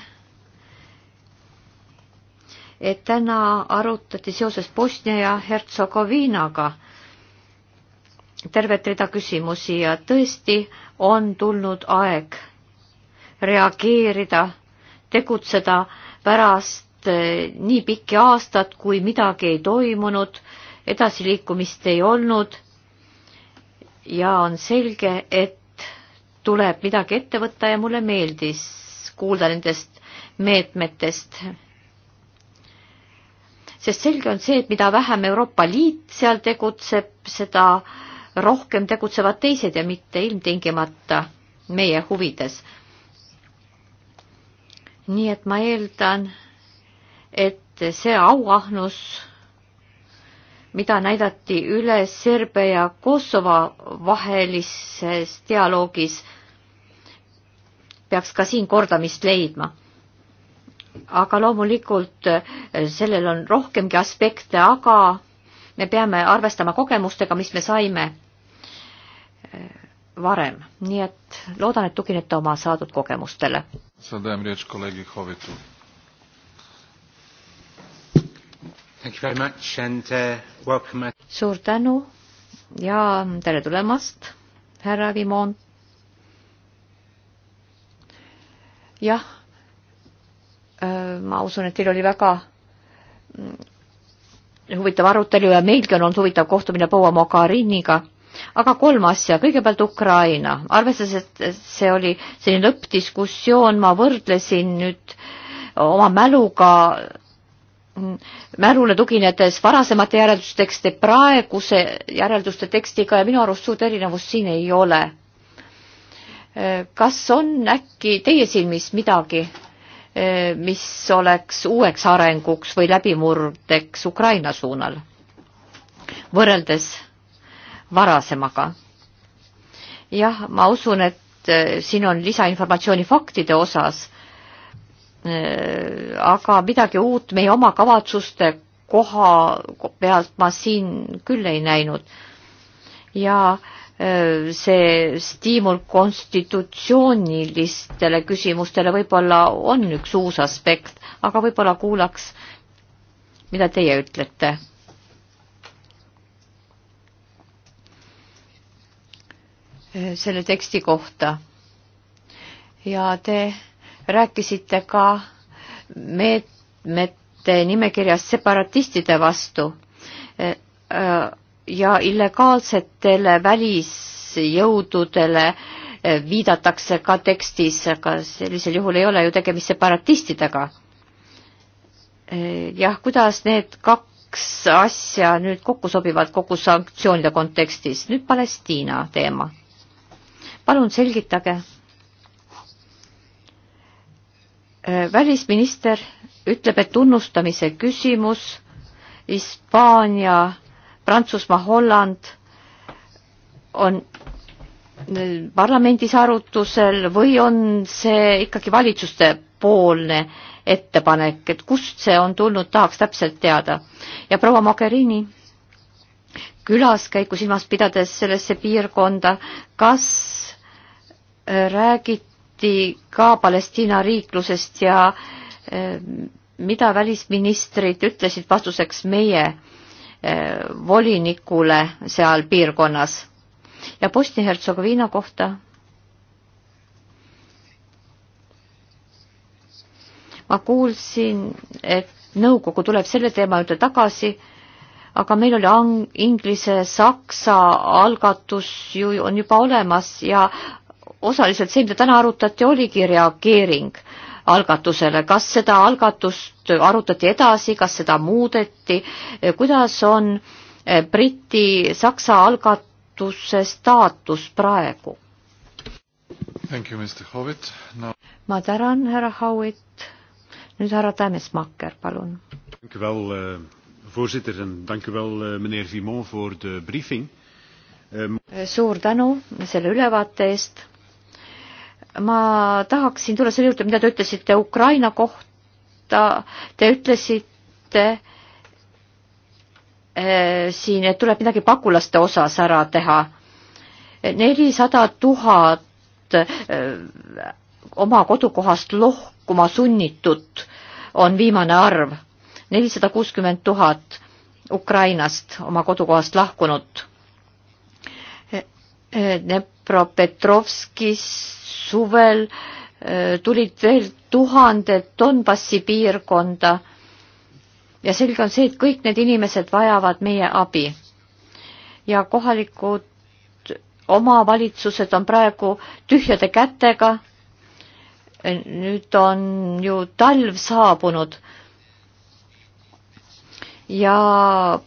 et täna arutati seoses Bosnia ja Hertsegoviinaga tervet rida küsimusi ja tõesti on tulnud aeg reageerida, tegutseda pärast eh, nii pikki aastad, kui midagi ei toimunud, edasiliikumist ei olnud ja on selge, et tuleb midagi ette võtta ja mulle meeldis kuulda nendest meetmetest, sest selge on see, et mida vähem Euroopa Liit seal tegutseb, seda rohkem tegutsevad teised ja mitte ilmtingimata meie huvides. nii et ma eeldan, et see auahnus, mida näidati üles Serbia ja Kosovo vahelises dialoogis, peaks ka siin kordamist leidma aga loomulikult eh, sellel on rohkemgi aspekte, aga me peame arvestama kogemustega, mis me saime eh, varem, nii et loodan, et tuginete oma saadud kogemustele. Uh, suur tänu ja tere tulemast, härra Vimon. jah Äh, ma usun, et teil oli väga mm, huvitav arutelu ja meilgi on olnud huvitav kohtumine proua Mokariniga. aga kolm asja, kõigepealt Ukraina, arvestades, et see oli selline lõppdiskussioon, ma võrdlesin nüüd oma mäluga mm, mälule tuginedes varasemate järelduste teksti praeguse järelduste tekstiga ja minu arust suurt erinevust siin ei ole. Äh, kas on äkki teie silmis midagi? Eh, mis oleks uueks arenguks või läbimurdeks Ukraina suunal võrreldes varasemaga. jah, ma usun, et eh, siin on lisainformatsiooni faktide osas, eh, aga midagi uut meie oma kavatsuste koha pealt ma siin küll ei näinud. ja äh, Äh, see stiimul konstitutsioonilistele küsimustele võib-olla on üks uus aspekt, aga võib-olla kuulaks, mida teie ütlete. Äh, selle teksti kohta. ja te rääkisite ka meetmete nimekirjast separatistide vastu äh, ja illegaalsetele välisjõududele eh, viidatakse ka tekstis, aga sellisel juhul ei ole ju tegemist separatistidega. Eh, jah, kuidas need kaks asja nüüd kokku sobivad kogu sanktsioonide kontekstis? nüüd Palestiina teema. palun selgitage. Eh, välisminister ütleb, et tunnustamise küsimus Hispaania Prantsusmaa, Holland on äh, parlamendis arutusel või on see ikkagi valitsuste poolne ettepanek, et kust see on tulnud, tahaks täpselt teada. ja proua Mogherini, külaskäiku silmas pidades sellesse piirkonda, kas äh, räägiti ka Palestiina riiklusest ja äh, mida välisministrid ütlesid vastuseks meie äh, Eh, volinikule seal piirkonnas. ja Bosnia-Hertsegoviina kohta ma kuulsin, et nõukogu tuleb selle teema juurde tagasi, aga meil oli ang-, inglise-saksa algatus ju on juba olemas ja osaliselt see, mida täna arutati, oligi reageering äh, algatusele, kas seda algatust arutati edasi, kas seda muudeti, kuidas on eh, Briti-Saksa algatuse staatus praegu? No. ma tänan, härra Howitt. nüüd härra Tämmesmakker, palun. Eh, voorzitter, en dank u wel, uh, meneer Vimon, voor de briefing. Uh, suur tänu selle ülevaate eest ma tahaksin tulla selle juurde, mida te ütlesite Ukraina kohta. Te ütlesite äh, siin, et tuleb midagi pagulaste osas ära teha. nelisada tuhat äh, oma kodukohast lohkuma sunnitut on viimane arv. nelisada kuuskümmend tuhat Ukrainast oma kodukohast lahkunut Äh, Dnepropetrovskis suvel äh, tulid veel tuhanded Donbassi piirkonda ja selge on see, et kõik need inimesed vajavad meie abi. ja kohalikud omavalitsused on praegu tühjade kätega. Äh, nüüd on ju talv saabunud ja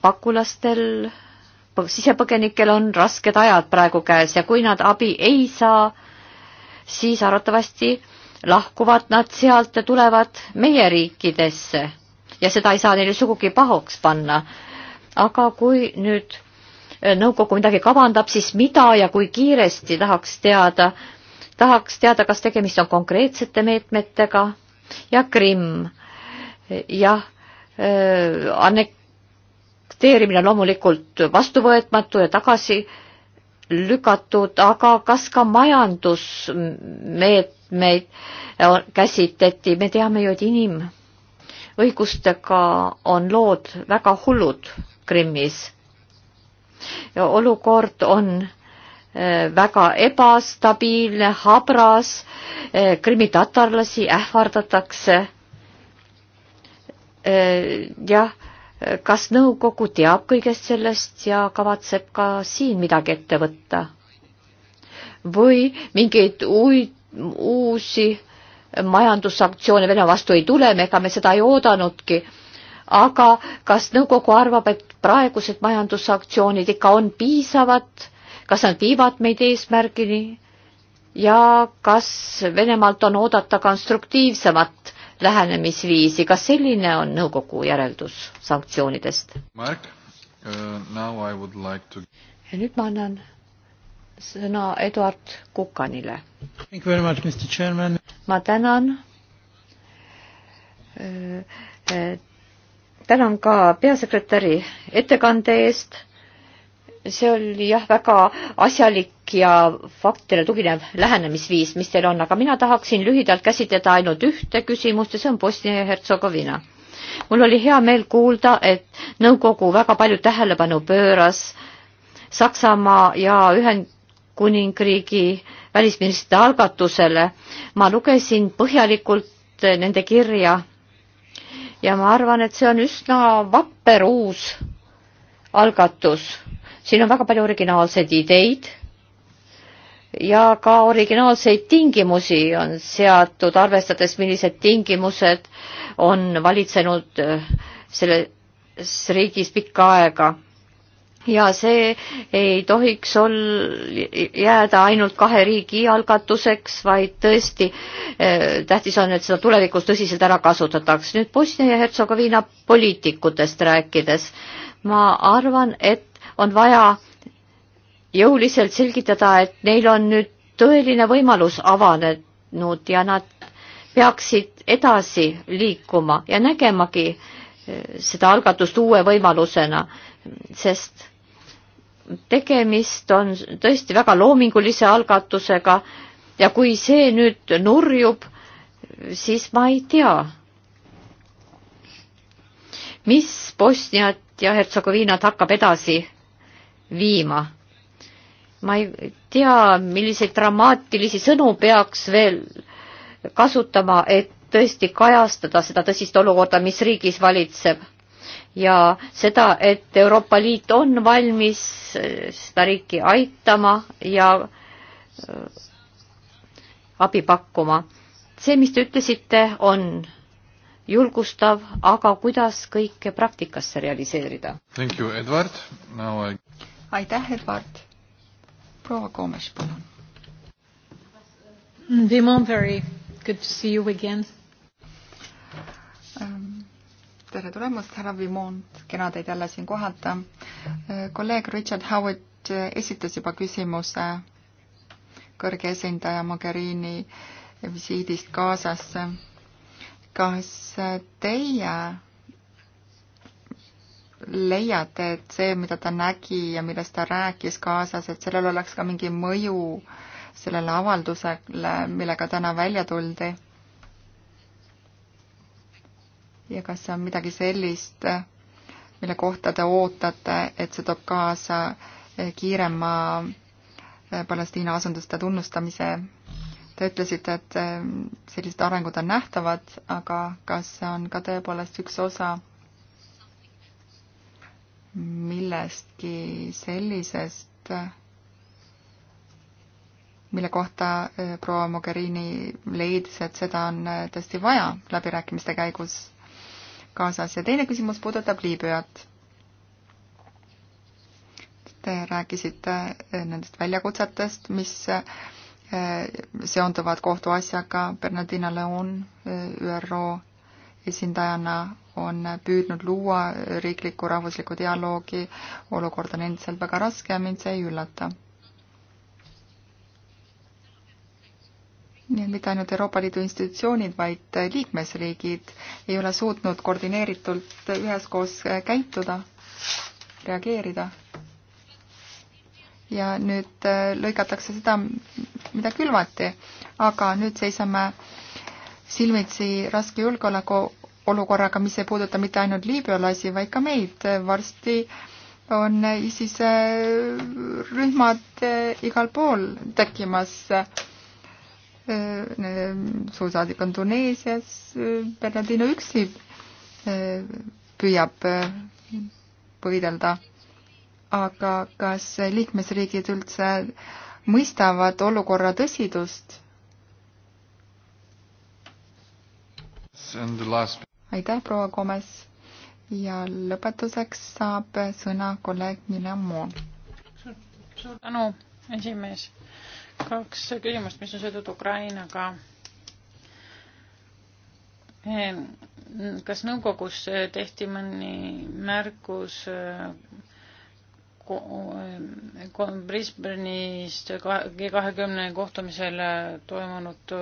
pagulastel sisepõgenikel on rasked ajad praegu käes ja kui nad abi ei saa, siis arvatavasti lahkuvad nad sealt ja tulevad meie riikidesse ja seda ei saa neile sugugi pahuks panna. aga kui nüüd eh, nõukogu midagi kavandab, siis mida ja kui kiiresti tahaks teada, tahaks teada, kas tegemist on konkreetsete meetmetega ja Krimm. jah, eh, Annek investeerimine loomulikult vastuvõetmatu ja tagasi lükatud, aga kas ka majandusmeetmeid äh, käsitleti, me teame ju, et inimõigustega on lood väga hullud Krimmis. ja olukord on äh, väga ebastabiilne, habras, äh, krimmitatarlasi ähvardatakse. jah kas nõukogu teab kõigest sellest ja kavatseb ka siin midagi ette võtta? või mingeid uusi majandussanktsioone Venemaa vastu ei tule, ega me seda ei oodanudki. aga kas nõukogu arvab, et praegused majandussanktsioonid ikka on piisavad, kas nad viivad meid eesmärgini ja kas Venemaalt on oodata konstruktiivsemat lähenemisviisi, kas selline on nõukogu järeldus sanktsioonidest? Mark uh,, now I would like to ja nüüd ma annan sõna Eduard Kukanile. ma tänan uh, tänan ka peasekretäri ettekande eest see oli jah, väga asjalik ja faktidele tuginev lähenemisviis, mis teil on, aga mina tahaksin lühidalt käsitleda ainult ühte küsimust ja see on Bosnia ja Hertsegoviina. mul oli hea meel kuulda, et nõukogu väga palju tähelepanu pööras Saksamaa ja Ühendkuningriigi välisministrite algatusele. ma lugesin põhjalikult nende kirja ja ma arvan, et see on üsna vapper uus algatus siin on väga palju originaalseid ideid ja ka originaalseid tingimusi on seatud, arvestades, millised tingimused on valitsenud äh, selles riigis pikka aega. ja see ei tohiks ol-, jääda ainult kahe riigi algatuseks, vaid tõesti äh, tähtis on, et seda tulevikus tõsiselt ära kasutataks. nüüd Bosnia ja Hertsegoviina poliitikutest rääkides, ma arvan, et on vaja jõuliselt selgitada, et neil on nüüd tõeline võimalus avanenud ja nad peaksid edasi liikuma ja nägemagi eh, seda algatust uue võimalusena, sest tegemist on tõesti väga loomingulise algatusega ja kui see nüüd nurjub, siis ma ei tea, mis Bosniat ja Hertsegoviinat hakkab edasi viima. ma ei tea, milliseid dramaatilisi sõnu peaks veel kasutama, et tõesti kajastada seda tõsist olukorda, mis riigis valitseb ja seda, et Euroopa Liit on valmis äh, seda riiki aitama ja äh, abi pakkuma. see, mis te ütlesite, on julgustav, aga kuidas kõike praktikasse realiseerida? I aitäh, Edward. proua Koomes, palun. Vimo, very good to see you again. Ähm, tere tulemast, härra Vimon, kena teid jälle siin kohata. Äh, kolleeg Richard Howard äh, esitas juba küsimuse kõrge esindaja Mogherini visiidist Gazasse. kas äh, teie leiate, et see, mida ta nägi ja millest ta rääkis kaasas, et sellel oleks ka mingi mõju sellele avaldusele, millega täna välja tuldi? ja kas see on midagi sellist, mille kohta te ootate, et see toob kaasa kiirema eh, Palestiina asunduste tunnustamise? Te ütlesite, et eh, sellised arengud on nähtavad, aga kas see on ka tõepoolest üks osa millestki sellisest, mille kohta äh, proua Mogherini leidis, et seda on äh, tõesti vaja läbirääkimiste käigus kaasas. ja teine küsimus puudutab Liibüat. Te rääkisite äh, nendest väljakutsetest, mis seonduvad kohtuasjaga Bernardina Leon, ÜRO esindajana on püüdnud luua riikliku rahvusliku dialoogi, olukord on endiselt väga raske ja mind see ei üllata. nii et mitte ainult Euroopa Liidu institutsioonid, vaid liikmesriigid ei ole suutnud koordineeritult üheskoos käituda, reageerida. ja nüüd lõigatakse seda, mida külvati, aga nüüd seisame äh, silmitsi raske julgeolekuolukorraga, mis ei puuduta mitte ainult liibüalasi, vaid ka meid. varsti on ISISe rühmad eh, igal pool tekkimas. Eh, eh, suursaadik on Tuneesias, Bernardino üksi püüab võidelda. aga kas liikmesriigid üldse mõistavad olukorra tõsidust? last... aitäh, proua Gomes ja lõpetuseks saab sõna kolleeg Mille Moon. suur tänu, esimees. kaks küsimust, mis on seotud Ukrainaga ehm, kas nõukogus tehti mõni märkus eh, eh, Brisbane'ist G kahekümne kohtumisel eh, toimunud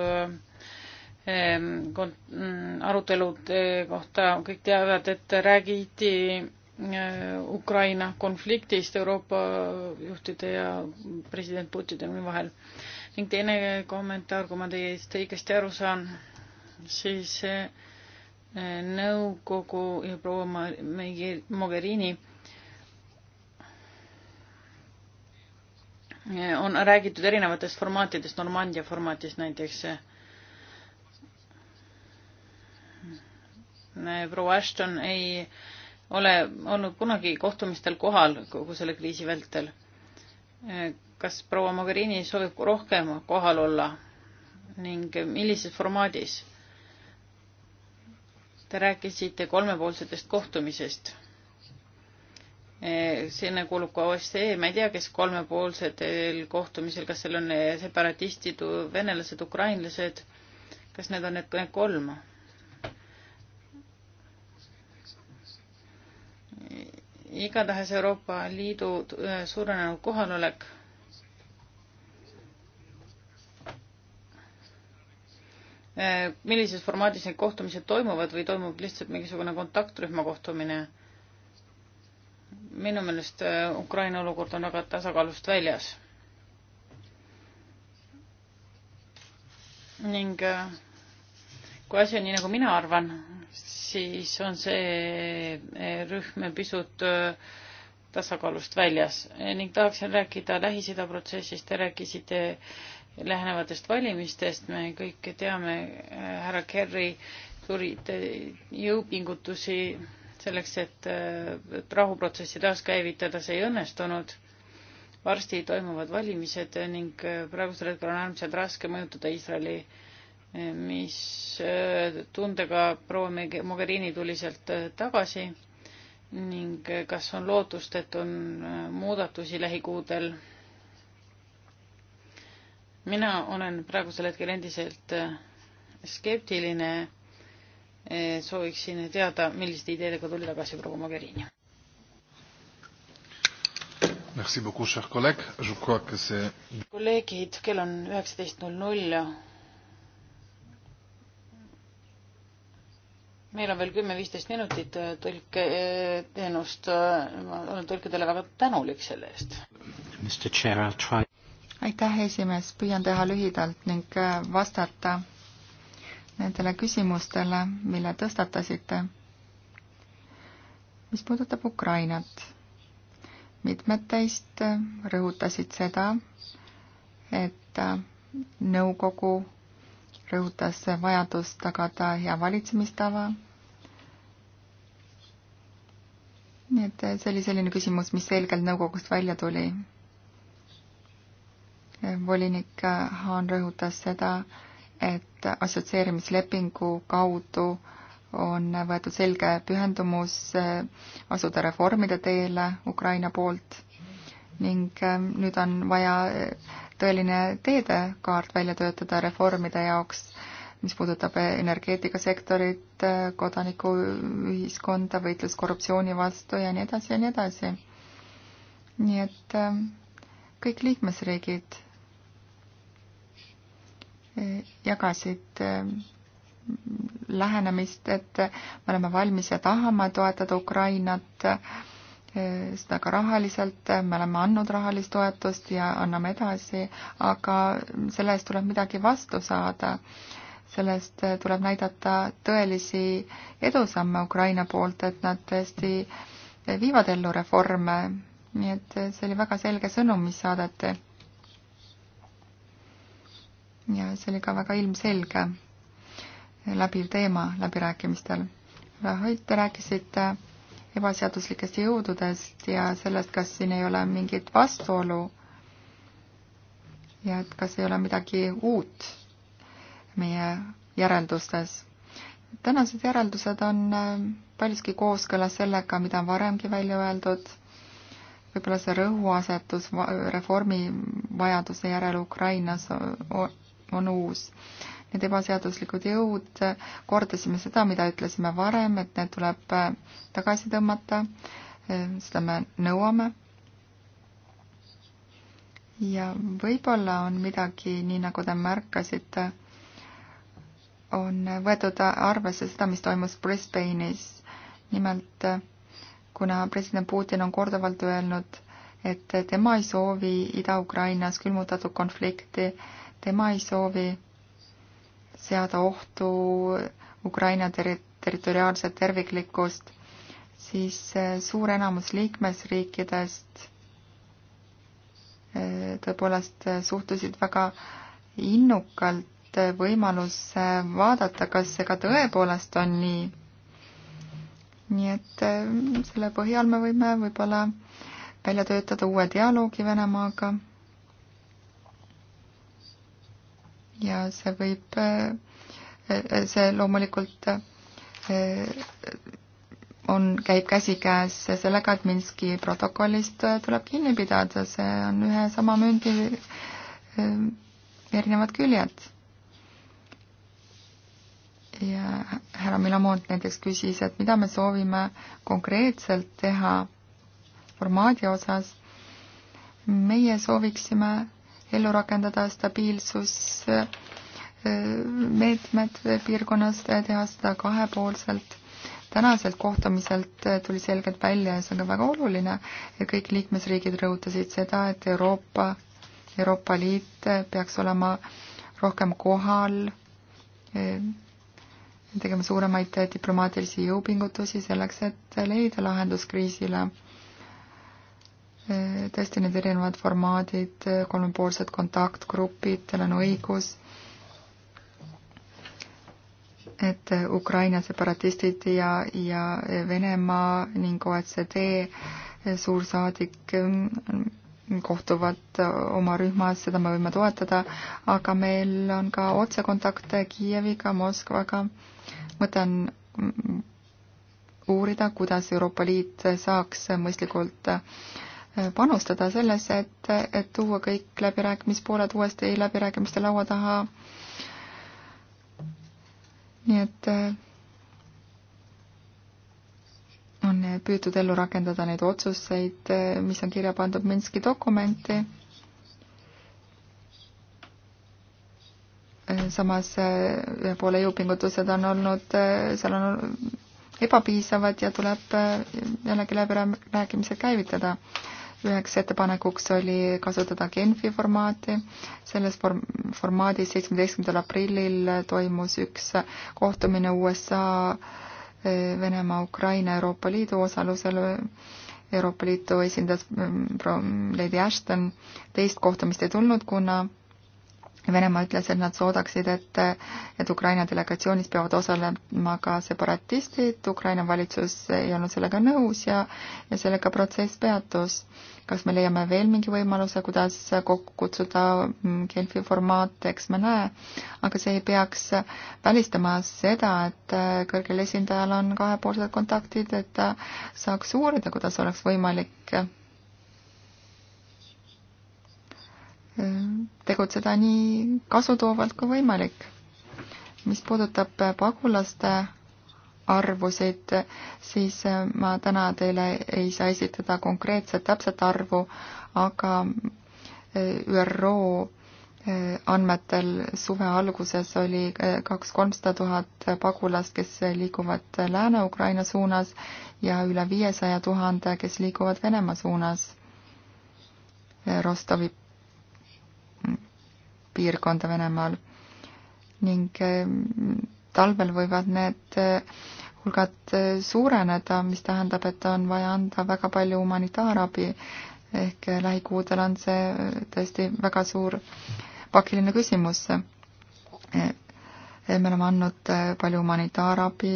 Ehm, mm, arutelude eh, kohta kõik teavad, et räägiti eh, Ukraina konfliktist Euroopa juhtide ja president Putini vahel. ning teine kommentaar, kui ma teist õigesti aru saan, siis eh, nõukogu ja proua Mogherini on räägitud erinevatest formaatidest, Normandia formaatist näiteks proua Ashton ei ole olnud kunagi kohtumistel kohal kogu selle kriisi vältel. Eh, kas proua Mogherini soovib rohkem kohal olla ning millises formaadis? Te rääkisite kolmepoolsetest kohtumisest. Eh, sinna kuulub ka OSCE, ma ei tea, kes kolmepoolsetel kohtumisel, kas seal on separatistid, venelased, ukrainlased, kas need on need, need kolm? igatahes Euroopa Liidu äh, suurenenud kohalolek äh, millises formaadis need kohtumised toimuvad või toimub lihtsalt mingisugune kontaktrühma kohtumine? minu meelest äh, Ukraina olukord on väga tasakaalust väljas. ning kui asi on nii, nagu mina arvan, siis on see eh, rühm pisut eh, tasakaalust väljas ning tahaksin rääkida Lähis-Ida protsessist, te rääkisite lähenevatest valimistest, me kõik teame, eh, härra Kerry tuli jõupingutusi selleks, et rahuprotsessi taaskäivitada, see ei õnnestunud. varsti toimuvad valimised ning praegusel hetkel on äärmiselt raske mõjutada Iisraeli mis äh, tundega proua Mogherini tuli sealt äh, tagasi ning äh, kas on lootust, et on muudatusi lähikuudel? mina olen praegusel hetkel endiselt skeptiline. sooviksin teada, milliste ideedega tuli tagasi proua Mogherini. kolleegid, kell on üheksateist null null meil on veel kümme-viisteist minutit äh, tõlketeenust, äh, äh, ma olen tõlkidele väga tänulik selle eest. aitäh, esimees, püüan teha lühidalt ning vastata nendele küsimustele, mille tõstatasite. mis puudutab Ukrainat, mitmed teist rõhutasid seda, et nõukogu rõhutas vajadust tagada hea valitsemistava. nii et see oli selline küsimus, mis selgelt nõukogust välja tuli. volinik Haan rõhutas seda, et assotsieerimislepingu kaudu on võetud selge pühendumus asuda reformide teele Ukraina poolt ning nüüd on vaja tõeline teedekaart välja töötada reformide jaoks, mis puudutab energeetikasektorit, kodanikuühiskonda, võitlust korruptsiooni vastu ja nii edasi ja nii edasi. nii et äh, kõik liikmesriigid äh, jagasid äh, lähenemist, et me oleme valmis ja tahame toetada Ukrainat Eh, seda ka rahaliselt, eh, me oleme andnud rahalist toetust ja anname edasi, aga selle eest tuleb midagi vastu saada. sellest eh, tuleb näidata tõelisi edusamme Ukraina poolt, et nad tõesti viivad ellu reforme. nii et see oli väga selge sõnum, mis saadeti. ja see oli ka väga ilmselge läbiv teema läbirääkimistel. Rahait, te rääkisite ebaseaduslikest jõududest ja sellest, kas siin ei ole mingit vastuolu ja et kas ei ole midagi uut meie järeldustes. tänased järeldused on äh, paljuski kooskõlas sellega, mida on varemgi välja öeldud, võib-olla see rõhuasetus reformi vajaduse järele Ukrainas on uus need ebaseaduslikud jõud, kordasime seda, mida ütlesime varem, et need tuleb äh, tagasi tõmmata, äh, seda me nõuame. ja võib-olla on midagi, nii nagu te märkasite, on võetud arvesse seda, mis toimus Brisbane'is. nimelt, kuna president Putin on korduvalt öelnud, et tema ei soovi Ida-Ukrainas külmutatud konflikti, tema ei soovi seada ohtu Ukraina terri-, territoriaalset terviklikkust, siis äh, suur enamus liikmesriikidest äh, tõepoolest äh, suhtusid väga innukalt võimalusse vaadata, kas see ka tõepoolest on nii. nii et selle põhjal me võime võib-olla välja töötada uue dialoogi Venemaaga ja see võib, eh, eh, see loomulikult eh, on, käib käsikäes sellega, et Minski protokollist tuleb kinni pidada, see on ühe sama mündi erinevad küljed. ja härra Milamont näiteks küsis, et mida me soovime konkreetselt teha formaadi osas. meie sooviksime ellu rakendada stabiilsusmeetmed äh, piirkonnas, teha seda kahepoolselt. tänaselt kohtumiselt äh, tuli selgelt välja ja see on ka väga oluline, et kõik liikmesriigid rõhutasid seda, et Euroopa, Euroopa Liit äh, peaks olema rohkem kohal tegema suuremaid diplomaatilisi jõupingutusi selleks, et leida lahendus kriisile Eh, tõesti need erinevad formaadid, eh, kolmepoolsed kontaktgrupid, teil on õigus, et eh, Ukraina separatistid ja, ja Venemaa ning OECD suursaadik mm, kohtuvad oma rühmas, seda me võime toetada, aga meil on ka otsekontakte Kiieviga, Moskvaga. mõte on mm, uurida, kuidas Euroopa Liit saaks mõistlikult äh, panustada sellesse, et, et tuua kõik läbirääkimispooled uuesti läbirääkimiste laua taha. nii et äh, on püütud ellu rakendada neid otsuseid, äh, mis on kirja pandud Minski dokumenti. Äh, samas ühe poole jõupingutused on olnud, seal on ebapiisavad ja tuleb jällegi läbirääkimised käivitada üheks ettepanekuks oli kasutada Genfi formaati. selles form-, formaadis seitsmeteistkümnendal aprillil toimus üks kohtumine USA, eh, Venemaa, Ukraina, Euroopa Liidu osalusel. Euroopa Liitu esindas mm, Lady Ashton, teist kohtumist ei tulnud, kuna Venemaa ütles, et nad soodaksid, et, et Ukraina delegatsioonis peavad osalema ka separatistid, Ukraina valitsus ei olnud sellega nõus ja, ja sellega protsess peatus. kas me leiame veel mingi võimaluse, kuidas kokku kutsuda mm, Genfi formaat, eks me näe, aga see ei peaks välistama seda, et äh, kõrgel esindajal on kahepoolsed kontaktid, et ta saaks uurida, kuidas oleks võimalik tegutseda nii kasutoovalt kui võimalik. mis puudutab pagulaste arvusid, siis äh, ma täna teile ei saa esitada konkreetset täpset arvu, aga äh, ÜRO äh, andmetel suve alguses oli kaks-kolmsada tuhat pagulast, kes liiguvad Lääne-Ukraina suunas ja üle viiesaja tuhande, kes liiguvad Venemaa suunas Rostovi piirkonda Venemaal ning eh, talvel võivad need eh, hulgad eh, suureneda, mis tähendab, et on vaja anda väga palju humanitaarabi ehk lähikuudel on see tõesti väga suur pakiline küsimus. me oleme andnud palju humanitaarabi,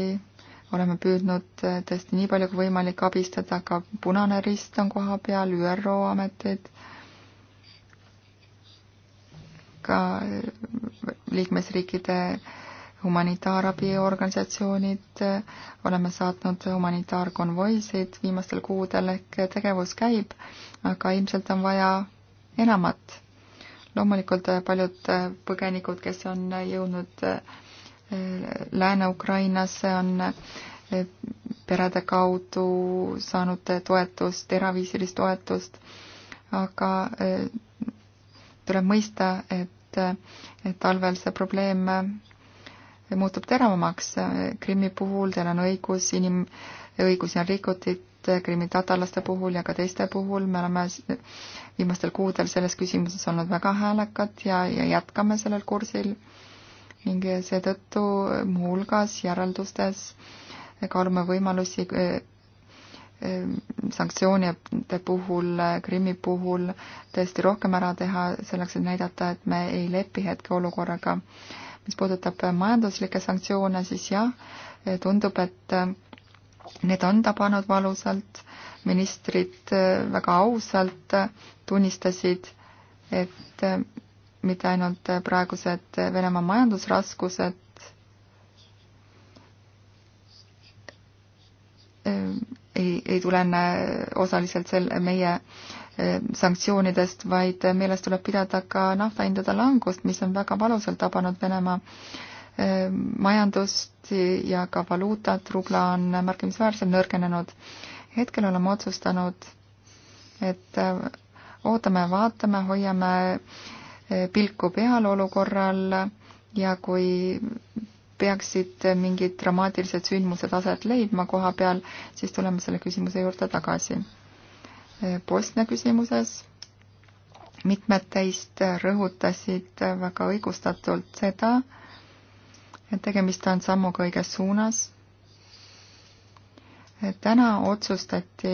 oleme püüdnud tõesti nii palju kui võimalik abistada, ka Punane Rist on kohapeal, ÜRO ametid ka liikmesriikide humanitaarabiorganisatsioonid, oleme saatnud humanitaarkonvoisid viimastel kuudel ehk tegevus käib, aga ilmselt on vaja enamat. loomulikult paljud põgenikud, kes on jõudnud eh, Lääne-Ukrainasse, on eh, perede kaudu saanud toetust, eraviisilist toetust, aga eh, tuleb mõista, et, et talvel see probleem äh, muutub teravamaks. Krimmi puhul teil on õigus, inimõigusi on rikutud, äh, Krimmi tatarlaste puhul ja ka teiste puhul me oleme viimastel kuudel selles küsimuses olnud väga häälekad ja, ja jätkame sellel kursil ning seetõttu äh, muuhulgas järeldustes kaalume võimalusi Ehm, sanktsioonide puhul, Krimmi puhul tõesti rohkem ära teha, selleks et näidata, et me ei lepi hetkeolukorraga. mis puudutab majanduslikke sanktsioone, siis jah, tundub, et need on tabanud valusalt, ministrid väga ausalt tunnistasid, et mitte ainult praegused Venemaa majandusraskused, ei, ei tulene osaliselt sel-, meie eh, sanktsioonidest, vaid meeles tuleb pidada ka naftahindade langust, mis on väga valusalt tabanud Venemaa eh, majandust ja ka valuutat, rubla on märkimisväärselt nõrgenenud. hetkel oleme otsustanud, et eh, ootame, vaatame, hoiame pilku peal olukorral ja kui peaksid mingid dramaatilised sündmused aset leidma koha peal, siis tuleme selle küsimuse juurde tagasi. Bosnia küsimuses mitmed teist rõhutasid väga õigustatult seda, et tegemist on sammuga õiges suunas. täna otsustati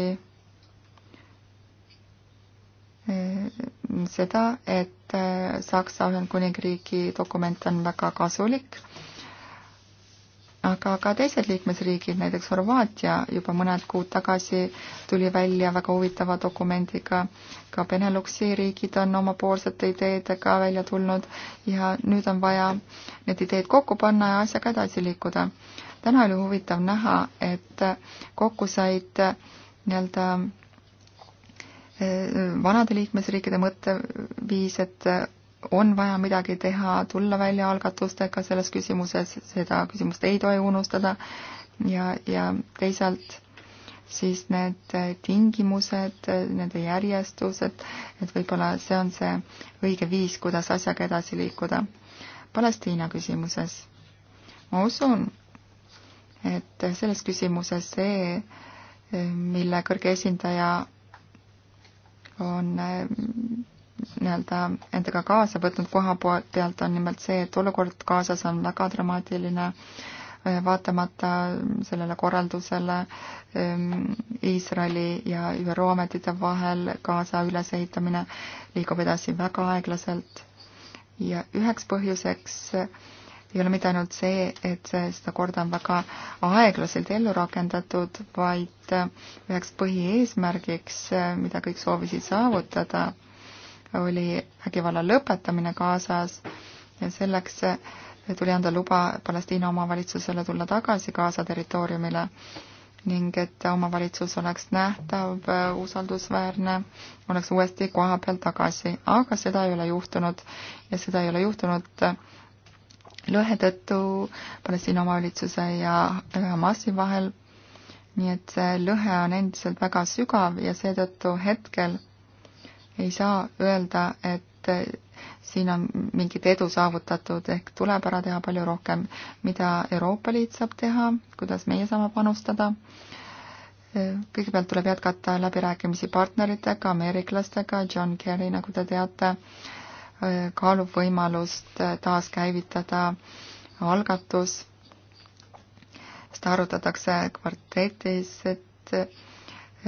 e, seda, et Saksa Ühendkuningriigi dokument on väga kasulik aga ka teised liikmesriigid, näiteks Horvaatia juba mõned kuud tagasi tuli välja väga huvitava dokumendiga, ka Beneluxi riigid on omapoolsete ideedega välja tulnud ja nüüd on vaja need ideed kokku panna ja asjaga edasi liikuda. täna oli huvitav näha, et kokku said nii-öelda eh, vanade liikmesriikide mõtteviis, et on vaja midagi teha, tulla välja algatustega selles küsimuses, seda küsimust ei tohi unustada ja, ja teisalt siis need tingimused, nende järjestused, et võib-olla see on see õige viis, kuidas asjaga edasi liikuda. Palestiina küsimuses ma usun, et selles küsimuses see, mille kõrge esindaja on nii-öelda endaga kaasa võtnud koha pealt on nimelt see, et olukord Gazas on väga dramaatiline, äh, vaatamata sellele korraldusele ähm, Iisraeli ja ÜRO ametite vahel Gaza ülesehitamine liigub edasi väga aeglaselt ja üheks põhjuseks äh, ei ole mitte ainult see, et seda korda on väga aeglaselt ellu rakendatud, vaid äh, üheks põhieesmärgiks, mida kõik soovisid saavutada, oli vägivalla lõpetamine Gazas ja selleks tuli anda luba Palestiina omavalitsusele tulla tagasi Gaza territooriumile ning et omavalitsus oleks nähtav, usaldusväärne, oleks uuesti koha peal tagasi, aga seda ei ole juhtunud ja seda ei ole juhtunud lõhe tõttu Palestiina omavalitsuse ja Hamasi vahel. nii et see lõhe on endiselt väga sügav ja seetõttu hetkel ei saa öelda, et eh, siin on mingit edu saavutatud, ehk tuleb ära teha palju rohkem, mida Euroopa Liit saab teha, kuidas meie saame panustada. Eh, kõigepealt tuleb jätkata läbirääkimisi partneritega, ameeriklastega, John Kerry, nagu te teate, eh, kaalub võimalust taaskäivitada algatus, seda arutatakse kvartetis, et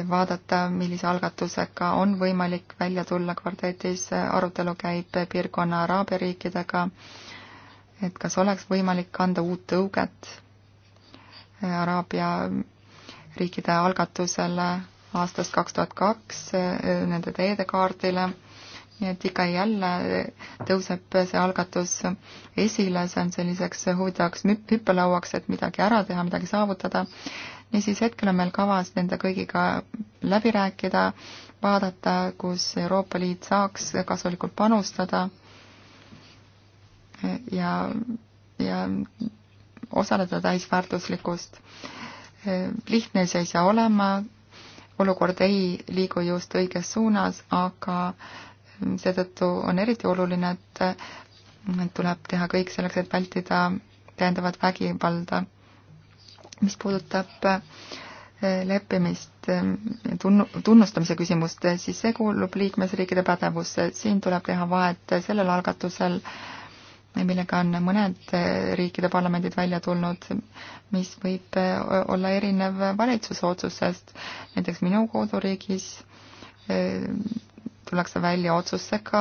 vaadata, millise algatusega on võimalik välja tulla kvartetis, arutelu käib piirkonna araabia riikidega, et kas oleks võimalik anda uut tõuget eh, araabia riikide algatusele aastast kaks tuhat kaks, eh, nende teedekaardile, nii et ikka ja jälle tõuseb see algatus esile, see on selliseks huvitavaks hüppelauaks, et midagi ära teha, midagi saavutada niisiis hetkel on meil kavas nende kõigiga läbi rääkida, vaadata, kus Euroopa Liit saaks kasulikult panustada ja, ja osaleda täisväärtuslikust. lihtne see ei saa olema, olukord ei liigu just õiges suunas, aga seetõttu on eriti oluline, et tuleb teha kõik selleks, et vältida täiendavat vägivalda mis puudutab äh, leppimist, äh, tunnu-, tunnustamise küsimust, siis see kuulub liikmesriikide pädevusse, siin tuleb teha vahet sellel algatusel, millega on mõned äh, riikide parlamendid välja tulnud, mis võib olla erinev valitsuse otsusest. näiteks minu koduriigis tullakse välja otsustega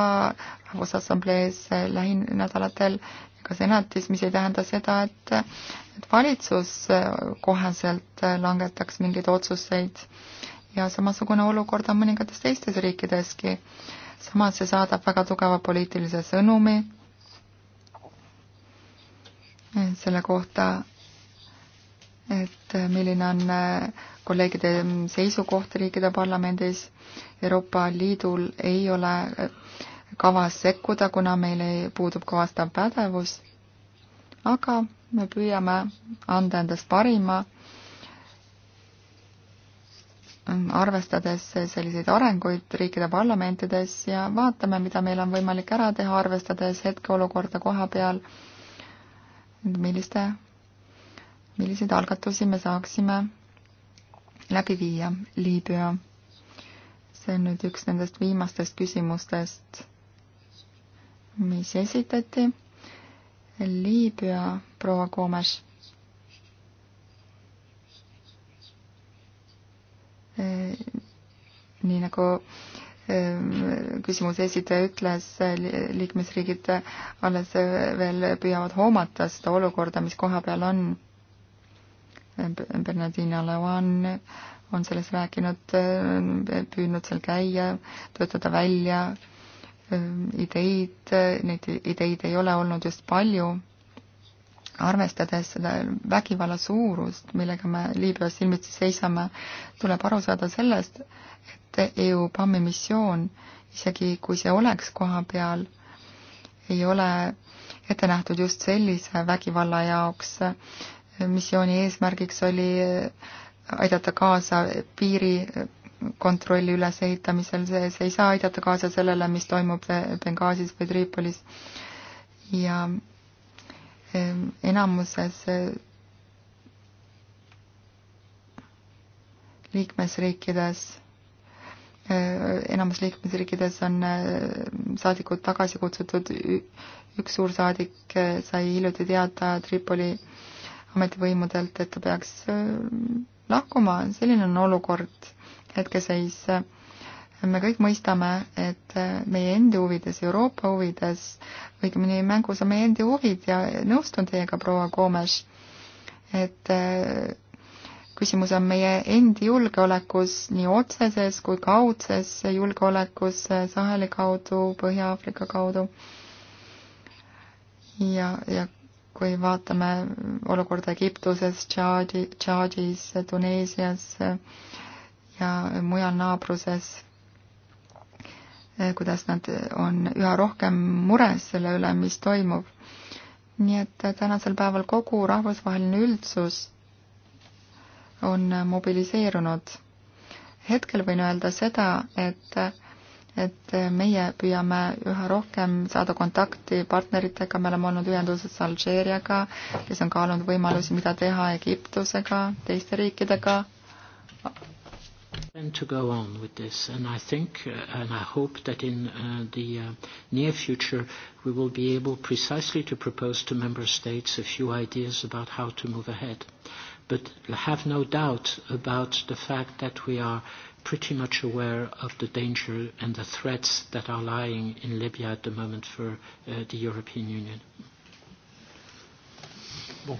Rahvusassamblees lähinädalatel ka senatis, mis ei tähenda seda, et, et valitsus äh, koheselt äh, langetaks mingeid otsuseid. ja samasugune olukord on mõningates teistes riikideski. samas see saadab väga tugeva poliitilise sõnumi äh, selle kohta, et milline on kolleegide mm, seisukoht riikide parlamendis. Euroopa Liidul ei ole kavas sekkuda, kuna meil puudub ka vastav pädevus, aga me püüame anda endast parima, mm, arvestades selliseid arenguid riikide parlamentides ja vaatame, mida meil on võimalik ära teha, arvestades hetkeolukorda koha peal, milliste, milliseid algatusi me saaksime läbi viia Liibüa. see on nüüd üks nendest viimastest küsimustest mis esitati. Liibüa proua Koomes. Äh, nii nagu äh, küsimuse esitaja ütles, äh, liikmesriigid alles veel püüavad hoomata seda olukorda, mis kohapeal on. Bernardina Levan on sellest rääkinud, püüdnud seal käia, töötada välja ideid, neid ideid ei ole olnud just palju, arvestades seda vägivalla suurust, millega me Liibüas silmitsi seisame, tuleb aru saada sellest, et EU PAM-i missioon, isegi kui see oleks koha peal, ei ole ette nähtud just sellise vägivalla jaoks. missiooni eesmärgiks oli aidata kaasa piiri kontrolli ülesehitamisel, see, see ei saa aidata kaasa sellele, mis toimub Benghazis või Tripolis. ja enamuses e, liikmesriikides, e, enamus liikmesriikides on e, saadikud tagasi kutsutud, üks suursaadik sai hiljuti teada Tripoli ametivõimudelt, et ta peaks lahkuma, selline on olukord hetkeseis. me kõik mõistame, et meie endi huvides, Euroopa huvides, õigemini mängus on meie endi huvid ja nõustun teiega, proua Koomes, et äh, küsimus on meie endi julgeolekus, nii otseses kui kaudses julgeolekus äh, Saheli kaudu, Põhja-Aafrika kaudu. ja, ja kui vaatame olukorda Egiptuses, Tšaadi, Tšaadis, Tuneesias, ja mujal naabruses, kuidas nad on üha rohkem mures selle üle, mis toimub. nii et tänasel päeval kogu rahvusvaheline üldsus on mobiliseerunud. hetkel võin öelda seda, et, et meie püüame üha rohkem saada kontakti partneritega, me oleme olnud ühenduses Alžeeriaga, kes on kaalunud võimalusi, mida teha Egiptusega, teiste riikidega, And to go on with this, and I think uh, and I hope that in uh, the uh, near future we will be able precisely to propose to member states a few ideas about how to move ahead. But have no doubt about the fact that we are pretty much aware of the danger and the threats that are lying in Libya at the moment for uh, the European Union. Bon.